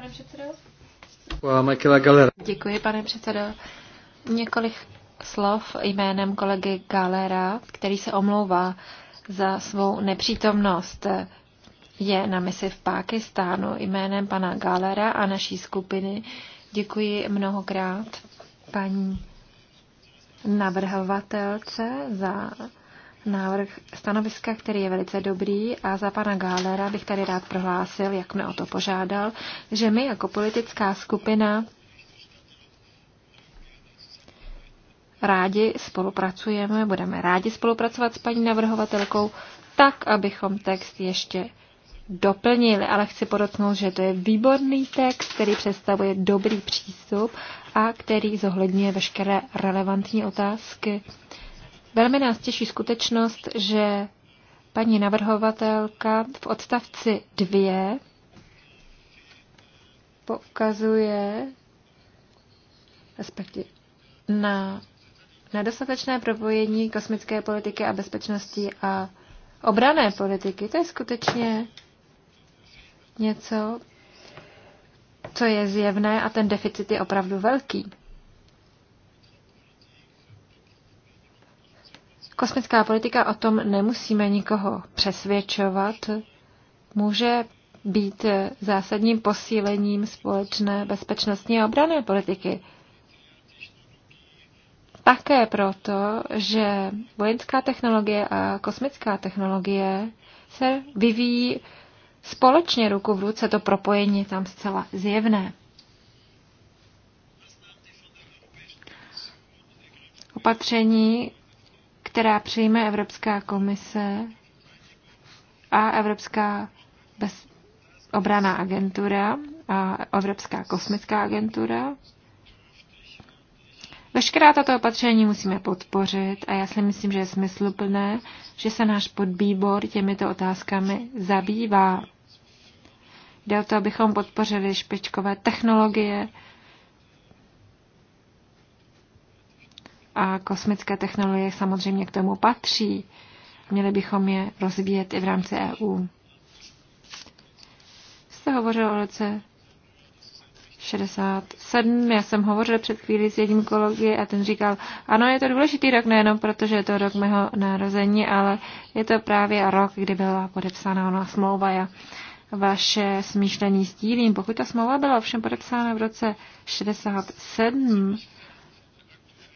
pane předsedo. Michaela Galera. Děkuji, pane předsedo. Několik slov jménem kolegy Galera, který se omlouvá za svou nepřítomnost. Je na misi v Pákistánu jménem pana Galera a naší skupiny. Děkuji mnohokrát paní navrhovatelce za návrh stanoviska, který je velice dobrý a za pana Gálera bych tady rád prohlásil, jak mě o to požádal, že my jako politická skupina rádi spolupracujeme, budeme rádi spolupracovat s paní navrhovatelkou, tak, abychom text ještě doplnili, ale chci podotknout, že to je výborný text, který představuje dobrý přístup a který zohledňuje veškeré relevantní otázky. Velmi nás těší skutečnost, že paní navrhovatelka v odstavci 2 poukazuje na nedostatečné propojení kosmické politiky a bezpečnosti a obrané politiky. To je skutečně něco, co je zjevné a ten deficit je opravdu velký. Kosmická politika o tom nemusíme nikoho přesvědčovat, může být zásadním posílením společné bezpečnostní a obrané politiky. Také proto, že vojenská technologie a kosmická technologie se vyvíjí společně ruku v ruce, to propojení je tam zcela zjevné. Opatření, která přijme Evropská komise a Evropská bez... obraná agentura a Evropská kosmická agentura. Veškerá tato opatření musíme podpořit a já si myslím, že je smysluplné, že se náš podbýbor těmito otázkami zabývá. Jde o to, abychom podpořili špičkové technologie, a kosmické technologie samozřejmě k tomu patří. Měli bychom je rozvíjet i v rámci EU. Jste hovořil o roce 67. Já jsem hovořil před chvíli s jedním kolegy a ten říkal, ano, je to důležitý rok nejenom protože je to rok mého narození, ale je to právě rok, kdy byla podepsána ona smlouva. Já vaše smýšlení sdílím. Pokud ta smlouva byla ovšem podepsána v roce 67,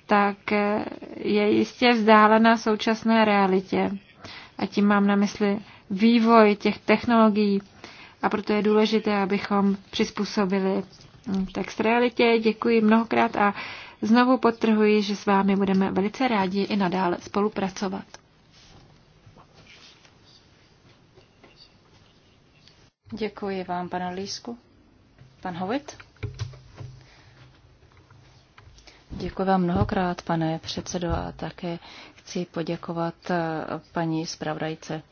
tak eh, je jistě vzdálená současné realitě. A tím mám na mysli vývoj těch technologií. A proto je důležité, abychom přizpůsobili mm, text realitě. Děkuji mnohokrát a znovu potrhuji, že s vámi budeme velice rádi i nadále spolupracovat. Děkuji vám, pane Lísku. Pan Hovit? Děkuji vám mnohokrát, pane předsedo, a také chci poděkovat eh, paní zpravodajce.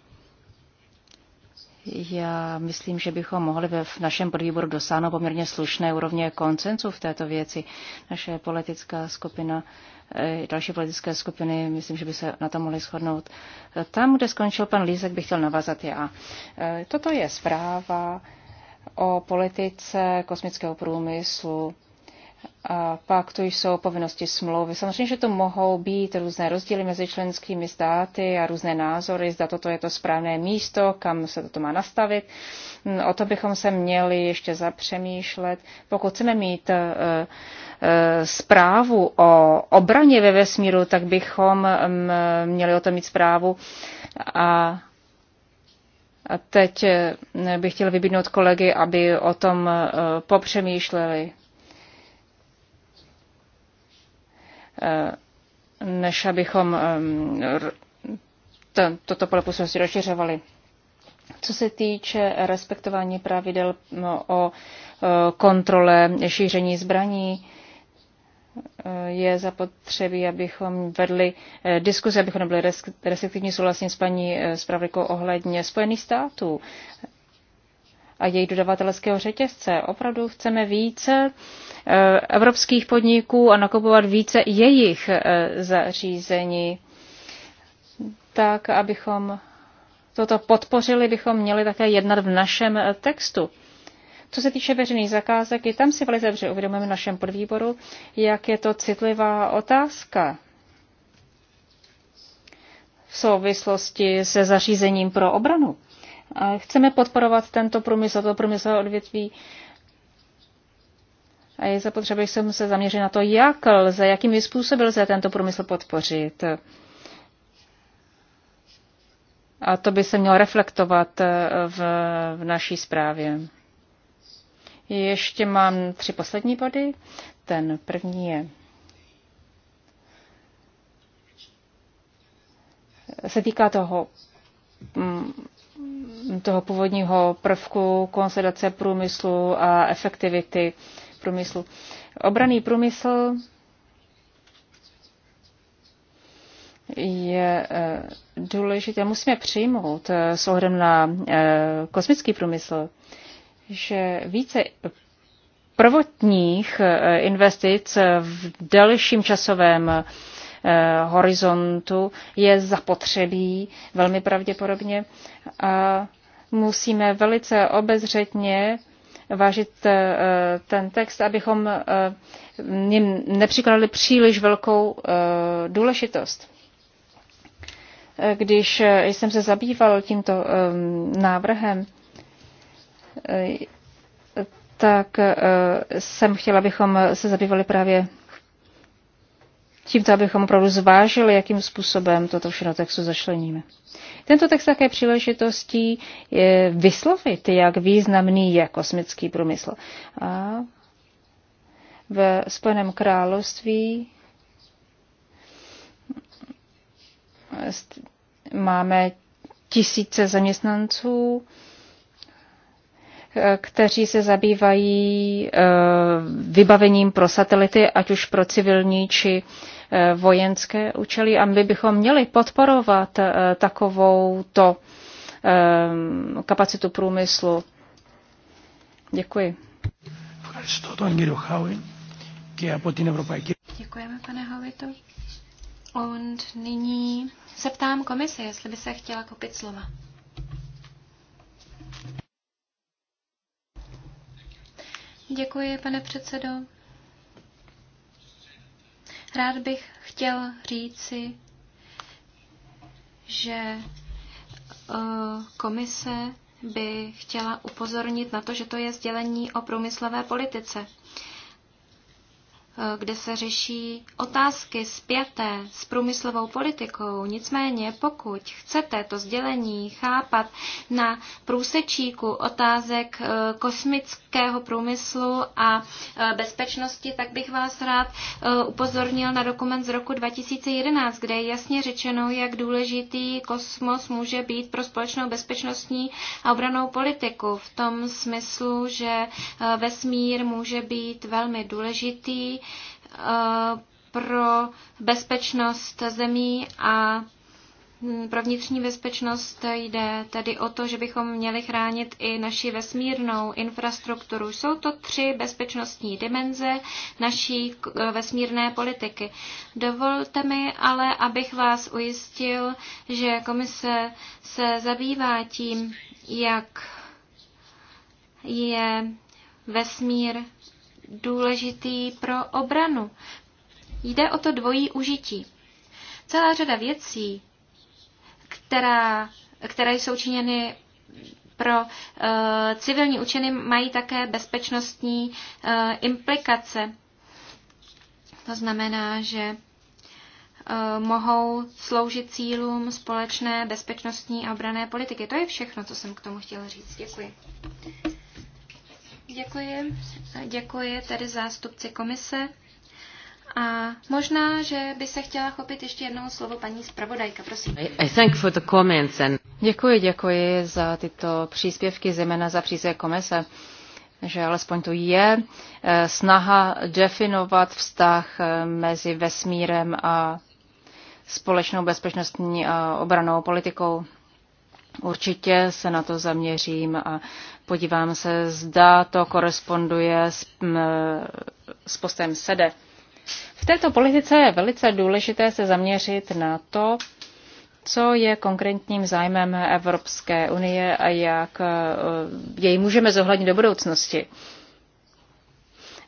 Já myslím, že bychom mohli ve v našem podvýboru dosáhnout poměrně slušné úrovně koncensu v této věci. Naše politická skupina, eh, další politické skupiny, myslím, že by se na to mohli shodnout. Tam, kde skončil pan Lízek, bych chtěl navazat já. Eh, toto je zpráva o politice kosmického průmyslu a pak tu jsou povinnosti smlouvy. Samozřejmě, že to mohou být různé rozdíly mezi členskými státy a různé názory, zda toto je to správné místo, kam se toto má nastavit. Hm, o to bychom se měli ještě zapřemýšlet. Pokud chceme mít eh, eh, zprávu o obraně ve vesmíru, tak bychom hm, měli o tom mít zprávu. A teď eh, bych chtěl vybídnout kolegy, aby o tom popřemýšleli. Eh, než abychom eh, toto pole působnosti rozšiřovali. Co se týče respektování pravidel o eh, kontrole šíření zbraní, je zapotřebí, abychom vedli diskuzi, abychom byli restriktivní souhlasní s paní zpravodajkou ohledně Spojených států a jejich dodavatelského řetězce. Opravdu chceme více eh, evropských podniků a nakupovat více jejich eh, zařízení. Tak, abychom toto podpořili, bychom měli také jednat v našem eh, textu. Co se týče veřejných zakázek, i tam si velice dobře uvědomujeme v našem podvýboru, jak je to citlivá otázka v souvislosti se zařízením pro obranu. Chceme podporovat tento průmysl, to průmyslové odvětví. A je zapotřebí, jsem se zaměřit na to, jak lze, jakým způsobem lze tento průmysl podpořit. A to by se mělo reflektovat v, v naší zprávě. Ještě mám tři poslední body. Ten první je. Se týká toho mm, toho původního prvku konsolidace průmyslu a efektivity průmyslu. Obraný průmysl je eh, důležité, musíme přijmout eh, s ohledem na eh, kosmický průmysl, že více prvotních investic v delším časovém Eh, horizontu je zapotřebí velmi pravděpodobně a musíme velice obezřetně vážit eh, ten text, abychom eh, jim nepřikládali příliš velkou důležitost. Když jsem se zabýval tímto návrhem, tak jsem chtěla, abychom se zabývali právě Tímto, abychom opravdu zvážili, jakým způsobem toto všechno textu zašleníme. Tento text také příležitostí je eh, vyslovit, jak významný je kosmický průmysl. A v Spojeném království máme tisíce zaměstnanců, eh, kteří se zabývají eh, vybavením pro satelity, ať už pro civilní či Eh, vojenské účely a my bychom měli podporovat eh, takovou to eh, kapacitu průmyslu. Děkuji. Děkujeme, pane Hovito. Und nyní se ptám komise, jestli by se chtěla kopit slova. Děkuji, pane předsedo. Rád bych chtěl říci, že eh, komise by chtěla upozornit na to, že to je sdělení o průmyslové politice, eh, kde se řeší otázky zpěté s průmyslovou politikou. Nicméně, pokud chcete to sdělení chápat na průsečíku otázek eh, kosmických, leteckého průmyslu a e, bezpečnosti, tak bych vás rád e, upozornil na dokument z roku 2011, kde je jasně řečeno, jak důležitý kosmos může být pro společnou bezpečnostní a obranou politiku v tom smyslu, že e, vesmír může být velmi důležitý pro bezpečnost zemí a Mm, pro vnitřní bezpečnost jde tedy o to, že bychom měli chránit i naši vesmírnou infrastrukturu. Jsou to tři bezpečnostní dimenze naší e, vesmírné politiky. Dovolte mi ale, abych vás ujistil, že komise se zabývá tím, jak je vesmír důležitý pro obranu. Jde o to dvojí užití. Celá řada věcí, která, které jsou činěny pro uh, civilní účiny, mají také bezpečnostní uh, implikace. To znamená, že eh, mohou sloužit cílům společné bezpečnostní a obrané politiky. To je všechno, co jsem k tomu chtěla říct. Děkuji. Děkuji. Děkuji tedy zástupci komise. A možná, že by se chtěla chopit ještě jednou slovo paní zpravodajka, prosím. I thank for the comments and... Děkuji, děkuji za tyto příspěvky, zejména za příspěvky komise že alespoň tu je eh, snaha definovat vztah eh, mezi vesmírem a společnou bezpečnostní a obranou politikou. Určitě se na to zaměřím a podívám se, zda to koresponduje s, mm, eh, s postem SEDEF. V této politice je velice důležité se zaměřit na to, co je konkrétním zájmem Evropské unie a jak eh, jej můžeme zohlednit do budoucnosti.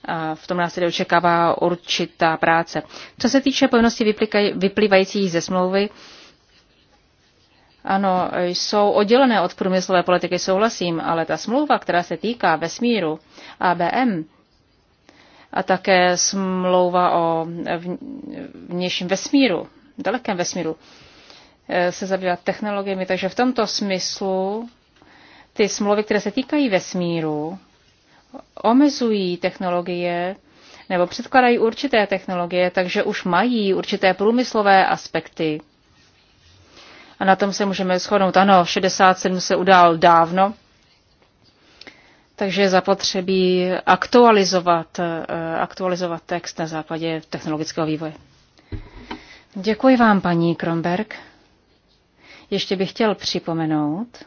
A v tom nás tedy očekává určitá práce. Co se týče povinností vyplývajících ze smlouvy, ano, jsou oddělené od průmyslové politiky, souhlasím, ale ta smlouva, která se týká vesmíru ABM, a také smlouva o vnějším vesmíru, dalekém vesmíru, eh, se zabývá technologiemi. Takže v tomto smyslu ty smlouvy, které se týkají vesmíru, omezují technologie nebo předkladají určité technologie, takže už mají určité průmyslové aspekty. A na tom se můžeme shodnout. Ano, 67 se udál dávno, takže je zapotřebí aktualizovat, eh, aktualizovat text na základě technologického vývoje. Děkuji vám, paní Kronberg. Ještě bych chtěl připomenout,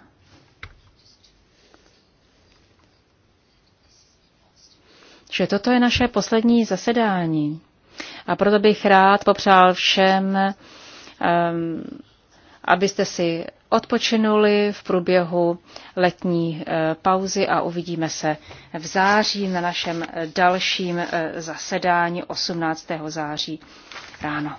že toto je naše poslední zasedání. A proto bych rád popřál všem, ehm, abyste si odpočinuli v průběhu letní eh, pauzy a uvidíme se v září na našem eh, dalším eh, zasedání 18. září ráno.